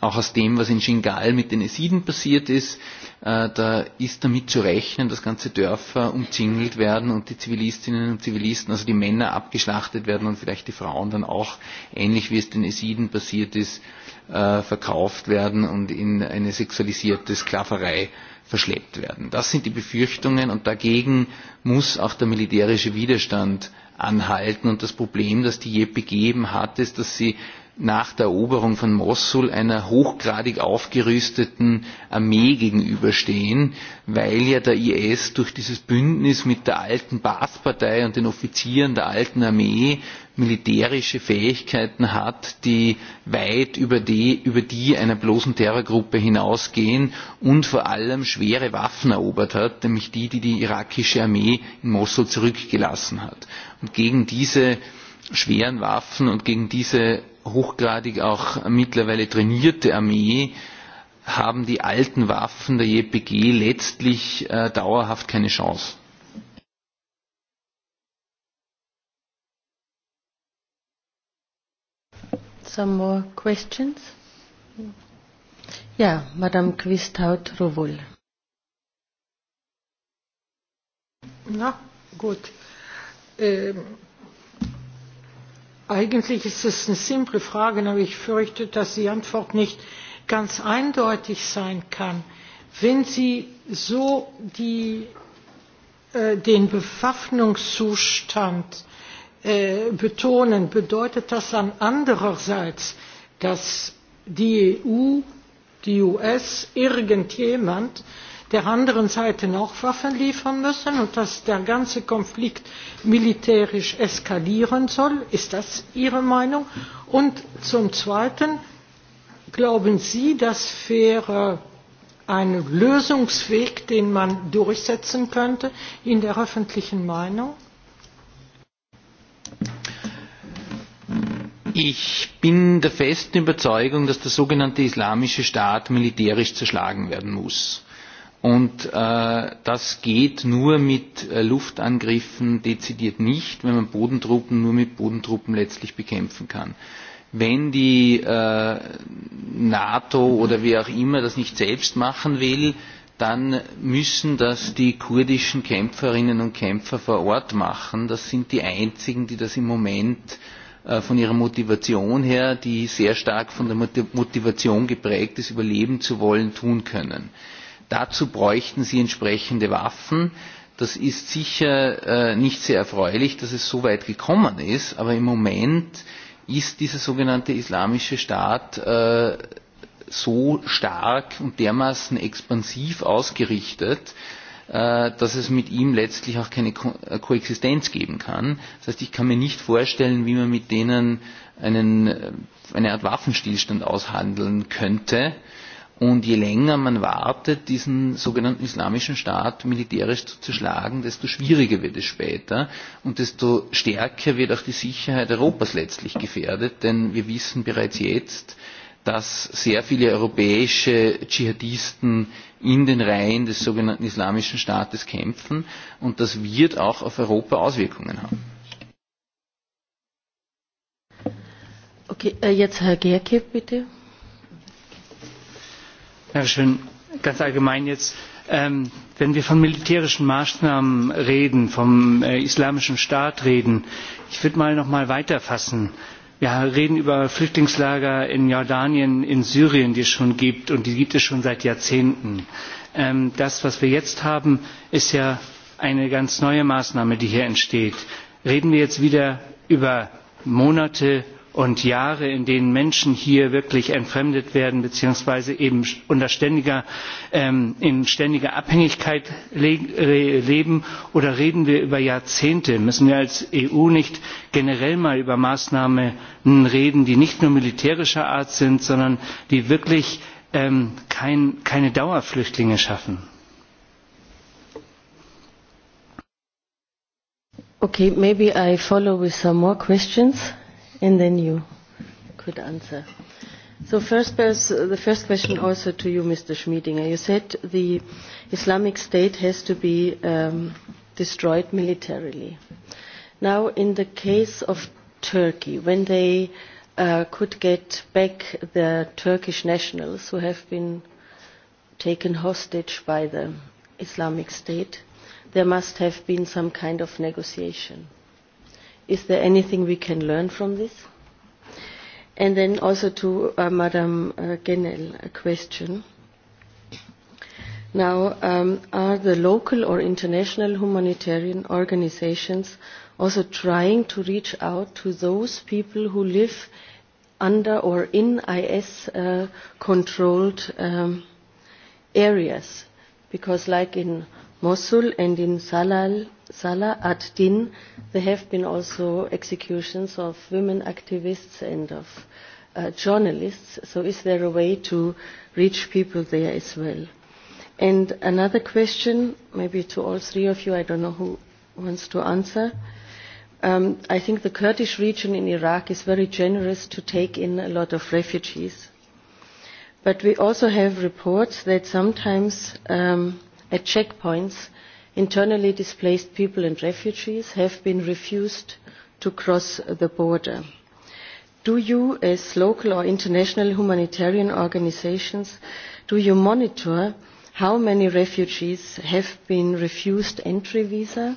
auch aus dem, was in Shingal mit den Esiden passiert ist. Äh, da ist damit zu rechnen, dass ganze Dörfer umzingelt werden und die Zivilistinnen und Zivilisten, also die Männer abgeschlachtet werden und vielleicht die Frauen dann auch, ähnlich wie es den Esiden passiert ist, äh, verkauft werden und in eine sexualisierte Sklaverei verschleppt werden. Das sind die Befürchtungen und dagegen muss auch der militärische Widerstand anhalten. Und das Problem, das die JEP gegeben hat, ist, dass sie nach der Eroberung von Mosul einer hochgradig aufgerüsteten Armee gegenüberstehen, weil ja der IS durch dieses Bündnis mit der alten Baath-Partei und den Offizieren der alten Armee militärische Fähigkeiten hat, die weit über die, über die einer bloßen Terrorgruppe hinausgehen und vor allem schwere Waffen erobert hat, nämlich die, die die irakische Armee in Mosul zurückgelassen hat. Und gegen diese schweren Waffen und gegen diese hochgradig auch mittlerweile trainierte Armee haben die alten Waffen der JPG letztlich äh, dauerhaft keine Chance. Some more questions? Yeah, Madame Quisthout Rovul. Na, gut. Ähm, eigentlich ist es eine simple Frage, aber ich fürchte, dass die Antwort nicht ganz eindeutig sein kann. Wenn Sie so die, äh, den Bewaffnungszustand Äh, betonen, bedeutet das dann andererseits, dass die EU, die US, irgendjemand der anderen Seite noch Waffen liefern müssen und dass der ganze Konflikt militärisch eskalieren soll? Ist das Ihre Meinung? Und zum Zweiten, glauben Sie, das wäre ein Lösungsweg, den man durchsetzen könnte in der öffentlichen Meinung? Ich bin der festen Überzeugung, dass der sogenannte Islamische Staat militärisch zerschlagen werden muss. Und äh, das geht nur mit äh, Luftangriffen dezidiert nicht, wenn man Bodentruppen nur mit Bodentruppen letztlich bekämpfen kann. Wenn die äh, NATO oder wer auch immer das nicht selbst machen will, dann müssen das die kurdischen Kämpferinnen und Kämpfer vor Ort machen. Das sind die einzigen, die das im Moment Äh, von ihrer Motivation her, die sehr stark von der Motivation geprägt ist, überleben zu wollen, tun können. Dazu bräuchten sie entsprechende Waffen. Das ist sicher äh, nicht sehr erfreulich, dass es so weit gekommen ist, aber im Moment ist dieser sogenannte islamische Staat äh, so stark und dermaßen expansiv ausgerichtet, Äh, dass es mit ihm letztlich auch keine Ko äh, Koexistenz geben kann. Das heißt, ich kann mir nicht vorstellen, wie man mit denen einen, äh, eine Art Waffenstillstand aushandeln könnte. Und je länger man wartet, diesen sogenannten islamischen Staat militärisch zu zerschlagen, desto schwieriger wird es später und desto stärker wird auch die Sicherheit Europas letztlich gefährdet, denn wir wissen bereits jetzt, dass sehr viele europäische Dschihadisten in den Reihen des sogenannten Islamischen Staates kämpfen. Und das wird auch auf Europa Auswirkungen haben. Okay, äh, jetzt Herr Gerke, bitte. Herr Schön, ganz allgemein jetzt. Ähm, wenn wir von militärischen Maßnahmen reden, vom äh, Islamischen Staat reden, ich würde mal noch mal weiterfassen Wir reden über Flüchtlingslager in Jordanien, in Syrien, die es schon gibt und die gibt es schon seit Jahrzehnten. Ähm, das, was wir jetzt haben, ist ja eine ganz neue Maßnahme, die hier entsteht. Reden wir jetzt wieder über Monate und jahre in denen menschen hier wirklich entfremdet werden beziehungsweise eben ähm, in ständiger abhängigkeit leben oder reden wir über jahrzehnte? müssen wir als eu nicht generell mal über maßnahmen reden die nicht nur militärischer art sind sondern die wirklich ähm, keine dauerflüchtlinge schaffen? Okay, maybe I follow with some more questions and then you could answer. So first, the first question also to you, Mr. Schmiedinger. You said the Islamic State has to be um, destroyed militarily. Now, in the case of Turkey, when they uh, could get back the Turkish nationals who have been taken hostage by the Islamic State, there must have been some kind of negotiation Is there anything we can learn from this? And then also to uh, Madame uh, Genel, a question. Now, um, are the local or international humanitarian organizations also trying to reach out to those people who live under or in IS uh, controlled um, areas? Because, like in Mosul and in Salal Salah ad-Din, there have been also executions of women activists and of uh, journalists. So is there a way to reach people there as well? And another question, maybe to all three of you, I don't know who wants to answer. Um, I think the Kurdish region in Iraq is very generous to take in a lot of refugees. But we also have reports that sometimes um, at checkpoints internally displaced people and refugees have been refused to cross the border. Do you, as local or international humanitarian organisations, do you monitor how many refugees have been refused entry visa?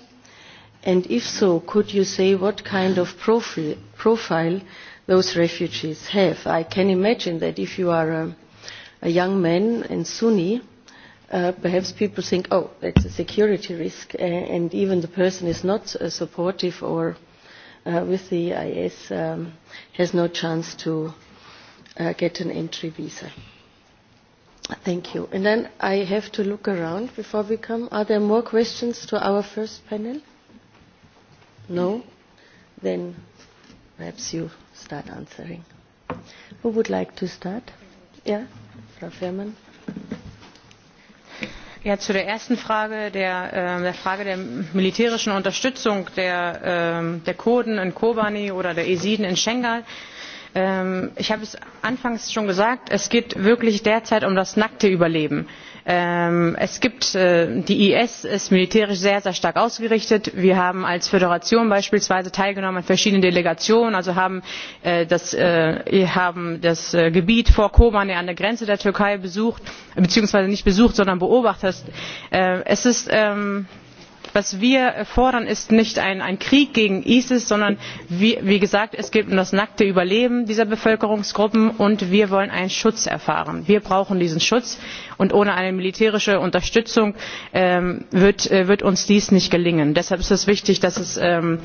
And if so, could you say what kind of profi profile those refugees have? I can imagine that if you are a, a young man and Sunni, Uh, perhaps people think, oh, that's a security risk, uh, and even the person is not uh, supportive or uh, with the IS um, has no chance to uh, get an entry visa. Thank you. And then I have to look around before we come. Are there more questions to our first panel? No? Then perhaps you start answering. Who would like to start? Yeah, Frau Fehrmann zu der ersten Frage, ähm, der, Frage der militärischen Unterstützung der, ähm, Kurden in kobane oder der Esiden in Schengal ähm, ich habe es anfangs schon gesagt es geht wirklich derzeit um das nackte überleben. Ähm, es gibt äh, die is ist militärisch sehr sehr stark ausgerichtet wir haben als föderation beispielsweise teilgenommen an verschiedenen delegationen also haben äh, das, äh, haben das gebiet vor kobane an der grenze der türkei besucht beziehungsweise nicht besucht sondern beobachtet. es ist ähm, was wir fordern ist nicht ein, krieg gegen isis sondern wie, gesagt es geht um das nackte überleben dieser bevölkerungsgruppen und wir wollen einen schutz erfahren. wir brauchen diesen schutz und ohne eine militärische unterstützung ähm, äh, wird, uns dies nicht gelingen. deshalb ist es wichtig dass es, ähm,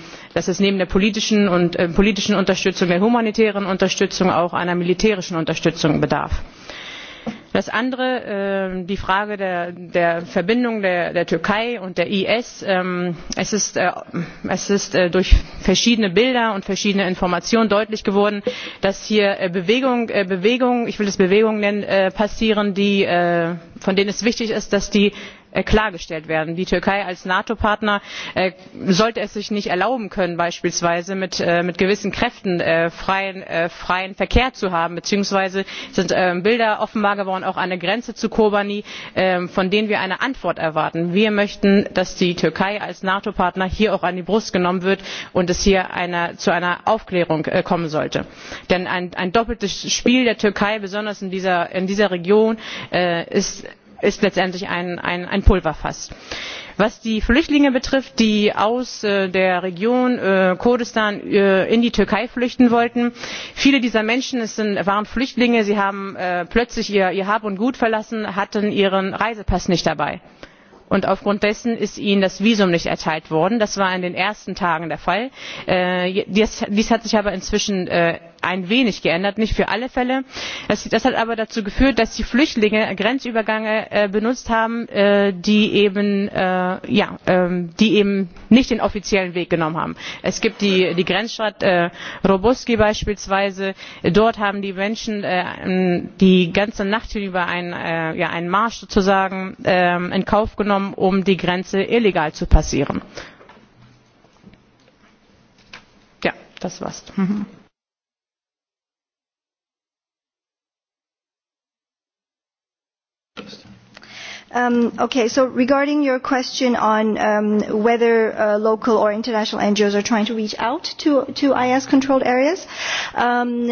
neben der äh, politischen unterstützung der humanitären unterstützung auch einer militärischen unterstützung bedarf das andere ähm, die frage der, verbindung der, türkei und des is ähm, es ist, äh, äh, durch verschiedene bilder und verschiedene informationen deutlich geworden dass hier äh, bewegungen ich will es bewegungen nennen passieren von denen es wichtig ist dass die Äh, klargestellt werden. die türkei als nato partner äh, sollte es sich nicht erlauben können beispielsweise mit, äh, mit gewissen kräften freien, freien verkehr zu haben beziehungsweise sind ähm, bilder offenbar geworden auch an der grenze zu kobani ähm, von denen wir eine antwort erwarten. wir möchten dass die türkei als nato partner hier auch an die brust genommen wird und es hier zu einer aufklärung kommen sollte. denn ein, ein doppeltes spiel der türkei besonders in dieser, in dieser region ist ist letztendlich ein, pulverfass. was die flüchtlinge betrifft die aus äh, der region äh, kurdistan äh, in die türkei flüchten wollten viele dieser menschen waren flüchtlinge sie haben plötzlich ihr, hab und gut verlassen hatten ihren reisepass nicht dabei und aufgrund dessen ist ihnen das visum nicht erteilt worden. das war in den ersten tagen der fall. dies hat sich aber inzwischen ein wenig geändert nicht für alle fälle. das, hat aber dazu geführt dass die flüchtlinge grenzübergänge äh, benutzt haben äh, äh, ähm, die, eben, nicht den offiziellen weg genommen haben. es gibt die, grenzstadt roboski beispielsweise dort haben die menschen die ganze nacht hinüber einen, marsch sozusagen ähm, in kauf genommen um die grenze illegal zu passieren. das war's. Mhm. prostě. Um, okay, so regarding your question on um, whether uh, local or international NGOs are trying to reach out to, to IS-controlled areas, um,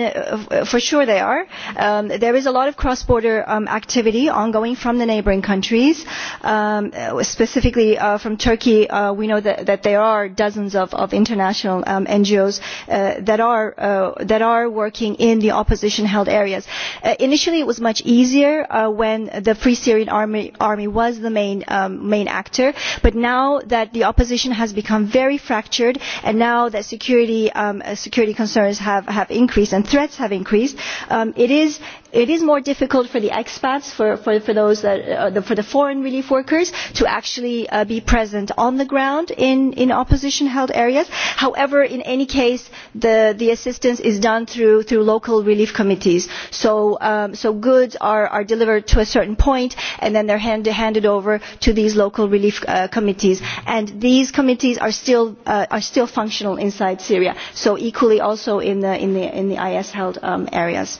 for sure they are. Um, there is a lot of cross-border um, activity ongoing from the neighboring countries, um, specifically uh, from Turkey. Uh, we know that, that there are dozens of, of international um, NGOs uh, that, are, uh, that are working in the opposition-held areas. Uh, initially, it was much easier uh, when the Free Syrian Army, Army army was the main, um, main actor. But now that the opposition has become very fractured, and now that security, um, uh, security concerns have, have increased and threats have increased, um, it is it is more difficult for the expats, for, uh, the, foreign relief workers to actually uh, be present on the ground in, opposition held areas. However, in any case, the, assistance is done through, local relief committees. So, um, goods are, delivered to a certain point and then they are handed over to these local relief uh, committees. And these committees are still, functional inside Syria. So equally also in the, IS held um, areas.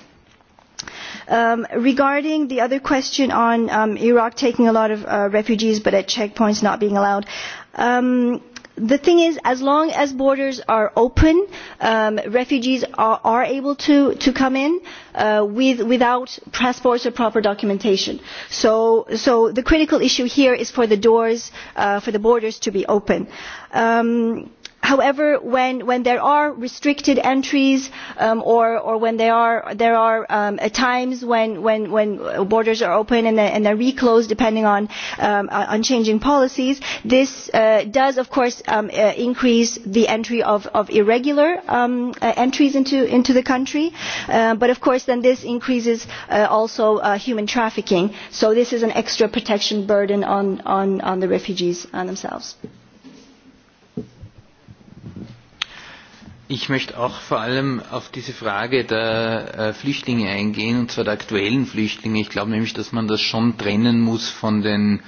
Um, regarding the other question on um, Iraq taking a lot of uh, refugees but at checkpoints not being allowed, um, the thing is, as long as borders are open, um, refugees are, are able to, to come in uh, with, without passports or proper documentation. So, so the critical issue here is for the doors, uh, for the borders to be open. Um, however when, when there are restricted entries um, or, or when there are, there are um, uh, times when, when, when uh, borders are open and, uh, then reclosed depending on, um, on changing policies this does of course increase the entry of, of irregular entries into, into the country but of course then this increases also human trafficking so this is an extra protection burden on, on, on the refugees themselves. Ich möchte auch vor allem auf diese Frage der äh, Flüchtlinge eingehen, und zwar der aktuellen Flüchtlinge. Ich glaube nämlich, dass man das schon trennen muss von den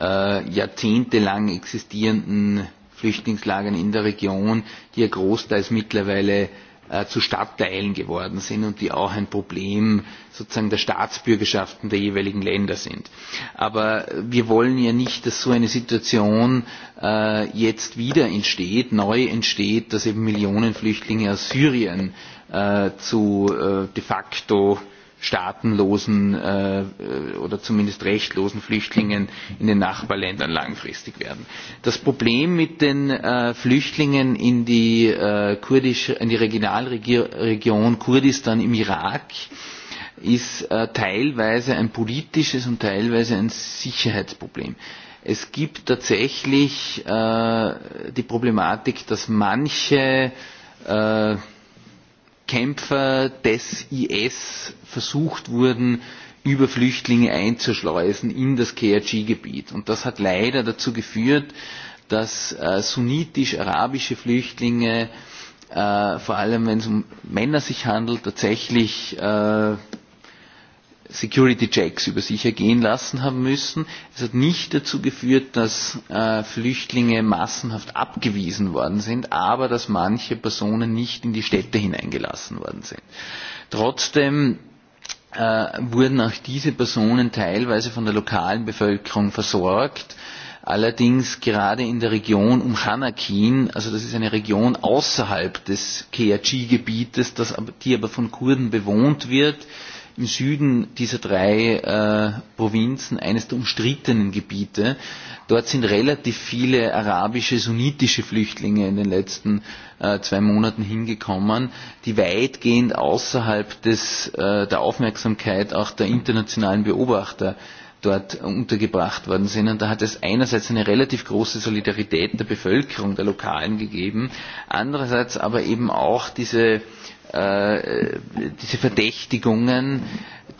äh, jahrzehntelang existierenden Flüchtlingslagern in der Region, die ja großteils mittlerweile äh, Äh, zu Stadtteilen geworden sind und die auch ein Problem sozusagen der Staatsbürgerschaften der jeweiligen Länder sind. Aber wir wollen ja nicht, dass so eine Situation äh, jetzt wieder entsteht, neu entsteht, dass eben Millionen Flüchtlinge aus Syrien äh, zu äh, de facto äh, staatenlosen äh, äh, oder zumindest rechtlosen Flüchtlingen in den Nachbarländern langfristig werden. Das Problem mit den äh, Flüchtlingen in die, äh, Kurdisch, in die Regionalregion Kurdistan im Irak ist äh, teilweise ein politisches und teilweise ein Sicherheitsproblem. Es gibt tatsächlich äh, die Problematik, dass manche äh, Kämpfer des IS versucht wurden, über Flüchtlinge einzuschleusen in das KRG-Gebiet. Und das hat leider dazu geführt, dass äh, sunnitisch-arabische Flüchtlinge, äh, vor allem wenn es um Männer sich handelt, tatsächlich äh, Security Checks über sich ergehen lassen haben müssen. Es hat nicht dazu geführt, dass äh, Flüchtlinge massenhaft abgewiesen worden sind, aber dass manche Personen nicht in die Städte hineingelassen worden sind. Trotzdem äh, wurden auch diese Personen teilweise von der lokalen Bevölkerung versorgt. Allerdings gerade in der Region um Hanakin, also das ist eine Region außerhalb des KRG-Gebietes, die aber von Kurden bewohnt wird, äh, im Süden dieser drei äh, Provinzen eines der umstrittenen Gebiete. Dort sind relativ viele arabische, sunnitische Flüchtlinge in den letzten äh, zwei Monaten hingekommen, die weitgehend außerhalb des, äh, der Aufmerksamkeit auch der internationalen Beobachter dort untergebracht worden sind. Und da hat es einerseits eine relativ große Solidarität der Bevölkerung, der Lokalen gegeben, andererseits aber eben auch diese Äh, diese Verdächtigungen,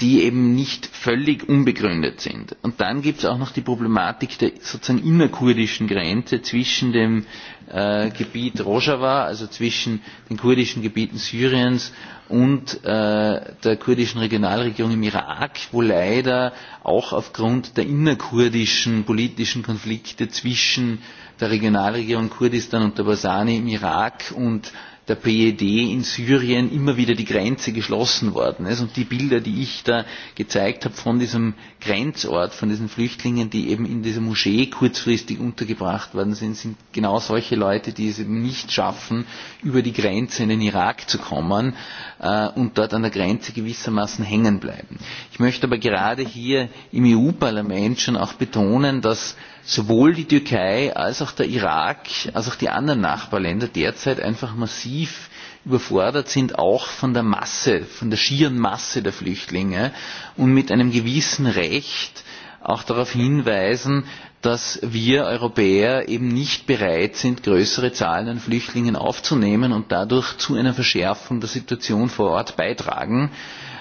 die eben nicht völlig unbegründet sind. Und dann gibt es auch noch die Problematik der sozusagen innerkurdischen Grenze zwischen dem äh, Gebiet Rojava, also zwischen den kurdischen Gebieten Syriens und äh, der kurdischen Regionalregierung im Irak, wo leider auch aufgrund der innerkurdischen politischen Konflikte zwischen der Regionalregierung Kurdistan und der Basani im Irak und äh, der PED in Syrien immer wieder die Grenze geschlossen worden ist. Und die Bilder, die ich da gezeigt habe von diesem Grenzort, von diesen Flüchtlingen, die eben in dieser Moschee kurzfristig untergebracht worden sind, sind genau solche Leute, die es eben nicht schaffen, über die Grenze in den Irak zu kommen äh, und dort an der Grenze gewissermaßen hängen bleiben. Ich möchte aber gerade hier im EU-Parlament schon auch betonen, dass sowohl die Türkei als auch der Irak, als auch die anderen Nachbarländer derzeit einfach massiv überfordert sind, auch von der Masse, von der schieren Masse der Flüchtlinge und mit einem gewissen Recht auch darauf hinweisen, dass wir Europäer eben nicht bereit sind, größere Zahlen an Flüchtlingen aufzunehmen und dadurch zu einer Verschärfung der Situation vor Ort beitragen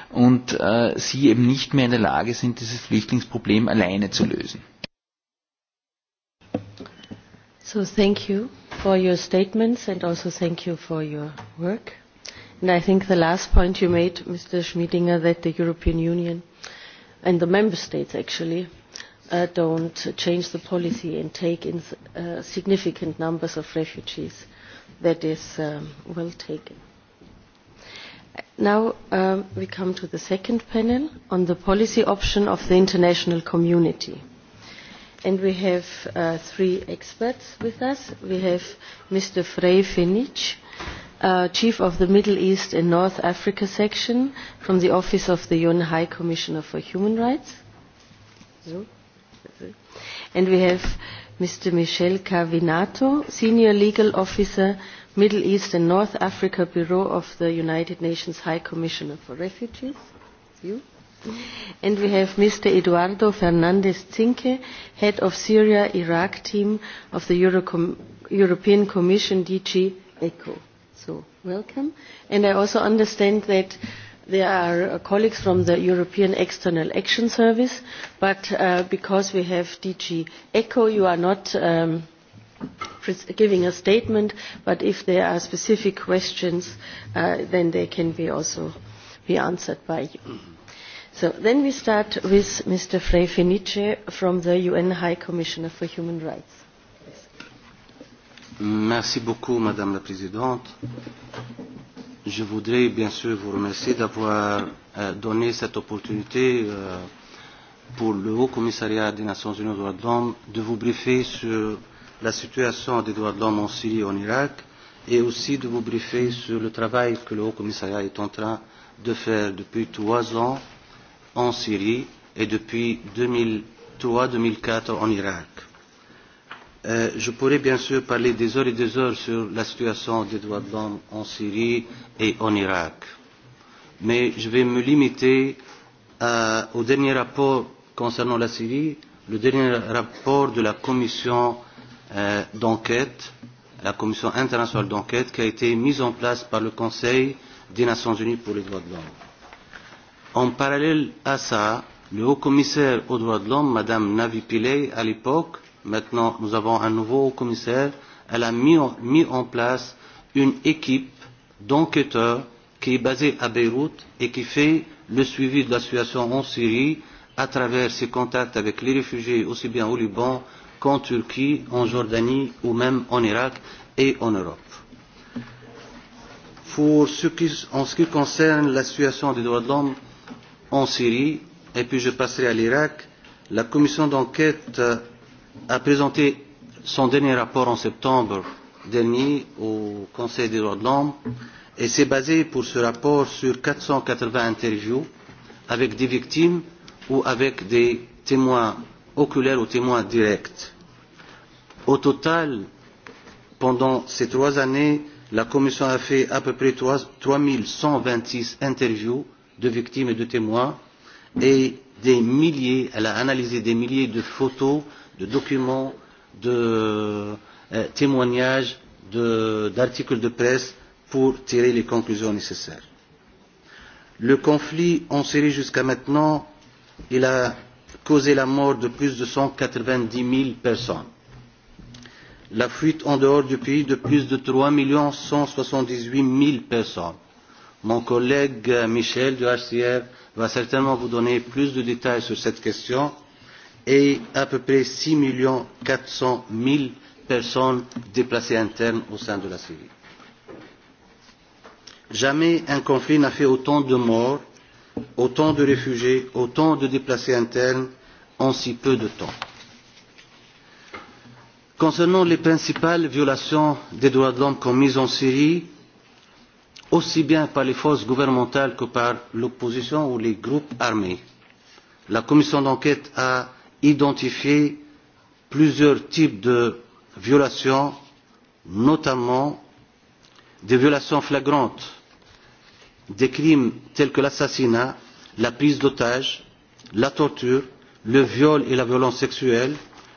und äh, sie eben nicht mehr in der Lage sind, dieses Flüchtlingsproblem alleine zu lösen. So thank you for your statements and also thank you for your work. And I think the last point you made, Mr. Schmidinger, that the European Union and the member states actually uh, don't change the policy and take in uh, significant numbers of refugees, that is um, well taken. Now um, we come to the second panel on the policy option of the international community and we have uh, three experts with us. We have Mr. Frey Finich, uh, Chief of the Middle East and North Africa Section from the Office of the UN High Commissioner for Human Rights. And we have Mr. Michel Cavinato, Senior Legal Officer, Middle East and North Africa Bureau of the United Nations High Commissioner for Refugees. You. And we have Mr. Eduardo Fernandez Zinke, Head of Syria-Iraq Team of the Eurocom European Commission DG ECHO. So, welcome. And I also understand that there are uh, colleagues from the European External Action Service, but uh, because we have DG ECHO, you are not um, giving a statement, but if there are specific questions, uh, then they can be also be answered by you then we start with Mr. Frey Fenice from the UN High Commissioner for Human Rights. Merci beaucoup, Madame la Présidente. Je voudrais bien sûr vous remercier d'avoir euh, donné cette opportunité euh, pour le Haut Commissariat des Nations Unies aux droits de l'homme de vous briefer sur la situation des droits de l'homme en Syrie et en Irak et aussi de vous briefer sur le travail que le Haut Commissariat est en train de faire depuis trois ans en Syrie et depuis 2003-2004 en Irak. Euh, je pourrais bien sûr parler des heures et des heures sur la situation des droits de l'homme en Syrie et en Irak, mais je vais me limiter à, au dernier rapport concernant la Syrie, le dernier rapport de la commission euh, d'enquête, la commission internationale d'enquête qui a été mise en place par le Conseil des Nations Unies pour les droits de l'homme En parallèle à ça, le haut commissaire aux droits de l'homme, Madame Navi Pillay, à l'époque, maintenant nous avons un nouveau haut commissaire, elle a mis en, mis en place une équipe d'enquêteurs qui est basée à Beyrouth et qui fait le suivi de la situation en Syrie à travers ses contacts avec les réfugiés, aussi bien au Liban qu'en Turquie, en Jordanie ou même en Irak et en Europe. Pour ce qui, en ce qui concerne la situation des droits de l'homme, en Syrie, et puis je passerai à l'Irak, la commission d'enquête euh, a présenté son dernier rapport en septembre dernier au Conseil des droits de l'homme et s'est basé pour ce rapport sur 480 interviews avec des victimes ou avec des témoins oculaires ou témoins directs. Au total, pendant ces trois années, la Commission a fait à peu près 3 126 interviews de victimes et de témoins et des milliers, elle a analysé des milliers de photos, de documents, de euh, témoignages, d'articles de, de presse pour tirer les conclusions nécessaires. Le conflit en Syrie jusqu'à maintenant, il a causé la mort de plus de 190 000 personnes. La fuite en dehors du pays de plus de 3 178 000 personnes Mon collègue euh, Michel du HCR va certainement vous donner plus de détails sur cette question et à peu près 6 400 000 personnes déplacées internes au sein de la Syrie. Jamais un conflit n'a fait autant de morts, autant de réfugiés, autant de déplacés internes en si peu de temps. Concernant les principales violations des droits de l'homme commises en Syrie, aussi bien par les forces gouvernementales que par l'opposition ou les groupes armés. La commission d'enquête a identifié plusieurs types de violations, notamment des violations flagrantes, des crimes tels que l'assassinat, la prise d'otages, la torture, le viol et la violence sexuelle,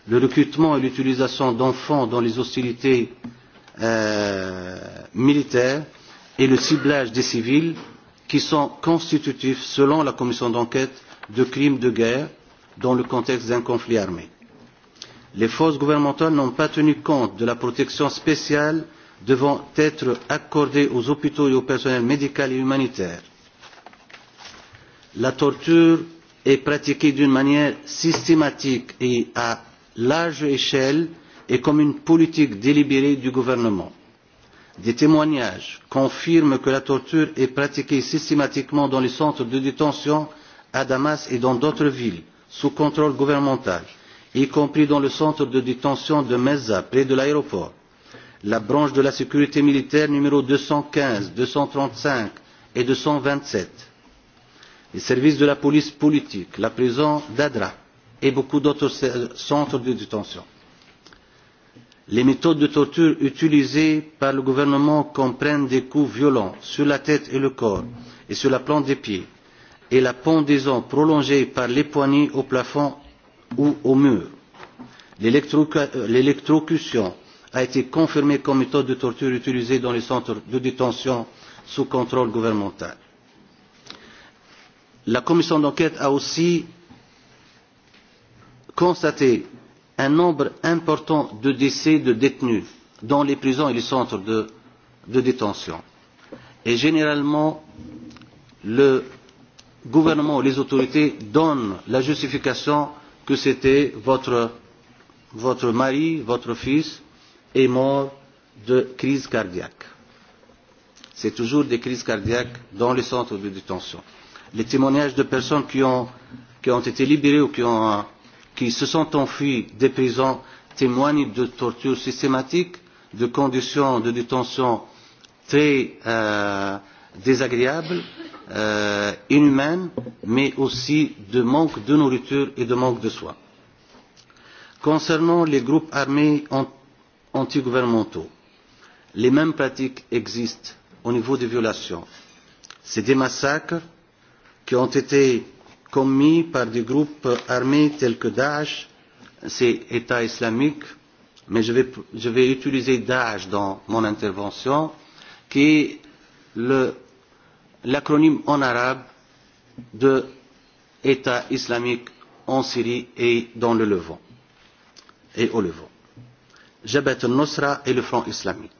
le recrutement et l'utilisation d'enfants dans les hostilités euh, militaires, et le ciblage des civils qui sont constitutifs selon la commission d'enquête de crimes de guerre dans le contexte d'un conflit armé. les forces gouvernementales n'ont pas tenu compte de la protection spéciale devant être accordée aux hôpitaux et au personnel médical et humanitaire. la torture est pratiquée d'une manière systématique et à large échelle et comme une politique délibérée du gouvernement des témoignages confirment que la torture est pratiquée systématiquement dans les centres de détention à damas et dans d'autres villes sous contrôle gouvernemental y compris dans le centre de détention de meza près de l'aéroport. la branche de la sécurité militaire n deux cent quinze deux cent trente cinq et deux cent vingt sept les services de la police politique la prison d'adra et beaucoup d'autres centres de détention les méthodes de torture utilisées par le gouvernement comprennent des coups violents sur la tête et le corps et sur la plante des pieds et la pendaison prolongée par les poignets au plafond ou au mur. l'électrocution a été confirmée comme méthode de torture utilisée dans les centres de détention sous contrôle gouvernemental. la commission d'enquête a aussi constaté un nombre important de décès de détenus dans les prisons et les centres de, de détention. Et généralement, le gouvernement ou les autorités donnent la justification que c'était votre, votre mari, votre fils est mort de crise cardiaque. C'est toujours des crises cardiaques dans les centres de détention. Les témoignages de personnes qui ont, qui ont été libérées ou qui ont qui se sont enfuis des prisons témoignent de tortures systématiques, de conditions de détention très euh, désagréables, euh, inhumaines, mais aussi de manque de nourriture et de manque de soins. Concernant les groupes armés antigouvernementaux, les mêmes pratiques existent au niveau des violations. C'est des massacres qui ont été commis par des groupes armés tels que Daesh, c'est État islamique, mais je vais, je vais utiliser Daesh dans mon intervention, qui est l'acronyme en arabe de État islamique en Syrie et dans le Levant et au Levant. Jabhat al-Nusra et le Front islamique.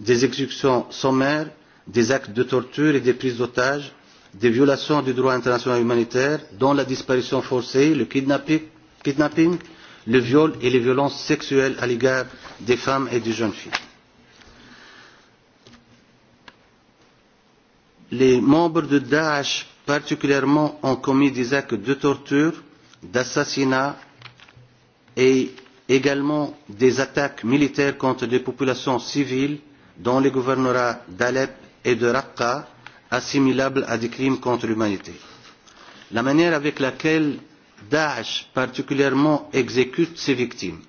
Des exécutions sommaires, des actes de torture et des prises d'otages, des violations du droit international humanitaire, dont la disparition forcée, le kidnapping, le viol et les violences sexuelles à l'égard des femmes et des jeunes filles. Les membres de Daesh particulièrement ont commis des actes de torture, d'assassinat et également des attaques militaires contre des populations civiles dans les gouvernorats d'Alep et de Raqqa, assimilables à des crimes contre l'humanité. La manière avec laquelle Daesh particulièrement exécute ses victimes,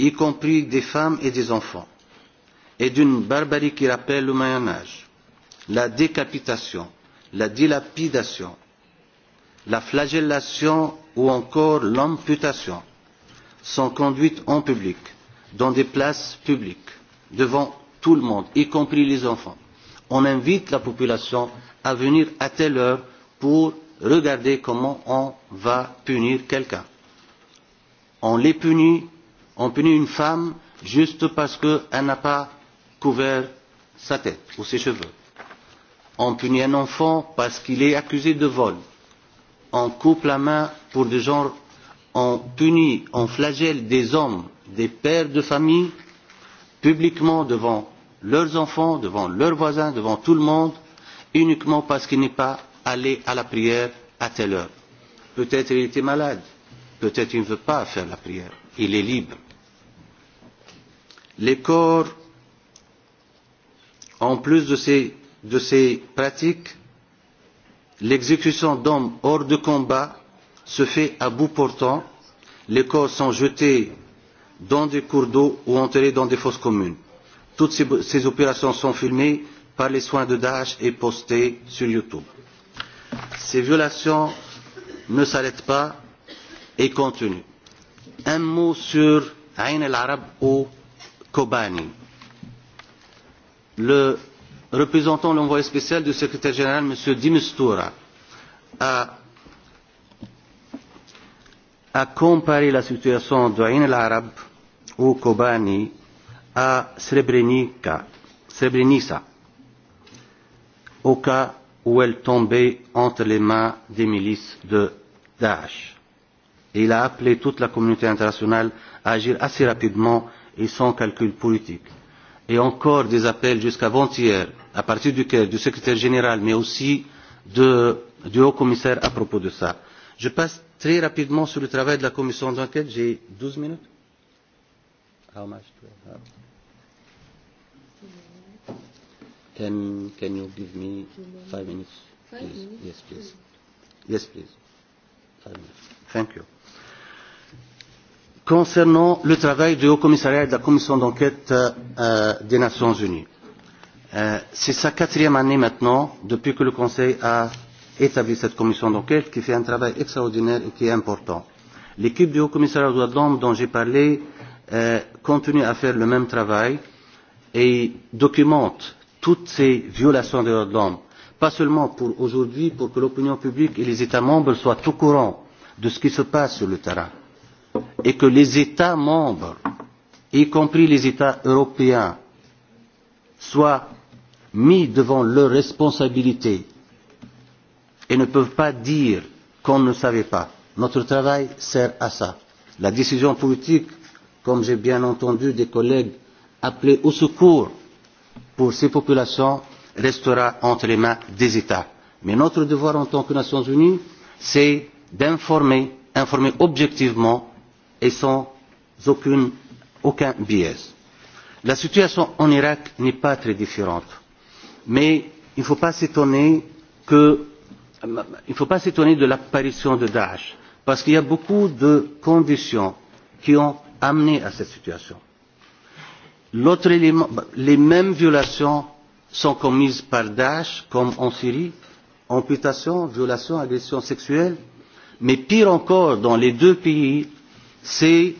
y compris des femmes et des enfants, est d'une barbarie qui rappelle le Moyen Âge. La décapitation, la dilapidation, la flagellation ou encore l'amputation sont conduites en public, dans des places publiques, devant tout le monde, y compris les enfants on invite la population à venir à telle heure pour regarder comment on va punir quelqu'un. On les punit, on punit une femme juste parce qu'elle n'a pas couvert sa tête ou ses cheveux. On punit un enfant parce qu'il est accusé de vol. On coupe la main pour des gens. On punit, on flagelle des hommes, des pères de famille, publiquement devant leurs enfants, devant leurs voisins, devant tout le monde, uniquement parce qu'il n'est pas allé à la prière à telle heure. Peut-être il était malade, peut-être il ne veut pas faire la prière, il est libre. Les corps, en plus de ces, de ces pratiques, l'exécution d'hommes hors de combat se fait à bout portant, les corps sont jetés dans des cours d'eau ou enterrés dans des fosses communes Toutes ces, ces opérations sont filmées par les soins de Daesh et postées sur YouTube. Ces violations ne s'arrêtent pas et continuent. Un mot sur Ain el-Arab ou Kobani. Le représentant l'envoyé spécial du secrétaire général, M. Dimistoura, a, a comparé la situation d'Ain el-Arab ou Kobani a Srebrenica, Srebrenica, au cas où elle tombait entre les mains des milices de Daesh. Et il a appelé toute la communauté internationale à agir assez rapidement et sans calcul politique. Et encore des appels jusqu'avant-hier, à partir duquel, du secrétaire général, mais aussi de, du haut commissaire à propos de ça. Je passe très rapidement sur le travail de la commission d'enquête. J'ai 12 minutes. How much do I have? Can, can you give me five minutes? Five please? minutes? Yes, please. Mm. Yes, please. Five minutes. Thank you. Concernant le travail du Haut Commissariat et de la Commission d'enquête euh, euh, des Nations Unies, euh, c'est sa quatrième année maintenant depuis que le Conseil a établi cette commission d'enquête qui fait un travail extraordinaire et qui est important. L'équipe du Haut Commissariat aux droits de l'homme dont j'ai parlé euh, continue à faire le même travail et documente toutes ces violations des droits de l'homme pas seulement pour aujourd'hui pour que l'opinion publique et les états membres soient au courant de ce qui se passe sur le terrain et que les états membres y compris les états européens soient mis devant leurs responsabilités et ne peuvent pas dire qu'on ne savait pas. notre travail sert à ça. la décision politique comme j'ai bien entendu des collègues appeler au secours pour ces populations restera entre les mains des États. Mais notre devoir en tant que Nations Unies, c'est d'informer, informer objectivement et sans aucune, aucun biais. La situation en Irak n'est pas très différente, mais il ne faut pas s'étonner que il ne faut pas s'étonner de l'apparition de Daesh, parce qu'il y a beaucoup de conditions qui ont amené à cette situation l'autre élément les mêmes violations sont commises par Daesh comme en Syrie amputation, violation, agression sexuelle mais pire encore dans les deux pays c'est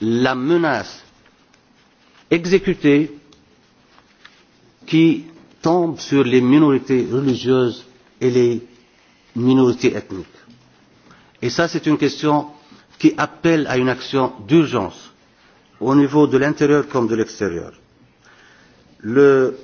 la menace exécutée qui tombe sur les minorités religieuses et les minorités ethniques. Et ça, c'est une question qui appelle à une action d'urgence au niveau de l'intérieur comme de l'extérieur. Le...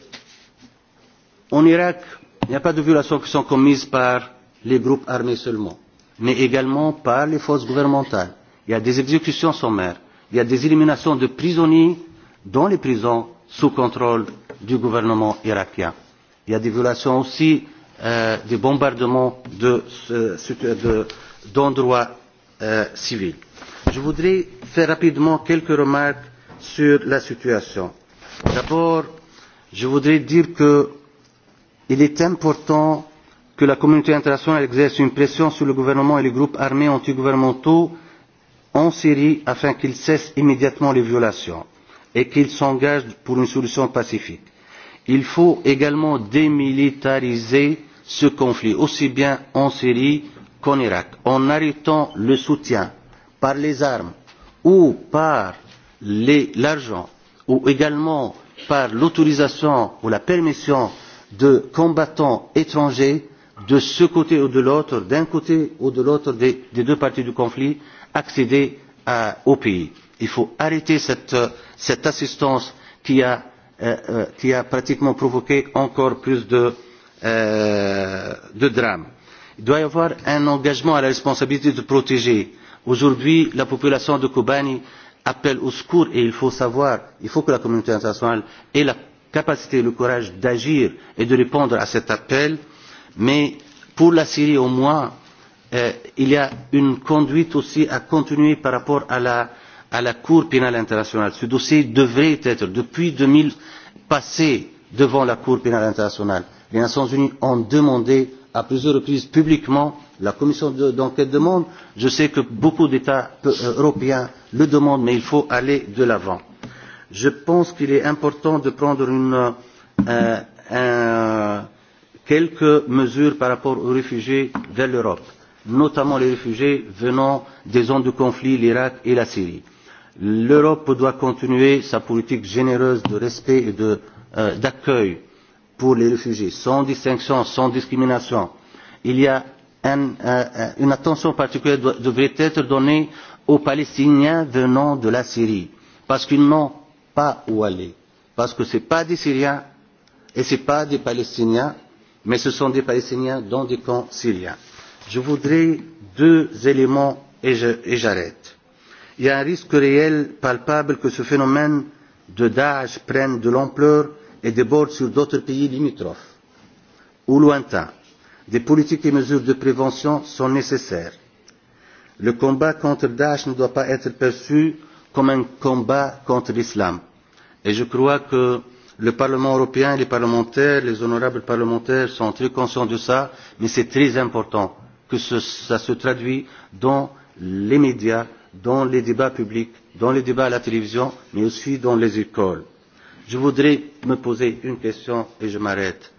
En Irak, il n'y a pas de violations qui sont commises par les groupes armés seulement, mais également par les forces gouvernementales. Il y a des exécutions sommaires, il y a des éliminations de prisonniers dans les prisons sous contrôle du gouvernement irakien. Il y a des violations aussi euh, des bombardements d'endroits de, de, de, euh, civils je voudrais faire rapidement quelques remarques sur la situation. d'abord je voudrais dire qu'il est important que la communauté internationale exerce une pression sur le gouvernement et les groupes armés antigouvernementaux en syrie afin qu'ils cessent immédiatement les violations et qu'ils s'engagent pour une solution pacifique. il faut également démilitariser ce conflit aussi bien en syrie qu'en irak en arrêtant le soutien par les armes ou par l'argent ou également par l'autorisation ou la permission de combattants étrangers de ce côté ou de l'autre d'un côté ou de l'autre des, des deux parties du conflit accéder à, au pays. il faut arrêter cette, cette assistance qui a, euh, euh qui a pratiquement provoqué encore plus de, euh, de drames. il doit y avoir un engagement à la responsabilité de protéger Aujourd'hui, la population de Kobani appelle au secours et il faut savoir, il faut que la communauté internationale ait la capacité et le courage d'agir et de répondre à cet appel. Mais pour la Syrie au moins, euh, il y a une conduite aussi à continuer par rapport à la, à la Cour pénale internationale. Ce dossier devrait être, depuis 2000, passé devant la Cour pénale internationale. Les Nations unies ont demandé à plusieurs reprises publiquement la commission d'enquête de, demande je sais que beaucoup d'états euh, européens le demandent mais il faut aller de l'avant. je pense qu'il est important de prendre une, euh, un, quelques mesures par rapport aux réfugiés vers l'europe notamment les réfugiés venant des zones de conflit l'iraq et la syrie. l'europe doit continuer sa politique généreuse de respect et euh, d'accueil pour les réfugiés, sans distinction, sans discrimination. Il y a un, euh, une attention particulière qui devrait être donnée aux Palestiniens venant de la Syrie, parce qu'ils n'ont pas où aller, parce que ce n'est pas des Syriens et ce n'est pas des Palestiniens, mais ce sont des Palestiniens dans des camps syriens. Je voudrais deux éléments et j'arrête. Il y a un risque réel, palpable, que ce phénomène de Daesh prenne de l'ampleur et déborde sur d'autres pays limitrophes ou lointains. Des politiques et mesures de prévention sont nécessaires. Le combat contre Daesh ne doit pas être perçu comme un combat contre l'islam. Et je crois que le Parlement européen, les parlementaires, les honorables parlementaires sont très conscients de ça, mais c'est très important que ce, ça se traduise dans les médias, dans les débats publics, dans les débats à la télévision, mais aussi dans les écoles je voudrais me poser une question et je m'arrête.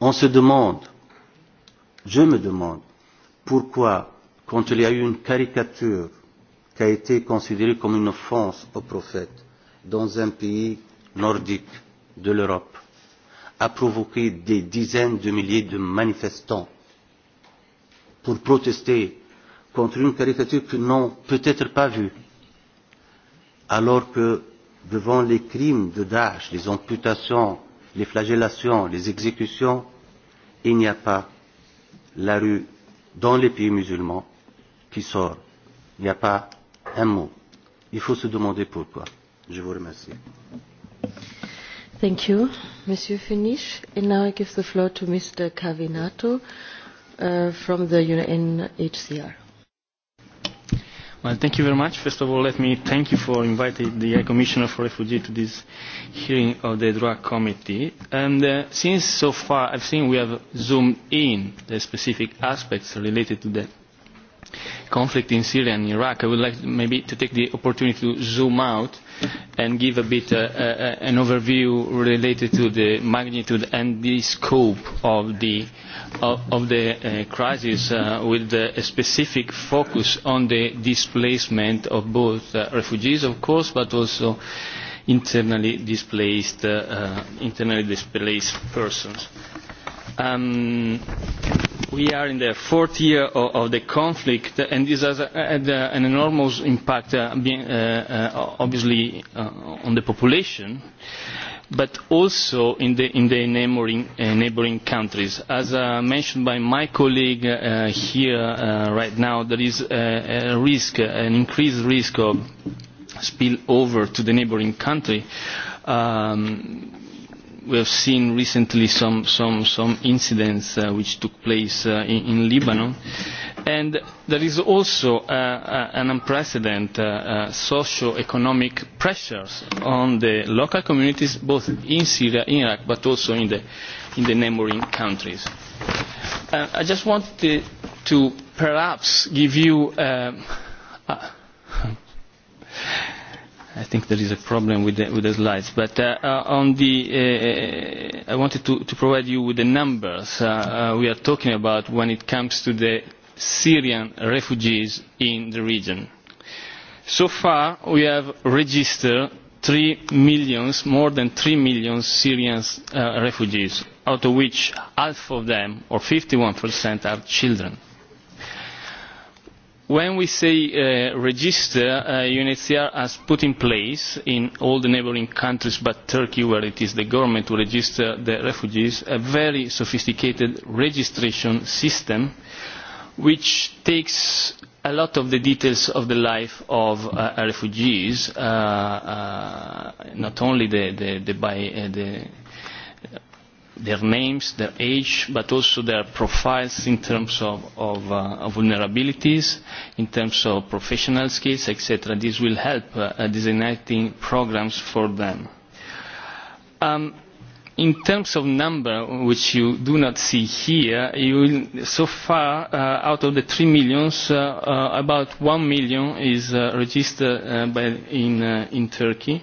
On se demande, je me demande, pourquoi, quand il y a eu une caricature qui a été considérée comme une offense au prophète dans un pays nordique de l'Europe, a provoqué des dizaines de milliers de manifestants pour protester contre une caricature qu'ils n'ont peut-être pas vue, alors que devant les crimes de Daesh, les amputations, les flagellations, les exécutions, il n'y a pas la rue dans les pays musulmans qui sort. Il n'y a pas un mot. Il faut se demander pourquoi. Je vous remercie. Thank you, Monsieur Finish. And now I give the floor to Mr. Cavinato uh, from the UNHCR. Well, thank you very much. First of all, let me thank you for inviting the High Commissioner for Refugees to this hearing of the Drug Committee. And uh, since so far, I've seen we have zoomed in the specific aspects related to the conflict in Syria and Iraq, I would like maybe to take the opportunity to zoom out and give a bit uh, uh, an overview related to the magnitude and the scope of the, of, uh, of the uh, crisis uh, with a specific focus on the displacement of both uh, refugees, of course, but also internally displaced, uh, uh, internally displaced persons. Um, we are in the fourth year of, the conflict and this has had uh, an enormous impact uh, uh, obviously on the population but also in the, in the neighbouring, neighbouring countries. as mentioned by my colleague here right now there is a, a risk an increased risk of spillover to the neighbouring country. Um, we have seen recently some some some incidents uh, which took place uh, in, in Lebanon, and there is also uh, uh, an unprecedented uh, uh, socio-economic pressures on the local communities, both in Syria, in Iraq, but also in the in the neighboring countries. Uh, I just wanted to perhaps give you. Uh, uh, i think there is a problem with the, with the slides. But uh, uh on the, uh, uh, I wanted to, to provide you with the numbers uh, uh, we are talking about when it comes to the Syrian refugees in the region. So far, we have registered 3 million, more than 3 million Syrian uh, refugees, out of which half of them, or 51%, are children when we say uh, register uh, UNHCR has put in place in all the neighbouring countries but Turkey where it is the government to register the refugees a very sophisticated registration system which takes a lot of the details of the life of uh, refugees, uh, uh, not only the, the, the, by, uh, the their names, their age, but also their profiles in terms of, of, uh, of vulnerabilities, in terms of professional skills, etc. This will help uh, uh, designating programs for them. Um, in terms of number, which you do not see here, you will, so far, uh, out of the 3 million, uh, uh, about 1 million is uh, registered uh, by, in, uh, in Turkey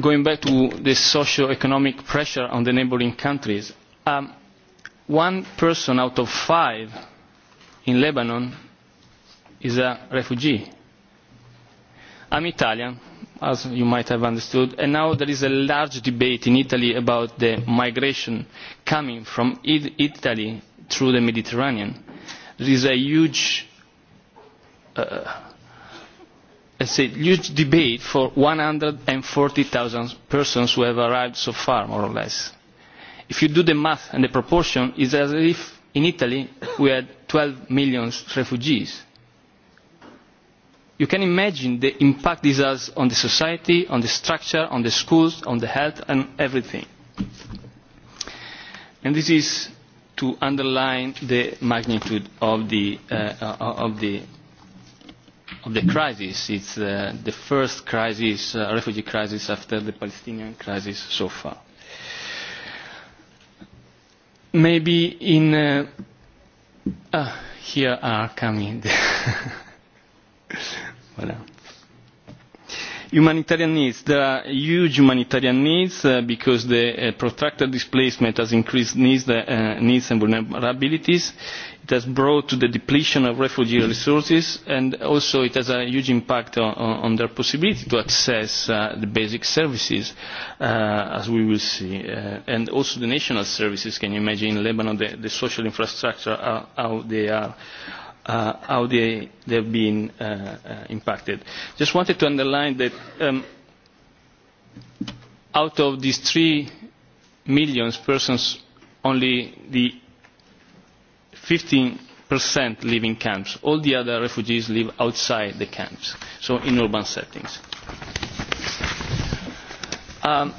going back to the socio-economic pressure on the neighboring countries, um, one person out of five in Lebanon is a refugee. I'm Italian, as you might have understood, and now there is a large debate in Italy about the migration coming from Italy through the Mediterranean. There is a huge uh, it's a huge debate for 140,000 persons who have arrived so far, more or less. If you do the math and the proportion, it's as if in Italy we had 12 million refugees. You can imagine the impact this has on the society, on the structure, on the schools, on the health and everything. And this is to underline the magnitude of the, uh, of the of the crisis. It's uh, the first crisis, uh, refugee crisis after the Palestinian crisis so far. Maybe in uh, uh, here are coming. The voilà humanitarian needs there are huge humanitarian needs uh, because the uh, protracted displacement has increased needs, uh, needs and vulnerabilities it has brought to the depletion of refugee resources and also it has a huge impact on, on their possibility to access uh, the basic services uh, as we will see uh, and also the national services can you imagine in lebanon the, the social infrastructure uh, how they are uh, how they, have been uh, uh, impacted. Just wanted to underline that um, out of these three million persons, only the 15% live in camps. All the other refugees live outside the camps, so in urban settings. Um,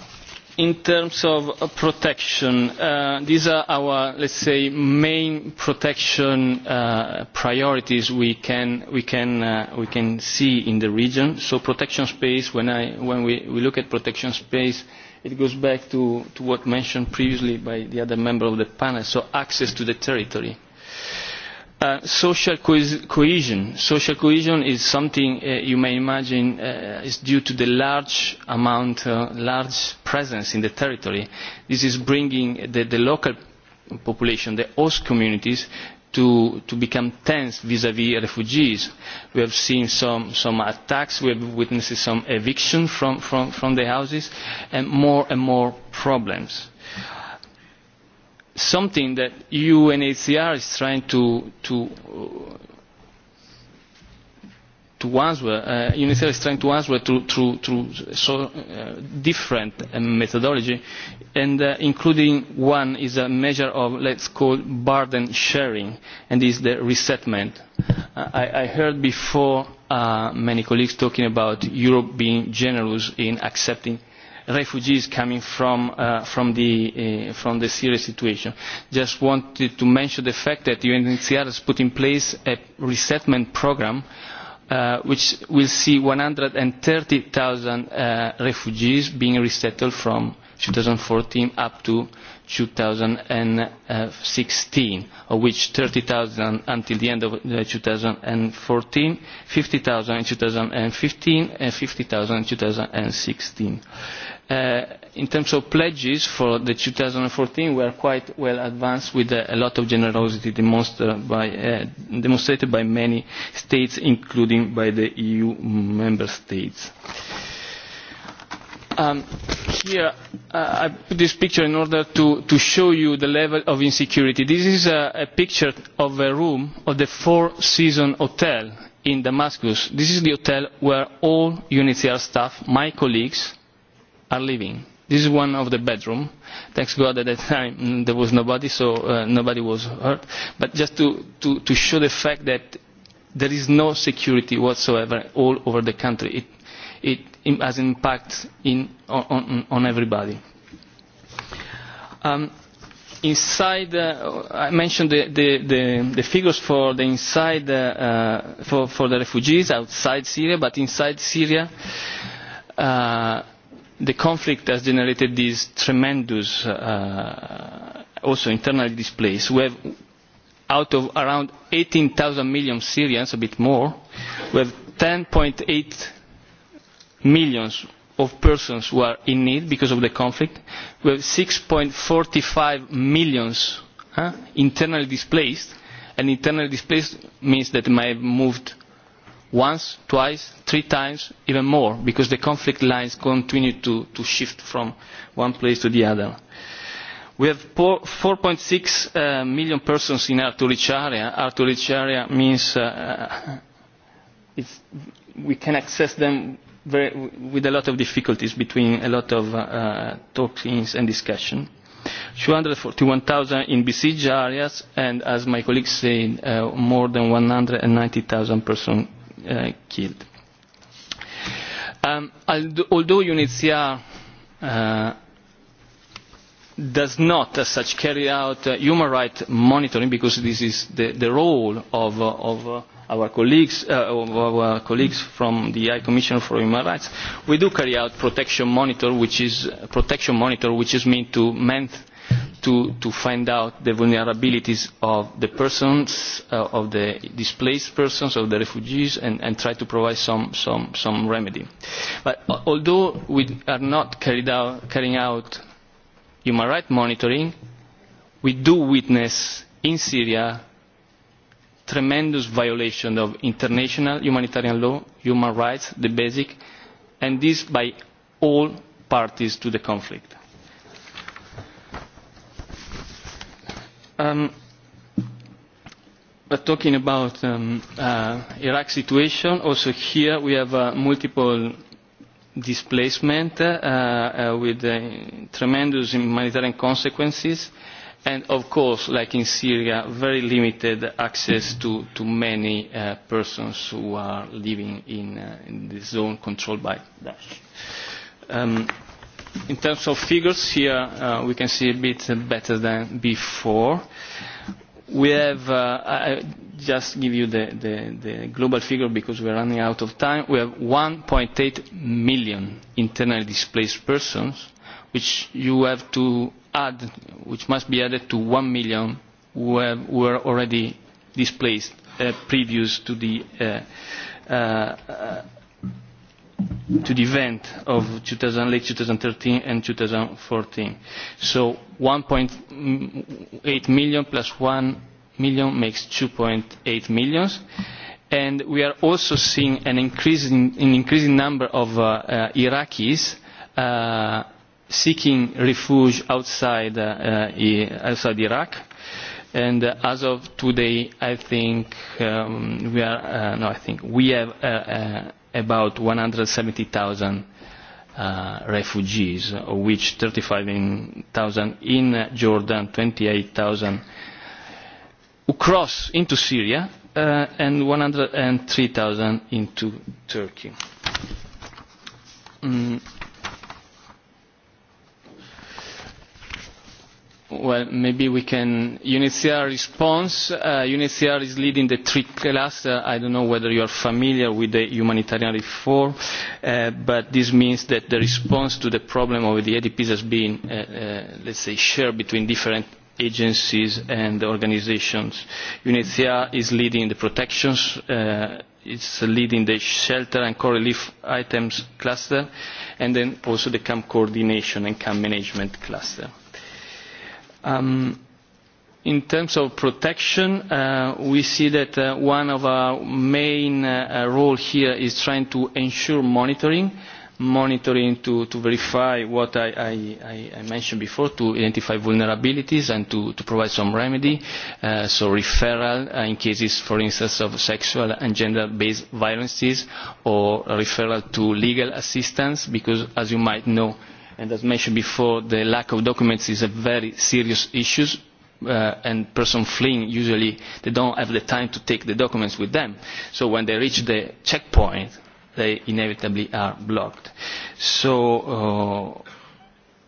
in terms of uh, protection, uh, these are our, let's say, main protection uh, priorities we can, we, can, uh, we can see in the region. So protection space, when, I, when we, we look at protection space, it goes back to, to what mentioned previously by the other member of the panel, so access to the territory Uh, social cohesion. Social cohesion is something uh, you may imagine uh, is due to the large amount, uh, large presence in the territory. This is bringing the, the local population, the host communities, to, to become tense vis-à-vis -vis refugees. We have seen some, some attacks, we have witnessed some eviction from, from, from the houses, and more and more problems. Uh, something that UNHCR is trying to to uh, to answer. Uh, UNHCR is trying to answer through through, through so, uh, different uh, methodology, and uh, including one is a measure of let's call burden sharing, and is the resettlement. Uh, I, I heard before uh, many colleagues talking about Europe being generous in accepting refugees coming from, uh, from, the, uh, from the Syria situation. Just wanted to mention the fact that UNHCR has put in place a resettlement program uh, which will see 130,000 uh, refugees being resettled from 2014 up to 2016, of which 30,000 until the end of 2014, uh, 50,000 in 2015, and 50,000 in 2016. Uh, in terms of pledges for the 2014, we are quite well advanced with uh, a lot of generosity demonstrated by, uh, demonstrated by many states, including by the EU member states. Uh, Um, here uh, I put this picture in order to, show you the level of insecurity. This is a, picture of a room of the Four Seasons Hotel in Damascus. This is the hotel where all UNHCR staff, my colleagues, are living. This is one of the bedrooms. Thanks God at that time mm, there was nobody, so uh, nobody was hurt. But just to, to, to show the fact that there is no security whatsoever all over the country. It, it has an impact in, on, on everybody. Um, inside, uh, I mentioned the, the, the, the figures for the inside uh, uh, for, for the refugees outside Syria, but inside Syria, uh, the conflict has generated these tremendous, uh, also internally displaced. We have out of around 18,000 million Syrians, a bit more, we have 10.8 millions of persons who are in need because of the conflict. We have 6.45 million internally displaced, and internally displaced means that they may have moved once, twice, three times, even more, because the conflict lines continue to, to shift from one place to the other. We have 4.6 uh, million persons in hard-to-reach area. Hard-to-reach area means uh, it's, we can access them very, with a lot of difficulties between a lot of uh, talkings and discussion. 241,000 in besieged areas and, as my colleague said, uh, more than 190,000 persons uh, killed. Um, although UNHCR uh, does not as such carry out uh, human rights monitoring because this is the, the role of, uh, of uh, our colleagues, uh, our colleagues from the High Commissioner for Human Rights, we do carry out protection monitor, which is protection monitor, which is meant to meant to, to find out the vulnerabilities of the persons, uh, of the displaced persons, of the refugees, and, and try to provide some, some, some remedy. But uh, although we are not carried out, carrying out human rights monitoring, we do witness in Syria tremendous violation of international humanitarian law human rights the basic and this by all parties to the conflict. Um, but talking about um, uh, Iraq situation, also here we have uh, multiple displacement uh, uh, with uh, tremendous humanitarian consequences. Uh, and of course like in syria very limited access to, to many uh, persons who are living in, uh, in the zone controlled by daesh. Um, in terms of figures here uh, we can see a bit better than before. we have uh, I just give you the, the, the global figure because we are running out of time. we have 1.8 million internally displaced persons which you have to add, which must be added to 1 million who, have, who were already displaced uh, previous to the, uh, uh, uh to the event of 2000, late 2013 and 2014. So 1.8 mm, million plus 1 million makes 2.8 million and we are also seeing an increasing, an increasing number of uh, uh, Iraqis uh, seeking refuge outside, uh, outside Iraq. And uh, as of today, I think um, we are, uh, no, I think we have uh, uh, about 170,000 uh, refugees, of which 35,000 in Jordan, 28,000 who cross into Syria, uh, and 103,000 into Turkey. Mm well, maybe we can UNHCR response. Uh, UNHCR is leading the three cluster. Uh, I don't know whether you are familiar with the humanitarian reform, uh, but this means that the response to the problem of the ADPs has been, uh, uh, let's say, shared between different agencies and organizations. UNHCR is leading the protections. Uh, it's leading the shelter and core relief items cluster, and then also the camp coordination and camp management cluster Um, in terms of protection, uh, we see that uh, one of our main uh, uh role here is trying to ensure monitoring, monitoring to, to verify what I, I, I mentioned before, to identify vulnerabilities and to, to provide some remedy, uh, so referral uh, in cases, for instance, of sexual and gender-based violences, or referral to legal assistance, because as you might know, and as mentioned before the lack of documents is a very serious issue uh, and persons fleeing usually they don't have the time to take the documents with them so when they reach the checkpoint they inevitably are blocked so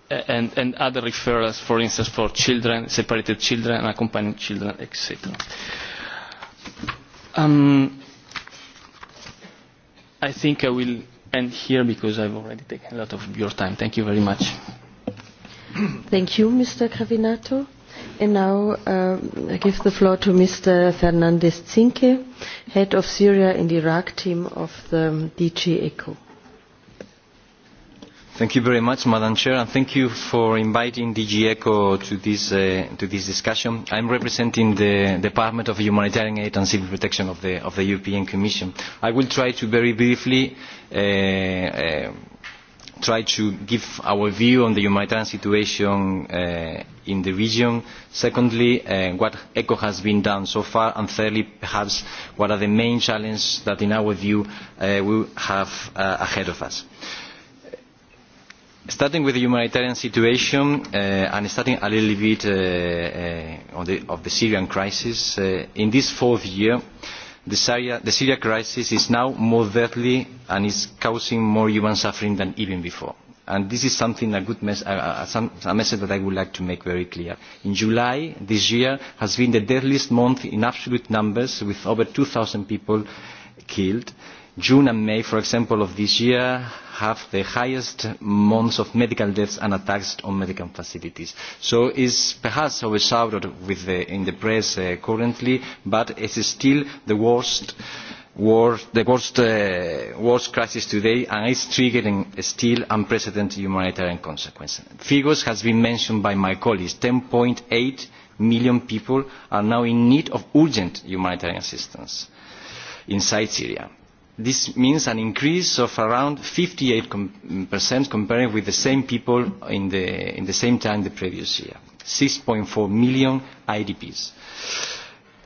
uh, and, and other referrals for instance for children separated children unaccompanied children etc um, I think I will end here because I've already taken a lot of your time. Thank you very much. Thank you, Mr. Cravinato. And now uh, I give the floor to Mr. Fernandez Zinke, head of Syria and Iraq team of the um, DG ECO. Thank you very much, Madam Chair, and thank you for inviting DG ECHO to this, uh, to this discussion. I'm representing the Department of Humanitarian Aid and Civil Protection of the, of the European Commission. I will try to very briefly uh, uh, try to give our view on the humanitarian situation uh, in the region. Secondly, uh, what ECHO has been done so far, and thirdly, perhaps what are the main challenges that, in our view, uh, we have uh, ahead of us. Uh, starting with the humanitarian situation uh, and starting a little bit uh, uh, on the, of the Syrian crisis, uh, in this fourth year, the Syria, the Syria crisis is now more deadly and is causing more human suffering than even before. And this is something a good mes uh, some, a message that I would like to make very clear. In July this year has been the deadliest month in absolute numbers, with over 2,000 people killed. June and May, for example, of this year have the highest months of medical deaths and attacks on medical facilities. So it's perhaps overshadowed with the, in the press uh, currently, but it is still the worst war, the worst, uh, worst crisis today and is triggering still unprecedented humanitarian consequences. Figures has been mentioned by my colleagues. 10.8 million people are now in need of urgent humanitarian assistance inside Syria this means an increase of around fifty eight compared with the same people in the, in the same time the previous year six four million idps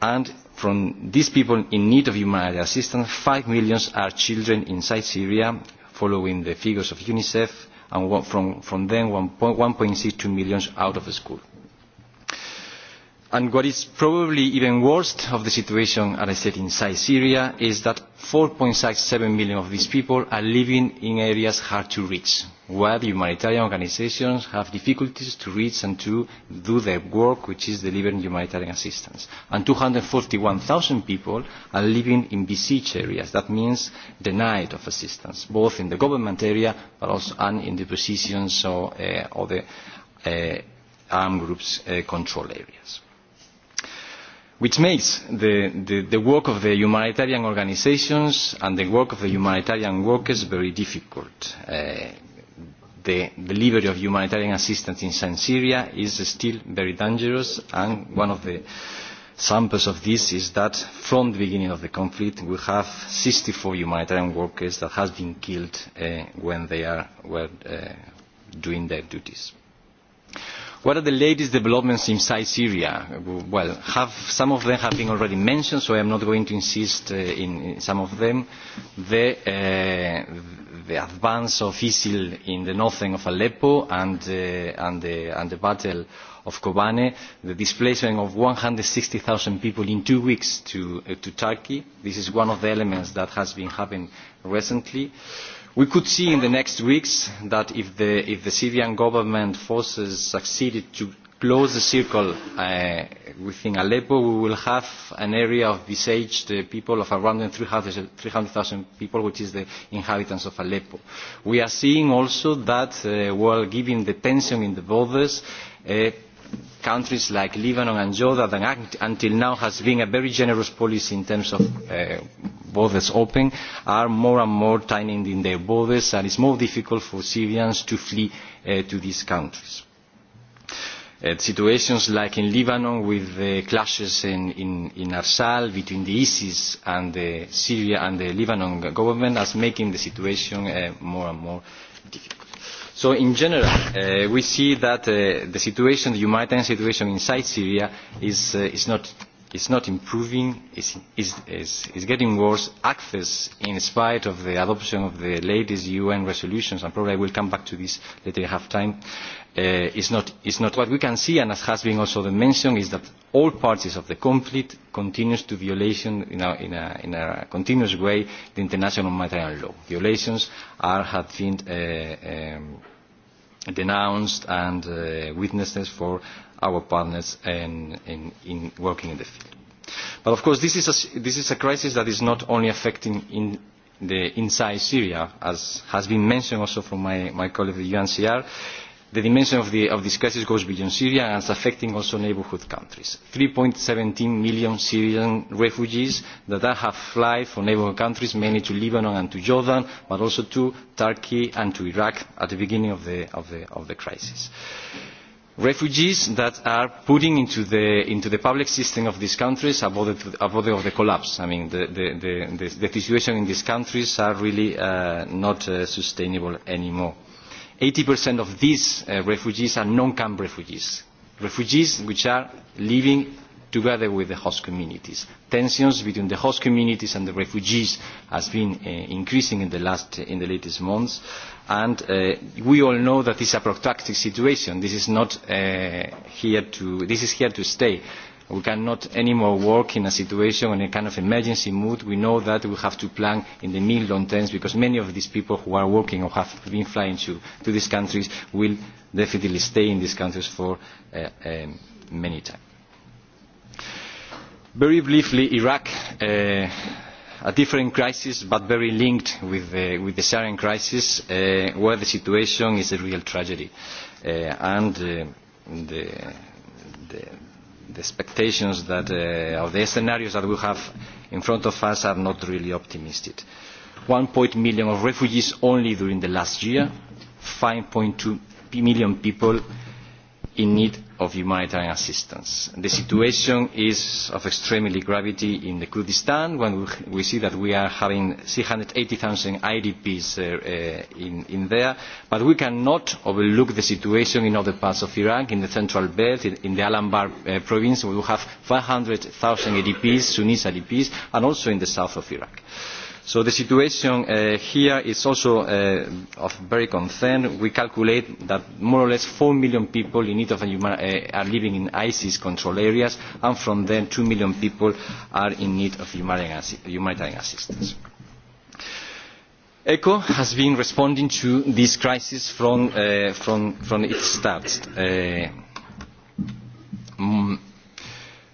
and from these people in need of humanitarian assistance five million are children inside syria following the figures of unicef and from, from them. one six two million out of school And what is probably even worse of the situation, as I said, inside Syria, is that 4.67 million of these people are living in areas hard to reach, where the humanitarian organizations have difficulties to reach and to do their work, which is delivering humanitarian assistance. And 241,000 people are living in besieged areas. That means denied of assistance, both in the government area, but also and in the positions or, uh, or the uh, armed groups uh, control areas which makes the, the, the work of the humanitarian organisations and the work of the humanitarian workers very difficult. Uh, the delivery of humanitarian assistance in Syria is still very dangerous and one of the samples of this is that from the beginning of the conflict we have 64 humanitarian workers that have been killed uh, when they are, were uh, doing their duties. What are the latest developments inside Syria? Well, have, some of them have been already mentioned, so I am not going to insist uh, in, in some of them. The, uh, the advance of ISIL in the northern of Aleppo and, uh, and, the, and the battle of Kobane, the displacement of 160,000 people in two weeks to, uh, to Turkey. This is one of the elements that has been happening recently. Uh, we could see in the next weeks that if the, if the syrian government forces succeeded to close the circle uh, within aleppo we will have an area of besieged uh, people of around 300,000 people which is the inhabitants of aleppo. we are seeing also that uh, while giving given the tension in the borders uh, countries like Lebanon and Jordan that until now has been a very generous policy in terms of uh, borders opening, are more and more tightening their borders and it is more difficult for Syrians to flee uh, to these countries. Uh, situations like in Lebanon with the clashes in, in, in Arsal between the ISIS and the Syria and the Lebanon government are making the situation more and more difficult. So in general, uh, we see that uh, the situation, the humanitarian situation inside Syria is, uh, is, not, is not improving, is, is, is, is getting worse. Access, in spite of the adoption of the latest UN resolutions, and probably I will come back to this later if I have time, uh, is, not, is not what we can see, and as has been also mentioned, is that all parties of the conflict continues to violation in a, in a, in a continuous way the international humanitarian law. Violations are, have been uh, um, denounced and uh, witnesses for our partners in, in, in working in the field. But of course, this is, a, this is a crisis that is not only affecting in the, inside Syria, as has been mentioned also from my, my colleague, the UNCR the dimension of, the, of this crisis goes beyond syria and is affecting also neighbourhood countries. three seventeen million syrian refugees that have fled from neighbouring countries mainly to lebanon and to jordan but also to turkey and to iraq at the beginning of the, of the, of the crisis refugees that are putting into the, into the public system of these countries a border, a border of the collapse. I mean, the, the, the, the, the situation in these countries are really uh, not uh, sustainable anymore 80% of these uh, refugees are non-camp refugees, refugees which are living together with the host communities. Tensions between the host communities and the refugees has been uh, increasing in the, last, uh, in the latest months and uh, we all know that this is a protracted situation. This is, not, uh, here to, this is here to stay We cannot anymore work in a situation in a kind of emergency mood. We know that we have to plan in the mid long terms because many of these people who are working or have been flying to, to these countries will definitely stay in these countries for uh, um, many time. Very briefly, Iraq. Uh, a different crisis but very linked with the, with the Syrian crisis uh, where the situation is a real tragedy uh, and uh, the, the, the expectations that, uh, of the scenarios that we have in front of us are not really optimistic. 1.1 million of refugees only during the last year, 5.2 million people in need of humanitarian assistance. The situation is of extreme gravity in the Kurdistan when we see that we are having 680,000 IDPs uh, uh, in, in there, but we cannot overlook the situation in other parts of Iraq, in the central belt, in, in the al uh, province, where we have 500,000 IDPs, Sunnis IDPs, and also in the south of Iraq. So the situation uh, here is also uh, of very concern. We calculate that more or less four million people in need of a human, uh, are living in ISIS controlled areas, and from them two million people are in need of humanitarian assistance. echo has been responding to this crisis from, uh, from, from its start. Uh, mm,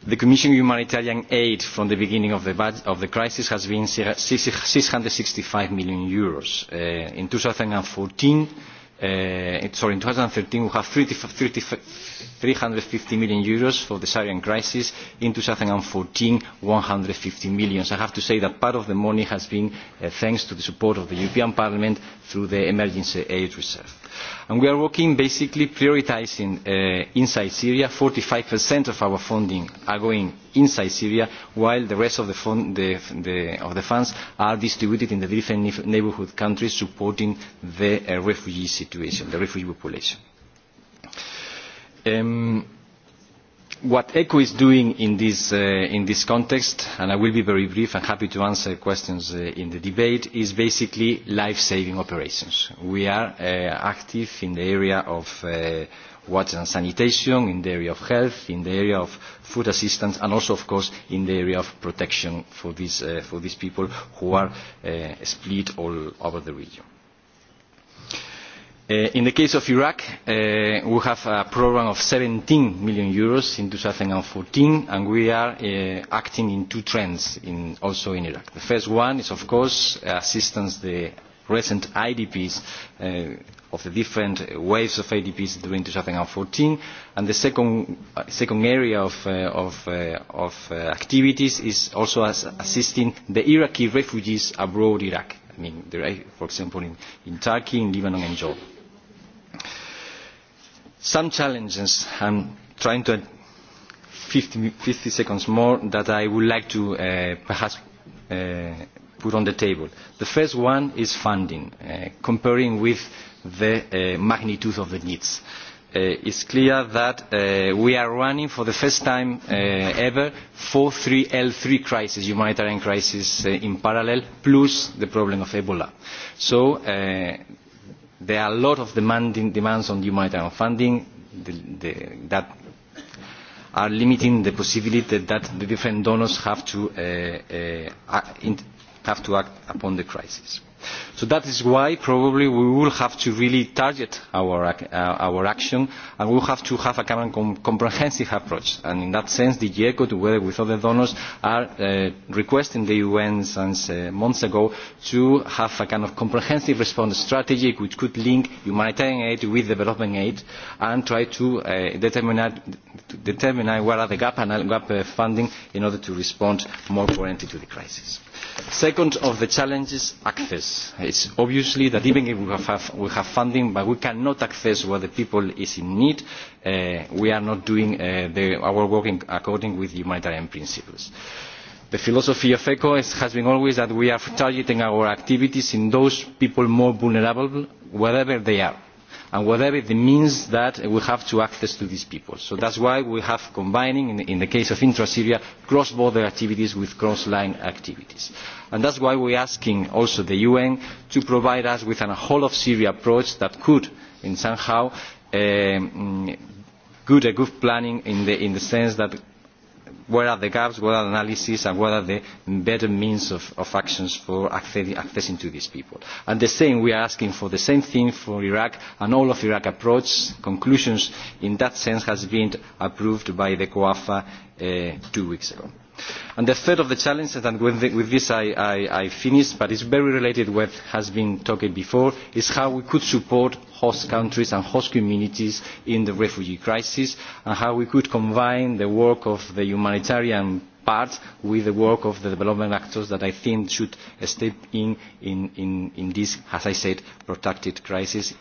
the commission humanitarian aid from the beginning of the, budget, of the crisis has been eur six hundred and sixty five million. Euros. Uh, in two thousand and uh, sorry in two thirteen we have eur three hundred and fifty million Euros for the syrian crisis in two thousand and fourteen eur one hundred and fifty million. So i have to say that part of the money has been uh, thanks to the support of the european parliament through the emergency aid reserve And we are working basically prioritising uh, inside Syria. forty five of our funding are going inside Syria, while the rest of the, fund, the, the, of the funds are distributed in the different neighbourhood countries supporting the uh, refugee situation, the refugee population. Um, what echo is doing uh, in this, context and i will be very brief and happy to answer questions uh, in the debate is basically life saving operations. we are uh, active in the area of water and sanitation in the area of health in the area of food assistance and also of course in the area of protection for these, for these people who are split all over the region Uh, in the case of Iraq, uh, we have a programme of eur seventeen million in two thousand and fourteen and we are uh, acting in two trends also in Iraq. The first one is, of course, assistance to the recent IDPs of the different waves of idps during two thousand And fourteen and the second area of, activities is also assisting the Iraqi refugees abroad in Iraq. for example, in, in Turkey, in Lebanon, and Jordan some challenges i'm trying to 50, 50 seconds more that i would like to uh, perhaps uh, put on the table. the first one is funding uh, comparing with the magnitude of the needs. it is clear that we are running for the first time ever four three l three crises humanitarian crises in parallel plus the problem of ebola. so there are a lot of demanding demands on humanitarian funding the, the, that are limiting the possibility that the different donors have to, uh, uh, act, have to act upon the crisis so that is why probably we will have to really target our, uh, our action and we will have to have a com comprehensive approach and in that sense the GIECO together with other donors are uh, requesting the UN since uh, months ago to have a kind of comprehensive response strategy which could link humanitarian aid with development aid and try to uh, determine, determine where are the gap and gap uh, funding in order to respond more coherently to the crisis second of the challenges access it's obviously that even if we have, we have funding but we cannot access where the people is in need uh, we are not doing uh, the, our work in, according with humanitarian principles the philosophy of echo is, has been always that we are targeting our activities in those people more vulnerable wherever they are and whatever it means that we have to access to these people. So that's why we have combining, in the, in the case of intra-Syria, cross-border activities with cross-line activities. And that's why we're asking also the UN to provide us with a whole-of-Syria approach that could, in somehow, um, good a good planning in the, in the sense that where are the gaps, what are the analyses, and what are the better means of, of actions for accessing, to these people. And the same, we are asking for the same thing for Iraq, and all of Iraq approach conclusions in that sense has been approved by the COAFA uh, two weeks ago. And the third of the challenges, and with, the, with this I, I, I finish, but it's very related to what has been talked before, is how we could support host countries and host communities in the refugee crisis, and how we could combine the work of the humanitarian part with the work of the development actors that I think should step in in, in, in this, as I said, protracted crisis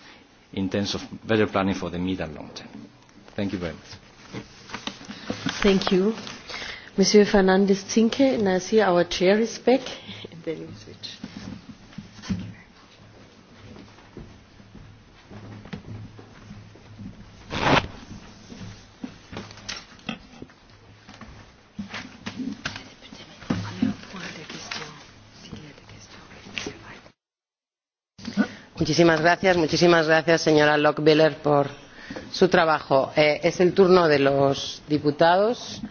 in terms of better planning for the mid and long term. Thank you very much. Thank you. Monsieur Fernandez Zinke, and I see our chair is back. And then we switch. muchísimas gracias muchísimas gracias señora lochbihler por su trabajo. Eh, es el turno de los diputados y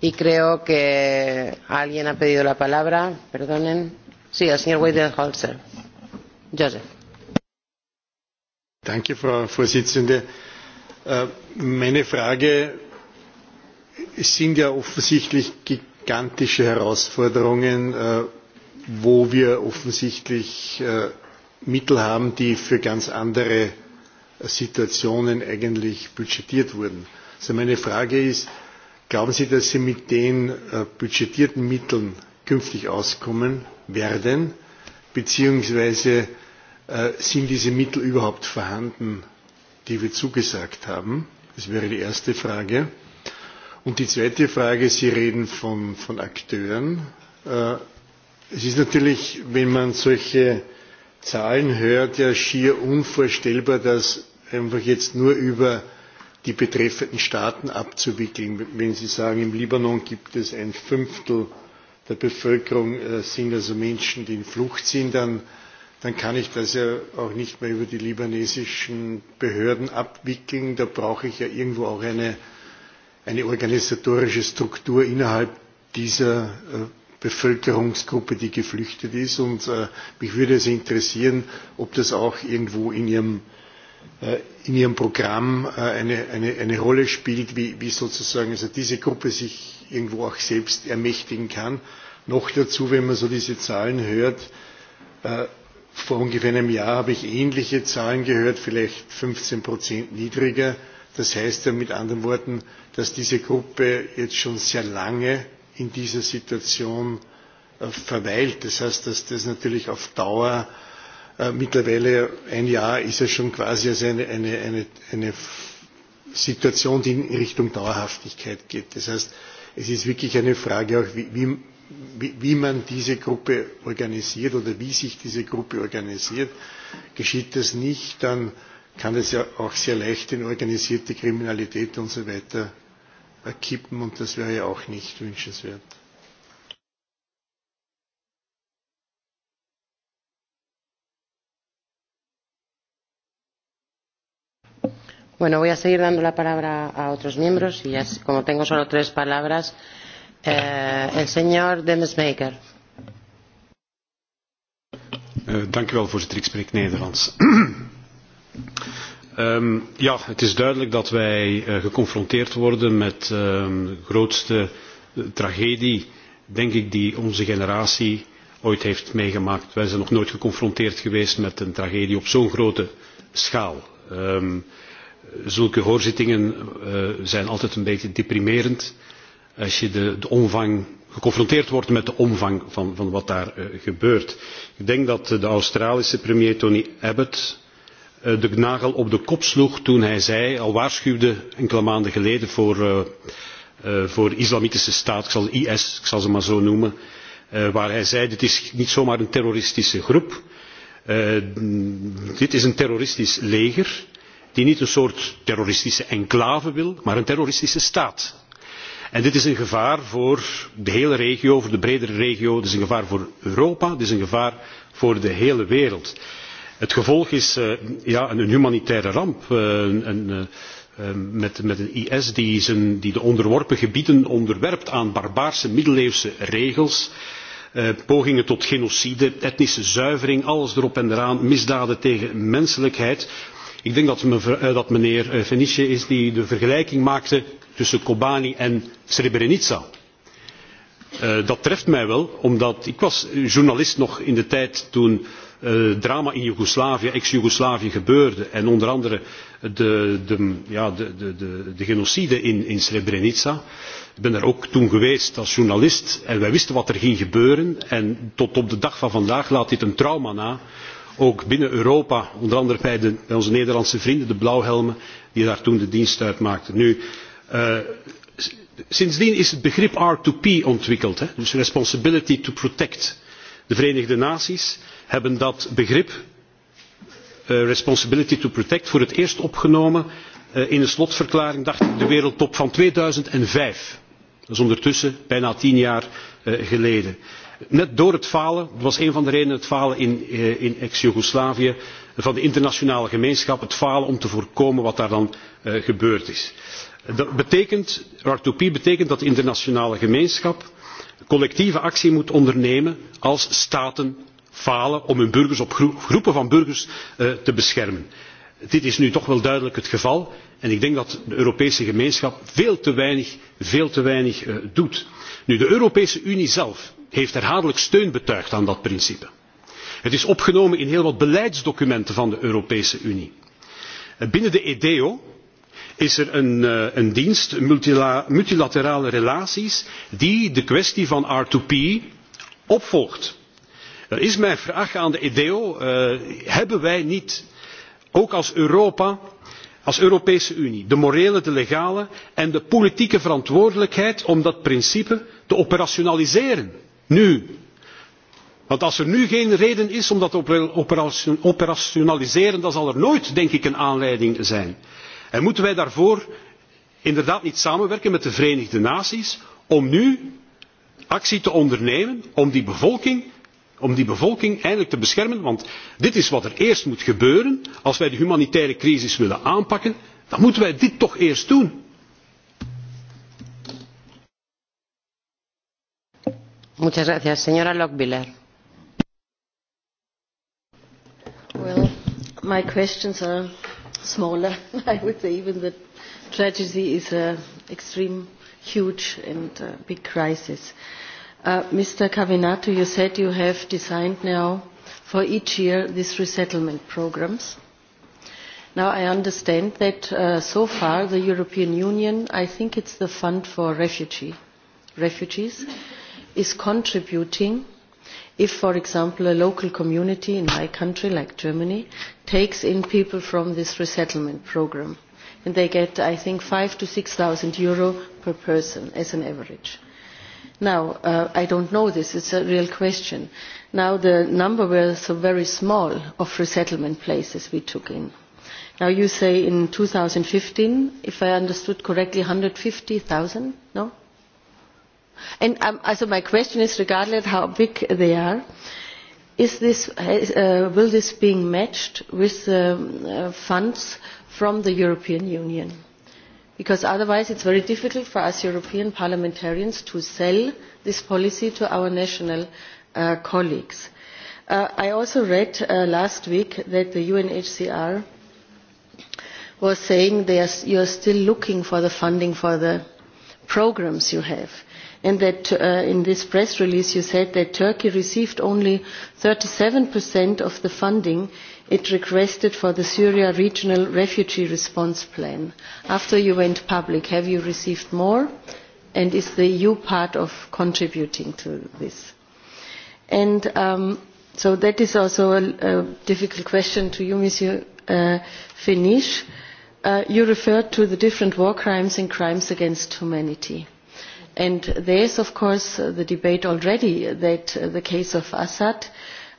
y creo que alguien ha pedido la palabra. Perdonen. Sí, el señor Weidenholzer. Joseph. Danke, Frau Vorsitzende. Äh, meine Frage, es sind ja offensichtlich gigantische Herausforderungen, äh, wo wir offensichtlich äh, Mittel haben, die für ganz andere Situationen eigentlich budgetiert wurden. Also meine Frage ist, Glauben Sie, dass Sie mit den äh, budgetierten Mitteln künftig auskommen werden? Beziehungsweise äh, sind diese Mittel überhaupt vorhanden, die wir zugesagt haben? Das wäre die erste Frage. Und die zweite Frage, Sie reden von, von Akteuren. Äh, es ist natürlich, wenn man solche Zahlen hört, ja schier unvorstellbar, dass einfach jetzt nur über die betreffenden Staaten abzuwickeln. Wenn Sie sagen, im Libanon gibt es ein Fünftel der Bevölkerung, äh, sind also Menschen, die in Flucht sind, dann, dann kann ich das ja auch nicht mehr über die libanesischen Behörden abwickeln. Da brauche ich ja irgendwo auch eine, eine organisatorische Struktur innerhalb dieser äh, Bevölkerungsgruppe, die geflüchtet ist. Und äh, mich würde es interessieren, ob das auch irgendwo in Ihrem Äh, in ihrem Programm äh, eine, Rolle spielt, wie, sozusagen diese Gruppe sich irgendwo auch selbst ermächtigen kann. Noch dazu, wenn man so diese Zahlen hört, äh, vor ungefähr einem Jahr habe ich ähnliche Zahlen gehört, vielleicht fünfzehn Prozent niedriger. Das heißt ja mit anderen Worten, dass diese Gruppe jetzt schon sehr lange in dieser Situation verweilt. Das heißt, dass das natürlich auf Dauer Äh, mittlerweile ein Jahr ist ja schon quasi eine, Situation, die in Richtung Dauerhaftigkeit geht. Das heißt, es ist wirklich eine Frage auch, wie, man diese Gruppe organisiert oder wie sich diese Gruppe organisiert. Geschieht das nicht, dann kann es ja auch sehr leicht in organisierte Kriminalität und so weiter äh, kippen und das wäre ja auch nicht wünschenswert. Bueno, voy a seguir dando la palabra a otros miembros y así, como tengo solo tres palabras, eh, el señor Demesmaker. Uh, eh, dank u wel, voorzitter. Ik spreek Nederlands. Um, ja, het is duidelijk dat wij uh, geconfronteerd worden met um, de grootste uh, tragedie, denk ik, die onze generatie ooit heeft meegemaakt. Wij zijn nog nooit geconfronteerd geweest met een tragedie op zo'n grote schaal. Um, zulke hoorzittingen eh, zijn altijd een beetje deprimerend als je de, de omvang geconfronteerd wordt met de omvang van, van wat daar eh, gebeurt. Ik denk dat de Australische premier Tony Abbott eh, de nagel op de kop sloeg toen hij zei, al waarschuwde enkele maanden geleden voor, uh, uh, voor de islamitische staat, ik zal IS, ik zal ze maar zo noemen, uh, waar hij zei, dit is niet zomaar een terroristische groep, uh, dit is een terroristisch leger die niet een soort terroristische enclave wil maar een terroristische staat. En dit is een gevaar voor de hele regio voor de bredere regio het is een gevaar voor europa het is een gevaar voor de hele wereld. het gevolg is eh, een humanitaire ramp eh, eh, met, een is die, die de onderworpen gebieden onderwerpt aan barbaarse middeleeuwse regels pogingen tot genocide etnische zuivering alles erop en eraan misdaden tegen de menselijkheid Ik denk dat, me, eh, dat eh, Fenice is die de vergelijking maakte tussen Kobani en Srebrenica. Eh, dat treft mij wel, omdat ik nog journalist was in de tijd toen het drama in Joegoslavië, ex-Joegoslavië gebeurde. En onder andere de, genocide in, in Srebrenica. Ik ben daar ook toen geweest als journalist en wij wisten wat er ging gebeuren. En tot op de dag van vandaag laat dit een trauma na ook binnen europa onder andere bij, de, bij onze nederlandse vrienden de blauwhelmen die daar toen de dienst uitmaakten. Nu, eh, sindsdien is het begrip r two p ontwikkeld dus responsibility to protect. de verenigde naties hebben dat begrip eh, responsibility to protect voor het eerst opgenomen eh, in een slotverklaring dacht ik de wereldtop van tweeduizendvijf dat is ondertussen bijna tien jaar geleden net door het falen dat was een van de redenen het falen in, eh, ex joegoslavië van de internationale gemeenschap het falen om te voorkomen wat daar dan eh, gebeurd is. dat betekent dat de internationale gemeenschap collectieve actie moet ondernemen als staten falen om hun burgers op groepen van burgers eh, te beschermen. dit is nu toch wel duidelijk het geval en ik denk dat de europese gemeenschap veel te weinig, doet. de europese unie zelf heeft herhaaldelijk steun betuigd aan dat principe. het is opgenomen in heel wat beleidsdocumenten van de europese unie. binnen de edeo is er een, eh, een dienst multilaterale relaties die de kwestie van r p opvolgt. dan er is mijn vraag aan de edeo eh, hebben wij niet ook als europa als europese unie de morele de legale en de politieke verantwoordelijkheid om dat principe te operationaliseren nu. Want als er nu geen reden is om dat te operationaliseren, dan zal er nooit, denk ik, een aanleiding zijn. En moeten wij daarvoor inderdaad niet samenwerken met de Verenigde Naties om nu actie te ondernemen om die bevolking om die bevolking eindelijk te beschermen want dit is wat er eerst moet gebeuren als wij de humanitaire crisis willen aanpakken dan moeten wij dit toch eerst doen. Muchas gracias. Señora Lockbiller. Well, my questions are smaller. I would say even the tragedy is an uh, extreme, huge and uh, big crisis. Uh, Mr. Cavinato, you said you have designed now for each year these resettlement programs. Now I understand that uh, so far the European Union, I think it's the fund for refugee, refugees. Mm is contributing if for example a local community in my country like germany takes in people from this resettlement programme and they get i think five to six thousand euro per person as an average. now uh, i don't know this it's a real question. now the number was very small of resettlement places we took in. now you say in 2015 if i understood correctly 150,000 no And um, also my question is, regardless how big they are, is this, uh, uh will this be matched with um, uh, funds from the European Union? Because otherwise it's very difficult for us European parliamentarians to sell this policy to our national uh, colleagues. Uh, I also read uh, last week that the UNHCR was saying they are, you are still looking for the funding for the programs you have and that uh, in this press release you said that Turkey received only thirty seven of the funding it requested for the Syria regional refugee response plan. After you went public, have you received more? And is the EU part of contributing to this? And um, so that is also a, a difficult question to you, mr. uh, Finish. Uh, you referred to the different war crimes and crimes against humanity and there is of course the debate already that the case of assad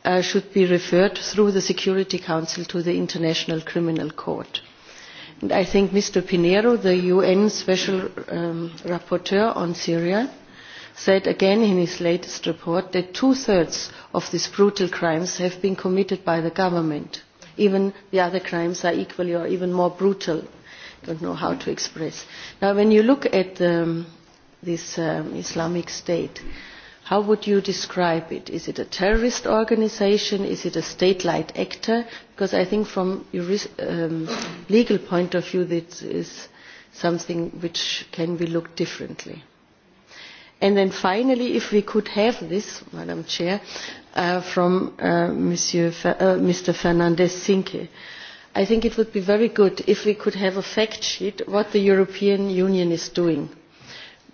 uh, should be referred through the security council to the international criminal court. i think mr pinheiro the un special um, rapporteur on syria said again in his latest report that two thirds of these brutal crimes have been committed by the government. even the other crimes are equally or even more brutal. i do not know how to express. it. when you look at the um, this um, Islamic State. How would you describe it? Is it a terrorist organization? Is it a state-like actor? Because I think from a um, legal point of view, this is something which can be looked differently. And then finally, if we could have this, Madam Chair, uh, from uh, Monsieur, uh, Mr. Fernandez-Sinke. I think it would be very good if we could have a fact sheet what the European Union is doing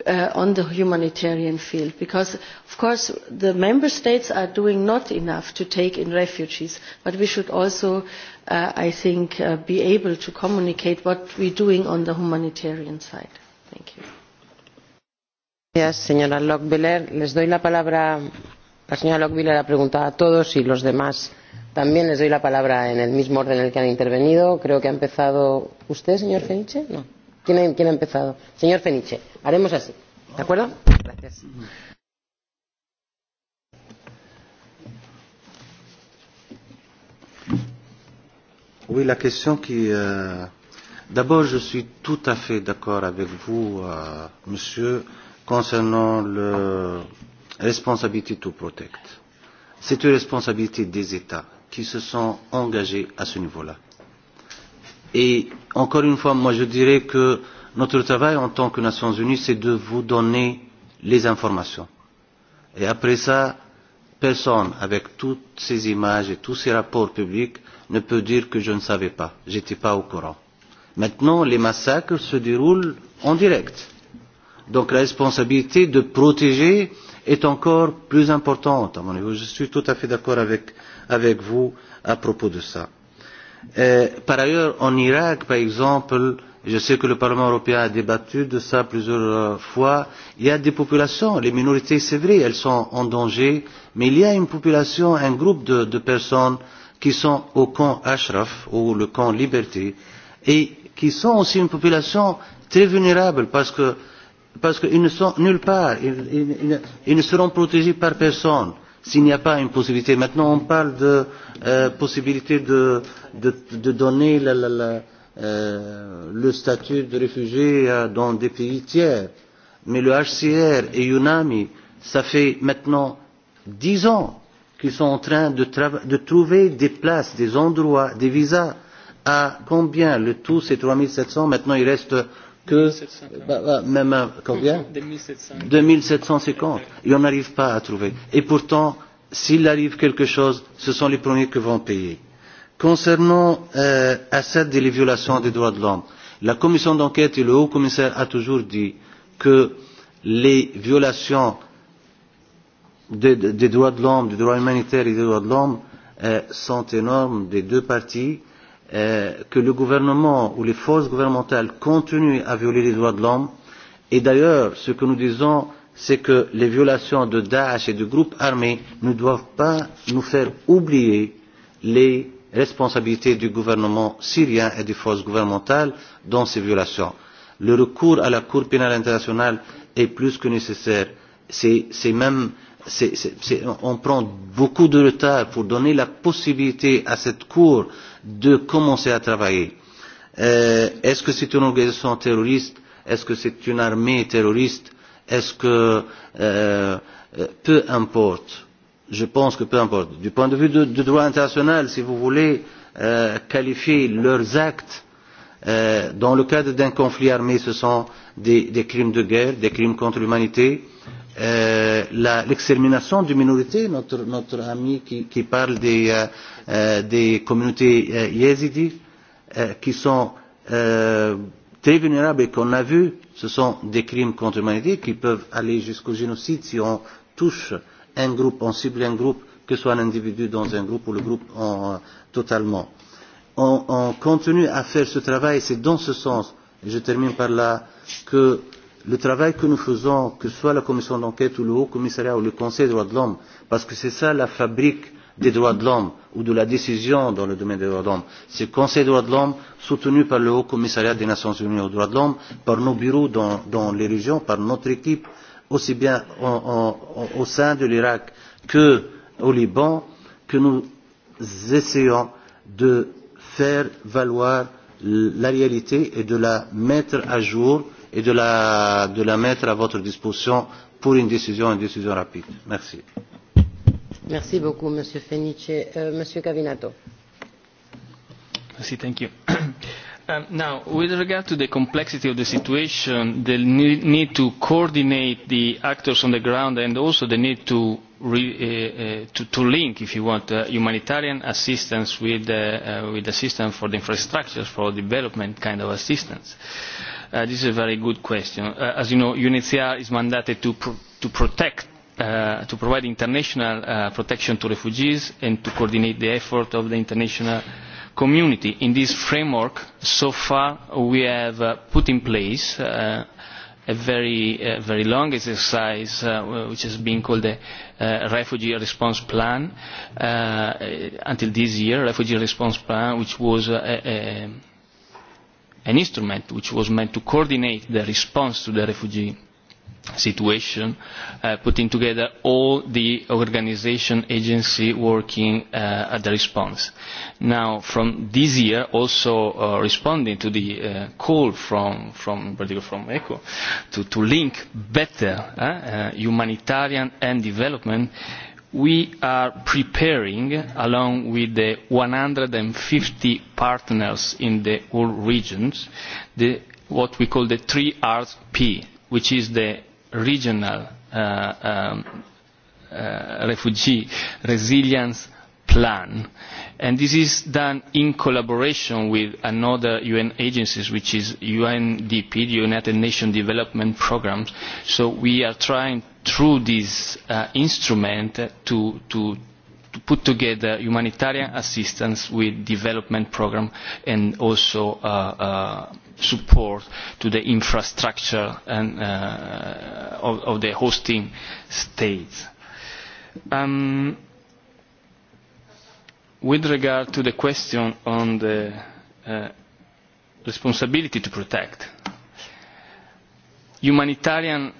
Uh, on the humanitarian field because of course the member states are doing enough to take in refugees but we should also uh, i think uh, be able to communicate what we are doing on the humanitarian side thank you señora Lockbiller. Les doy la palabra. La señora Lockbiller ha preguntado a todos y los demás también les doy la palabra en el mismo orden en el que han intervenido. Creo que ha empezado usted, señor Feniche. No quién, quién ha empezado? Señor Feniche, haremos así. ¿De acuerdo? Gracias. Oui, la question qui. Euh, D'abord, je suis tout à fait d'accord avec vous, euh, monsieur, concernant le responsabilité to protect. C'est une responsabilité des États qui se sont engagés à ce niveau-là. Et encore une fois, moi je dirais que notre travail en tant que Nations Unies, c'est de vous donner les informations. Et après ça, personne, avec toutes ces images et tous ces rapports publics, ne peut dire que je ne savais pas, j'étais pas au courant. Maintenant, les massacres se déroulent en direct. Donc la responsabilité de protéger est encore plus importante à mon niveau. Je suis tout à fait d'accord avec, avec vous à propos de ça par ailleurs, en Irak, par exemple, je sais que le Parlement européen a débattu de ça plusieurs euh, fois, il y a des populations, les minorités, c'est vrai, elles sont en danger, mais il y a une population, un groupe de, de personnes qui sont au camp Ashraf ou le camp Liberté et qui sont aussi une population très vulnérable parce que parce qu'ils ne sont nulle part, ils, ils, ils, ils ne seront protégés par personne s'il n'y a pas une possibilité. Maintenant, on parle de euh, possibilité de, de, de donner la, la, la, euh, le statut de réfugié dans des pays tiers. Mais le HCR et UNAMI, ça fait maintenant dix ans qu'ils sont en train de, de trouver des places, des endroits, des visas. À combien le tout, c'est 3700. Maintenant, il reste que bah, bah, même à combien 2750. Et on n'arrive pas à trouver. Et pourtant, s'il arrive quelque chose, ce sont les premiers qui vont payer. Concernant euh, Assad et les violations des droits de l'homme, la commission d'enquête et le haut commissaire a toujours dit que les violations des, des droits de l'homme, des droits humanitaires et des droits de l'homme euh, sont énormes des deux parties Euh, que le gouvernement ou les forces gouvernementales continuent à violer les droits de l'homme et d'ailleurs ce que nous disons c'est que les violations de Daesh et de groupes armés ne doivent pas nous faire oublier les responsabilités du gouvernement syrien et des forces gouvernementales dans ces violations. Le recours à la Cour pénale internationale est plus que nécessaire. C'est même c est, c est, on prend beaucoup de retard pour donner la possibilité à cette Cour de commencer à travailler. Euh, Est-ce que c'est une organisation terroriste Est-ce que c'est une armée terroriste Est-ce que... Euh, euh peu importe. Je pense que peu importe. Du point de vue du de, de droit international, si vous voulez euh, qualifier leurs actes euh, dans le cadre d'un conflit armé, ce sont des, des crimes de guerre, des crimes contre l'humanité. Euh, Euh, l'extermination des minorités, notre, notre ami qui, qui parle des, euh, euh, des communautés euh, yézidis euh, qui sont euh, très vulnérables et qu'on a vu, ce sont des crimes contre l'humanité qui peuvent aller jusqu'au génocide si on touche un groupe, on cible un groupe, que ce soit un individu dans un groupe ou le groupe en, euh, totalement. On, on continue à faire ce travail, c'est dans ce sens, et je termine par là, que euh, le travail que nous faisons, que ce soit la commission d'enquête ou le haut commissariat ou le conseil des droits de l'homme, parce que c'est ça la fabrique des droits de l'homme ou de la décision dans le domaine des droits de l'homme. Ce Conseil des droits de l'homme, soutenu par le Haut Commissariat des Nations Unies aux droits de l'homme, par nos bureaux dans, dans les régions, par notre équipe, aussi bien en, en, en, au sein de l'Irak qu'au Liban, que nous essayons de faire valoir la réalité et de la mettre à jour et de la, de la mettre à votre disposition pour une décision, une décision rapide. Merci. Merci beaucoup, Monsieur Fenice. Euh, Monsieur Cavinato. Merci, thank you. Um, now, with regard to the complexity of the situation, the need to coordinate the actors on the ground and also the need to re, uh, uh, to, to link, if you want, uh, humanitarian assistance with, uh, uh, with assistance for the infrastructures, for development kind of assistance? Uh, this is a very good question. Uh, as you know, UNHCR is mandated to, pro to protect Uh, to provide international uh, protection to refugees and to coordinate the effort of the international community. In this framework, so far we have uh, put in place uh, a very, uh, very long exercise uh, which has been called the uh, Refugee Response Plan uh, until this year, Refugee Response Plan, which was uh, a, a, an instrument which was meant to coordinate the response to the refugee situation, uh, putting together all the organisation agency working uh, at the response. Now, from this year, also uh, responding to the uh, call from, from, particularly from ECHO, to, to link better uh, uh, humanitarian and development, we are preparing, along with the 150 partners in the whole regions, the, what we call the three R's P which is the regional uh, um, uh, refugee resilience plan. And this is done in collaboration with another UN agencies, which is UNDP, the United Nations Development Programme. So we are trying through this uh, instrument to, to, to put together humanitarian assistance with development program and also uh, uh, support to the infrastructure and, uh, of, of the hosting states. Um, with regard to the question on the uh, responsibility to protect, humanitarian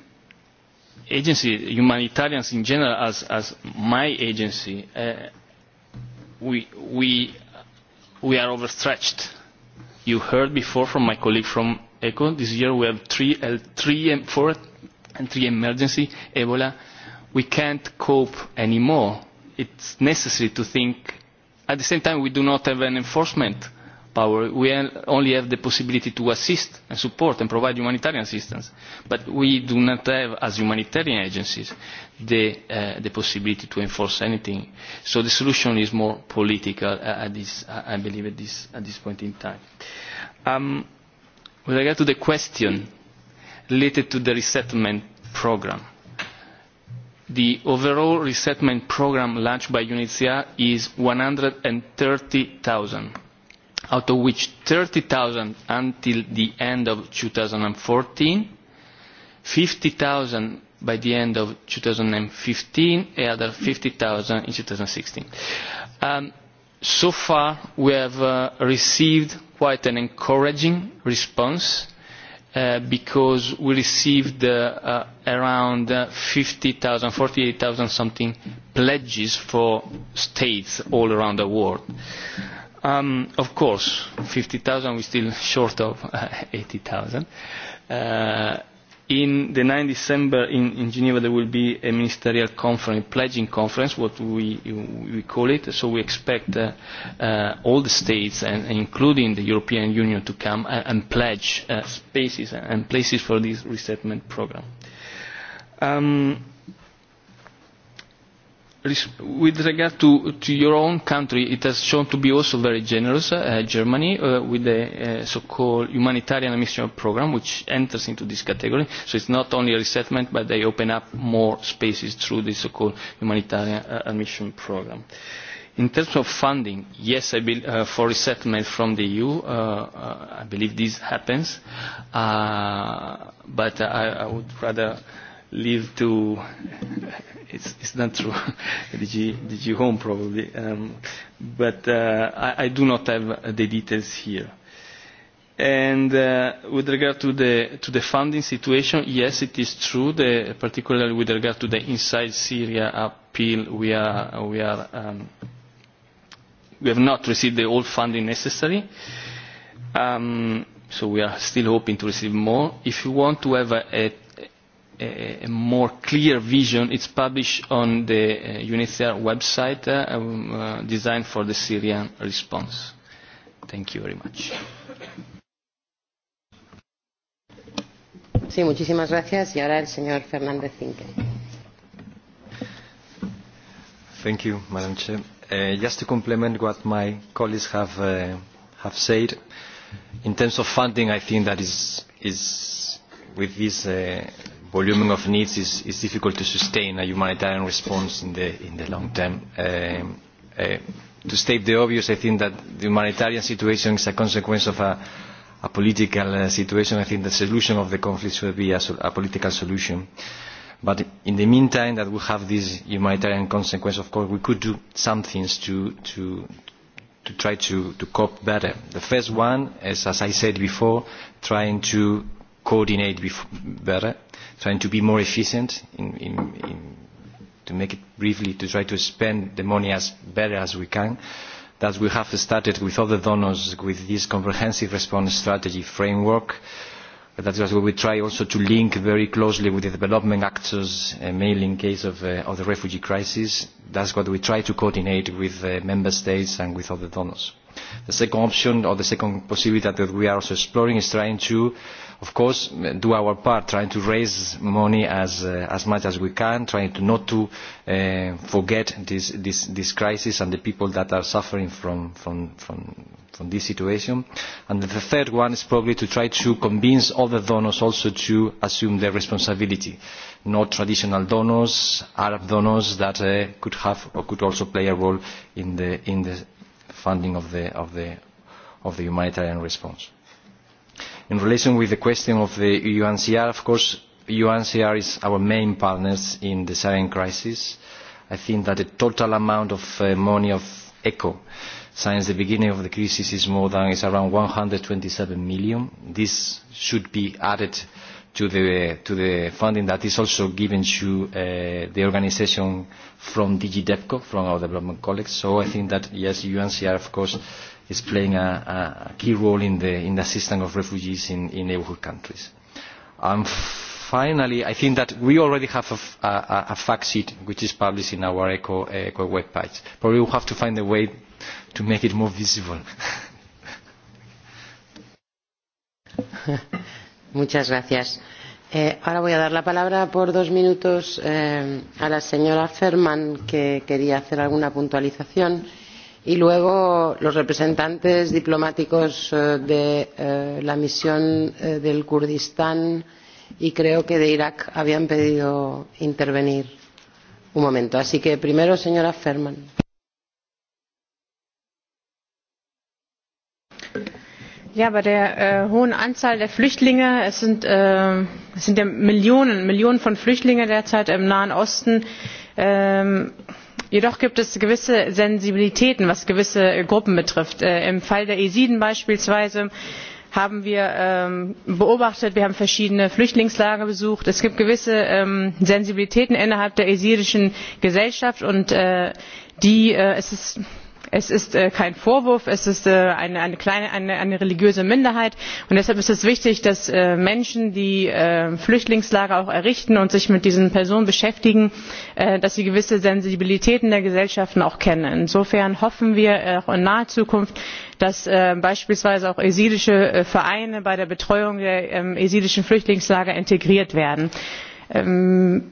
agency, humanitarians in general, as, as my agency, uh, we, we, we are overstretched you heard before from my colleague from ECHO, this year we have three, uh, three and um, four and three emergency Ebola. We can't cope anymore. It's necessary to think. At the same time, we do not have an enforcement power. We only have the possibility to assist and support and provide humanitarian assistance. But we do not have, as humanitarian agencies, the, uh, the possibility to enforce anything. So the solution is more political, uh, at this, uh, I believe, at this, at this point in time. Um, with regard to the question related to the resettlement program, the overall resettlement program launched by UNHCR is 130,000 out of which 30,000 until the end of 2014, 50,000 by the end of 2015, and another 50,000 in 2016. Um, so far, we have uh, received quite an encouraging response uh, because we received uh, uh, around 50,000, uh, 48,000 something pledges for states all around the world. Uh, Um, of course, fifty thousand we are still short of uh, eighty thousand. Uh, in the 9 December in, Geneva there will be a ministerial conference, a pledging conference, what we, call it. So we expect uh, uh, all the states, including the European Union, to come and, pledge spaces and places for this resettlement programme. Um, with regard to, to your own country, it has shown to be also very generous, uh, Germany, uh, with the uh, so-called humanitarian admission program, which enters into this category. So it's not only resettlement, but they open up more spaces through the so-called humanitarian uh, admission uh, program. In terms of funding, yes, I be, uh, for resettlement from the EU, uh, uh, I believe this happens, uh, but I, I would rather leave to it's, it's not true. DG, DG Home probably. Um, but uh, I, I do not have uh, the details here. And uh, with regard to the, to the funding situation, yes, it is true, the, particularly with regard to the Inside Syria appeal, we, are, we, are, um, we have not received the all funding necessary. Um, so we are still hoping to receive more. If you want to have a, a a, more clear vision. It's published on the uh, UNHCR website, uh, um, uh, designed for the Syrian response. Thank you very much. Sí, muchísimas gracias. Y ahora el señor Fernández Cinque. Thank you, Madam Chair. Uh, just to complement what my colleagues have uh, have said, in terms of funding, I think that is is with this. Uh, volume of needs is, is difficult to sustain a humanitarian response in the, in the long term. Um, uh, to state the obvious, I think that the humanitarian situation is a consequence of a, a political uh, situation. I think the solution of the conflict should be a, a political solution. But in the meantime, that we have this humanitarian consequence, of course, we could do some things to, to, to try to, to cope better. The first one is, as I said before, trying to coordinate better trying to be more efficient in, in, in to make it briefly, to try to spend the money as better as we can. That we have started with other donors with this comprehensive response strategy framework. That is what we try also to link very closely with the development actors, uh, mainly in case of, uh, of the refugee crisis. That's what we try to coordinate with uh, member states and with other donors. The second option or the second possibility that we are also exploring is trying to uh, of course do our part trying to raise money as, uh, as much as we can trying to not to uh, forget this, this, this crisis and the people that are suffering from, from, from, this situation and the third one is probably to try to convince other donors also to assume their responsibility not traditional donors arab donors that uh, could have or could also play a role in the, in the funding of the, of the, of the humanitarian response. In relation with the question of the UNCR, of course, UNCR is our main partner in the Syrian crisis. I think that the total amount of uh, money of ECHO since the beginning of the crisis is more than is around 127 million. This should be added to the to the funding that is also given to uh, the organisation from DG DEVCO, from our development colleagues. So I think that yes, UNCR of course is playing a, a key role in the, in the assistance of refugees in, in neighbourhood countries. Um, finally, I think that we already have a, a, a fact sheet which is published in our web page. but Probably will have to find a way to make it more visible. Muchas gracias. Eh, ahora voy a dar la palabra por dos minutos eh, a la señora Ferman, que quería hacer alguna puntualización y luego los representantes diplomáticos eh, de eh, la misión eh, del kurdistán y creo que de irak habían pedido intervenir un momento así que primero señora ferman. Ja, bei der äh, hohen Anzahl der Flüchtlinge, es sind, äh, es sind ja Millionen, Millionen von Flüchtlingen derzeit im Nahen Osten, ähm, jedoch gibt es gewisse sensibilitäten was gewisse gruppen betrifft. Äh, im fall der jesiden beispielsweise haben wir ähm, beobachtet wir haben verschiedene flüchtlingslager besucht es gibt gewisse ähm, sensibilitäten innerhalb der jesidischen gesellschaft und äh, äh, es ist es ist äh, kein vorwurf es ist äh, eine, religiöse minderheit und deshalb ist es wichtig dass äh, menschen die flüchtlingslager auch errichten und sich mit diesen personen beschäftigen gewisse sensibilitäten der gesellschaften auch kennen. insofern hoffen wir auch in naher zukunft dass beispielsweise auch jesidische vereine bei der betreuung der ähm, jesidischen flüchtlingslager integriert werden. Ähm,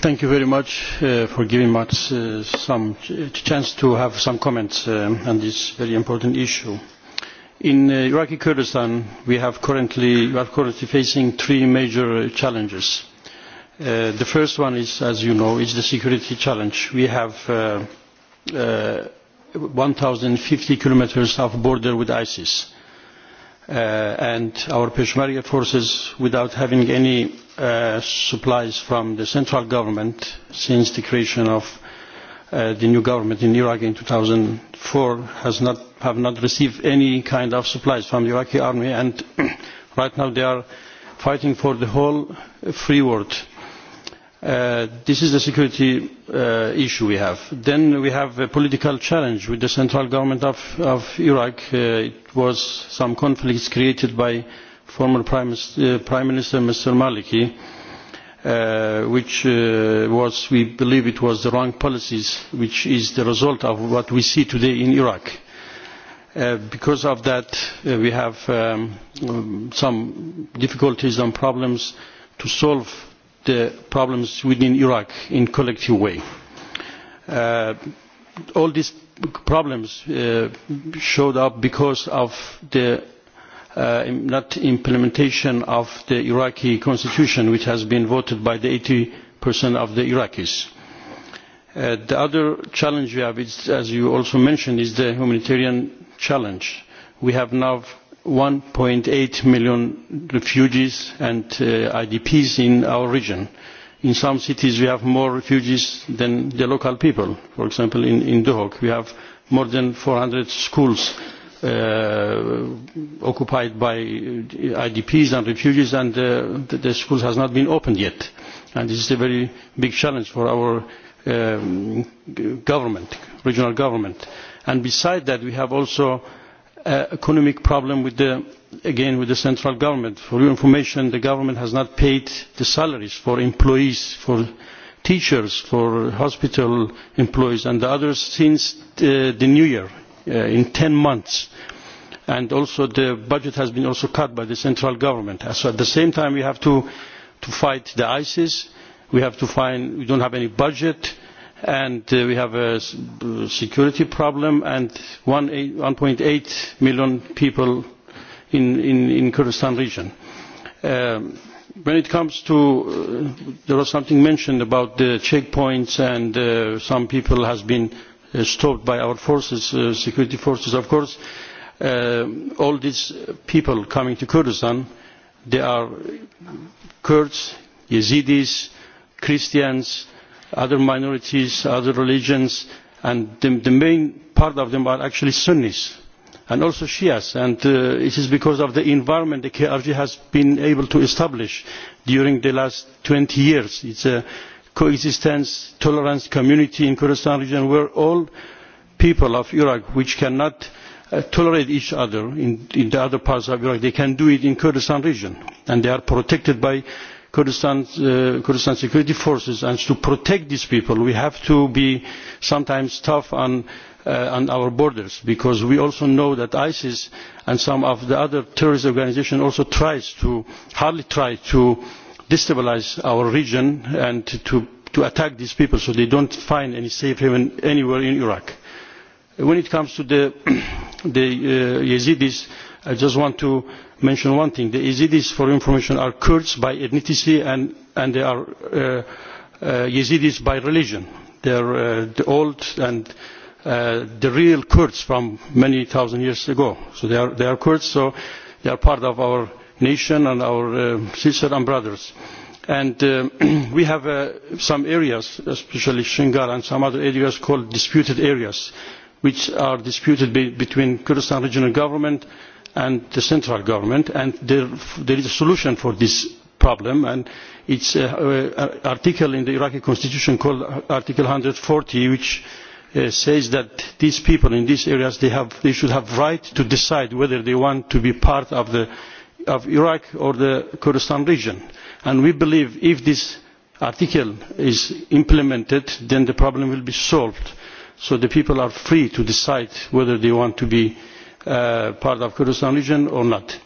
thank you very much uh, for giving us the uh, chance to have some comments uh, on this very important issue. In Iraqi Kurdistan, we are currently facing three major challenges. the first one is, as you know, the security challenge. We have one thousand and fifty kilometres of border with ISIS. and our Peshmerga forces, without having any Uh, supplies from the central government since the creation of uh, the new government in Iraq in 2004 has not, have not received any kind of supplies from the Iraqi army and right now they are fighting for the whole free world. Uh, this is the security uh, issue we have. Then we have a political challenge with the central government of, of Iraq. Uh, it was some conflicts created by former Prime, uh, Minister Mr. Maliki, uh, which uh, was, we believe it was the wrong policies, which is the result of what we see today in Iraq. because of that, we have um, some difficulties and problems to solve the problems within Iraq in a collective way. all these problems showed up because of the Uh, not implementation of the Iraqi constitution which has been voted by the 80% of the Iraqis. Uh, the other challenge we have, is, as you also mentioned, is the humanitarian challenge. We have now 1.8 million refugees and uh, IDPs in our region. In some cities we have more refugees than the local people. For example, in, in Duhok we have more than 400 schools Uh, occupied by idps and refugees and uh, the the school has not been opened yet and this is a very big challenge for our um, government regional government and beside that we have also an uh, economic problem with the again with the central government for your information the government has not paid the salaries for employees for teachers for hospital employees and the others since uh, the new year Uh, in 10 months and also the budget has been also cut by the central government. So at the same time we have to, to fight the ISIS, we have to find, we don't have any budget and uh, we have a security problem and 1.8 million people in, in, in Kurdistan region. Um, when it comes to, uh, there was something mentioned about the checkpoints and some people has been Uh, stopped by our uh, security forces. Of course, uh, all these people coming to Kurdistan, they are Kurds, Yazidis, Christians, other minorities, other religions, and the, main part of them are actually Sunnis and also Shias. And it is because of the environment the KRG has been able to establish during the last twenty years. it is coexistence tolerance community in the kurdistan region where all people of iraq who cannot uh, tolerate each other in, the other parts of iraq they can do it in the kurdistan region and they are protected by kurdistan, uh, kurdistan security forces to protect these people we have to be sometimes tough uh, on our borders because we also know that isis and some of the other terrorist organisations also try to hardly try to destabilise our region and to, to attack these people so they do not find any safe haven anywhere in iraq. when it comes to the, the uh, yazidis i just want to mention one thing the yazidis for information are kurds by ethnicity and, and they are uh, uh, yazidis by religion. they are uh, the old and uh, the real kurds from many thousand years ago. so they are, they are kurds so they are part of our nation and our uh, sisters and brothers. And uh, we have uh, some areas, especially Shingar and some other areas called disputed areas, which are disputed between between Kurdistan regional government and the central government. And there, is a solution for this problem, and it's an article in the Iraqi constitution called Article 140, which says that these people in these areas they, should have the right to decide whether they want to be part of the of iraq or the kurdistan region and we believe if this article is implemented then the problem will be solved so the people are free to decide whether they want to be uh, part of kurdistan region or not.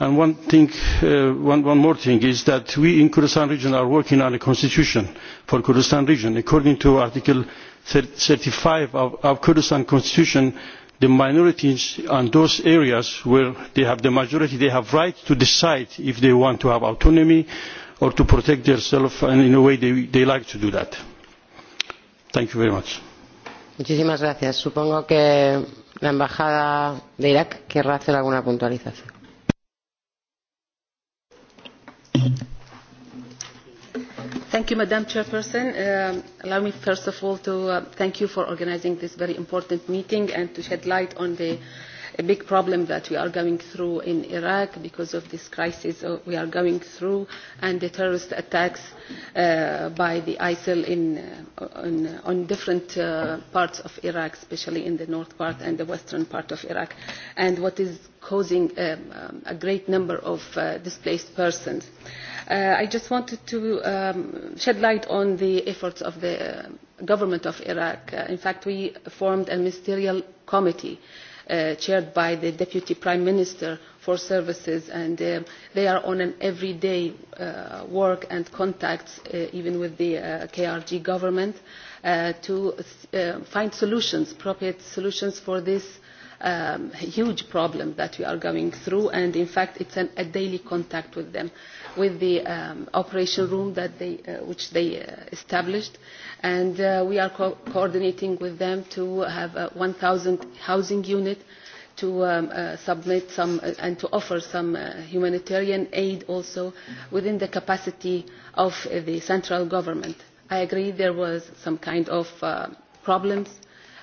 And one, thing, uh, one, more thing is that we in Kurdistan region are working on a constitution for Kurdistan region. According to Article 35 of, the Kurdistan constitution, the minorities and those areas where they have the majority they have the right to decide if they want to have autonomy or to protect themselves and in a way they, they like to do that. Thank you very much. Muchísimas gracias. Supongo que la embajada de Irak querrá hacer alguna puntualización. Thank you, Madam Chairperson. Um, allow me first of all to uh, thank you for organizing this very important meeting and to shed light on the a big problem that we are going through in Iraq because of this crisis uh, we are going through and the terrorist attacks uh, by the ISIL in, uh, on, on different uh, parts of Iraq, especially in the north part and the western part of Iraq, and what is causing um, um a great number of uh, displaced persons. Uh, Uh, I just wanted to um, shed light on the efforts of the uh, government of Iraq. Uh, in fact, we formed a ministerial committee uh, chaired by the Deputy Prime Minister for Services, and uh, they are on an everyday uh, work and contacts, uh, even with the uh, KRG government, uh, to uh, find solutions, appropriate solutions for this um, huge problem that we are going through, and in fact, it's an, a daily contact with them. Uh, with the um, operation room that they, uh, which they uh, established. And uh, we are co coordinating with them to have uh, 1,000 housing units to um, uh, submit some uh, and to offer some uh, humanitarian aid also within the capacity of uh, the central government. I agree there was some kind of uh, problems,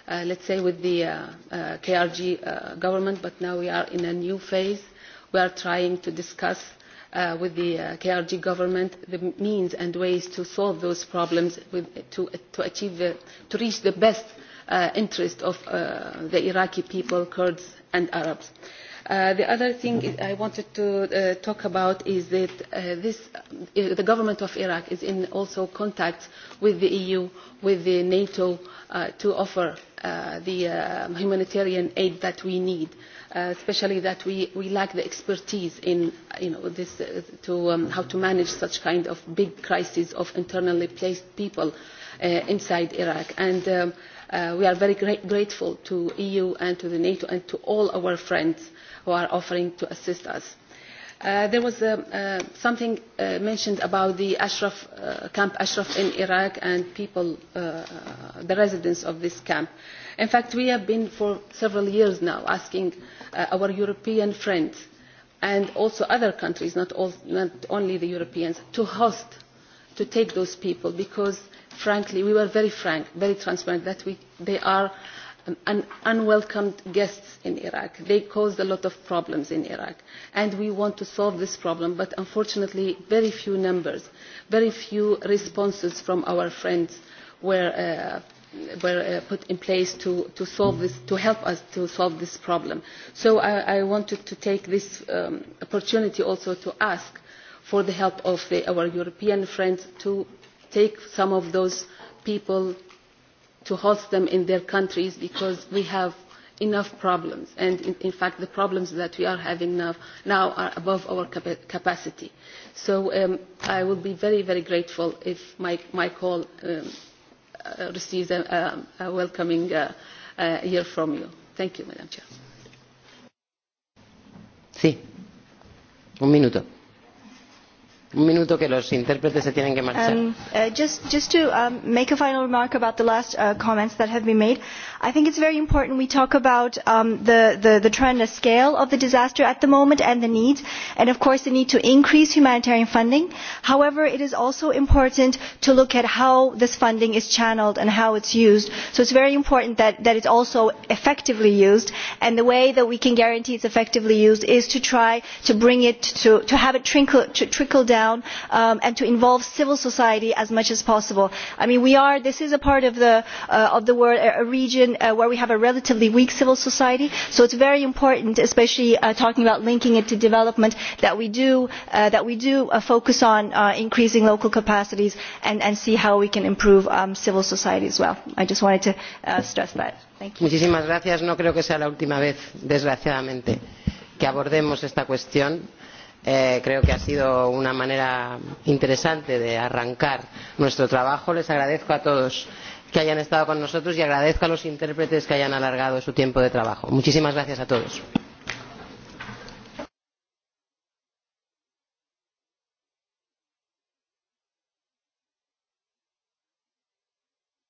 uh, let's say, with the uh, uh, KRG uh, government, but now we are in a new phase. We are trying to discuss Uh, with the uh, KRG government the means and ways to solve those problems to, to, achieve to reach the best uh, interest of uh, the Iraqi people, Kurds and Arabs. Uh, the other thing I wanted to uh, talk about is that uh, this, uh, the government of Iraq is in also contact with the EU, with the NATO to offer the humanitarian aid that we need. Uh, Uh, especially that we, we lack the expertise in you know, this, uh, to, um, how to manage such kind of big crisis of internally placed people uh, inside Iraq. And um, uh, we are very great, grateful to EU and to the NATO and to all our friends who are offering to assist us. Uh, there was uh, uh, something uh, mentioned about the Ashraf, uh, Camp Ashraf in Iraq and people, uh, the residents of this camp. Uh, in fact we have been for several years now asking uh, our european friends and also other countries not, only the europeans to host to take those people because frankly we were very frank very transparent that they are unwelcome guests in iraq. they caused a lot of problems in iraq and we want to solve this problem but unfortunately very few numbers very few responses from our friends were uh, were uh, put in place to, to, solve this, to help us to solve this problem. So I, I wanted to take this um, opportunity also to ask for the help of the, our European friends to take some of those people to host them in their countries because we have enough problems and in, in fact the problems that we are having now, now are above our cap capacity. So um, I would be very, very grateful if my, my call um, Uh, received a, uh, uh, welcoming year from you. Thank you, Madam Chair. Un minuto minuto que los intérpretes se tienen que marchar. Um, uh, just, just to um, make a final remark about the last uh, comments that have been made, I think it's very important we talk about um, the, the, the trend, the scale of the disaster at the moment and the needs, and of course the need to increase humanitarian funding. However, it is also important to look at how this funding is channeled and how it's used. So it's very important that, that it's also effectively used, and the way that we can guarantee it's effectively used is to try to bring it to, to have it trickle, to trickle down down um, and to involve civil society as much as possible. this is a part of the, uh, world, a region uh, where we have a relatively weak civil society, so it is very important, especially uh, talking about linking it to development, that we do, uh, focus on increasing local capacities and, see how we can improve um, civil society as well. I just wanted to stress that. Muchísimas gracias. No creo que sea la última vez, desgraciadamente, que abordemos esta cuestión Eh, creo que ha sido una manera interesante de arrancar nuestro trabajo. Les agradezco a todos que hayan estado con nosotros y agradezco a los intérpretes que hayan alargado su tiempo de trabajo. Muchísimas gracias a todos.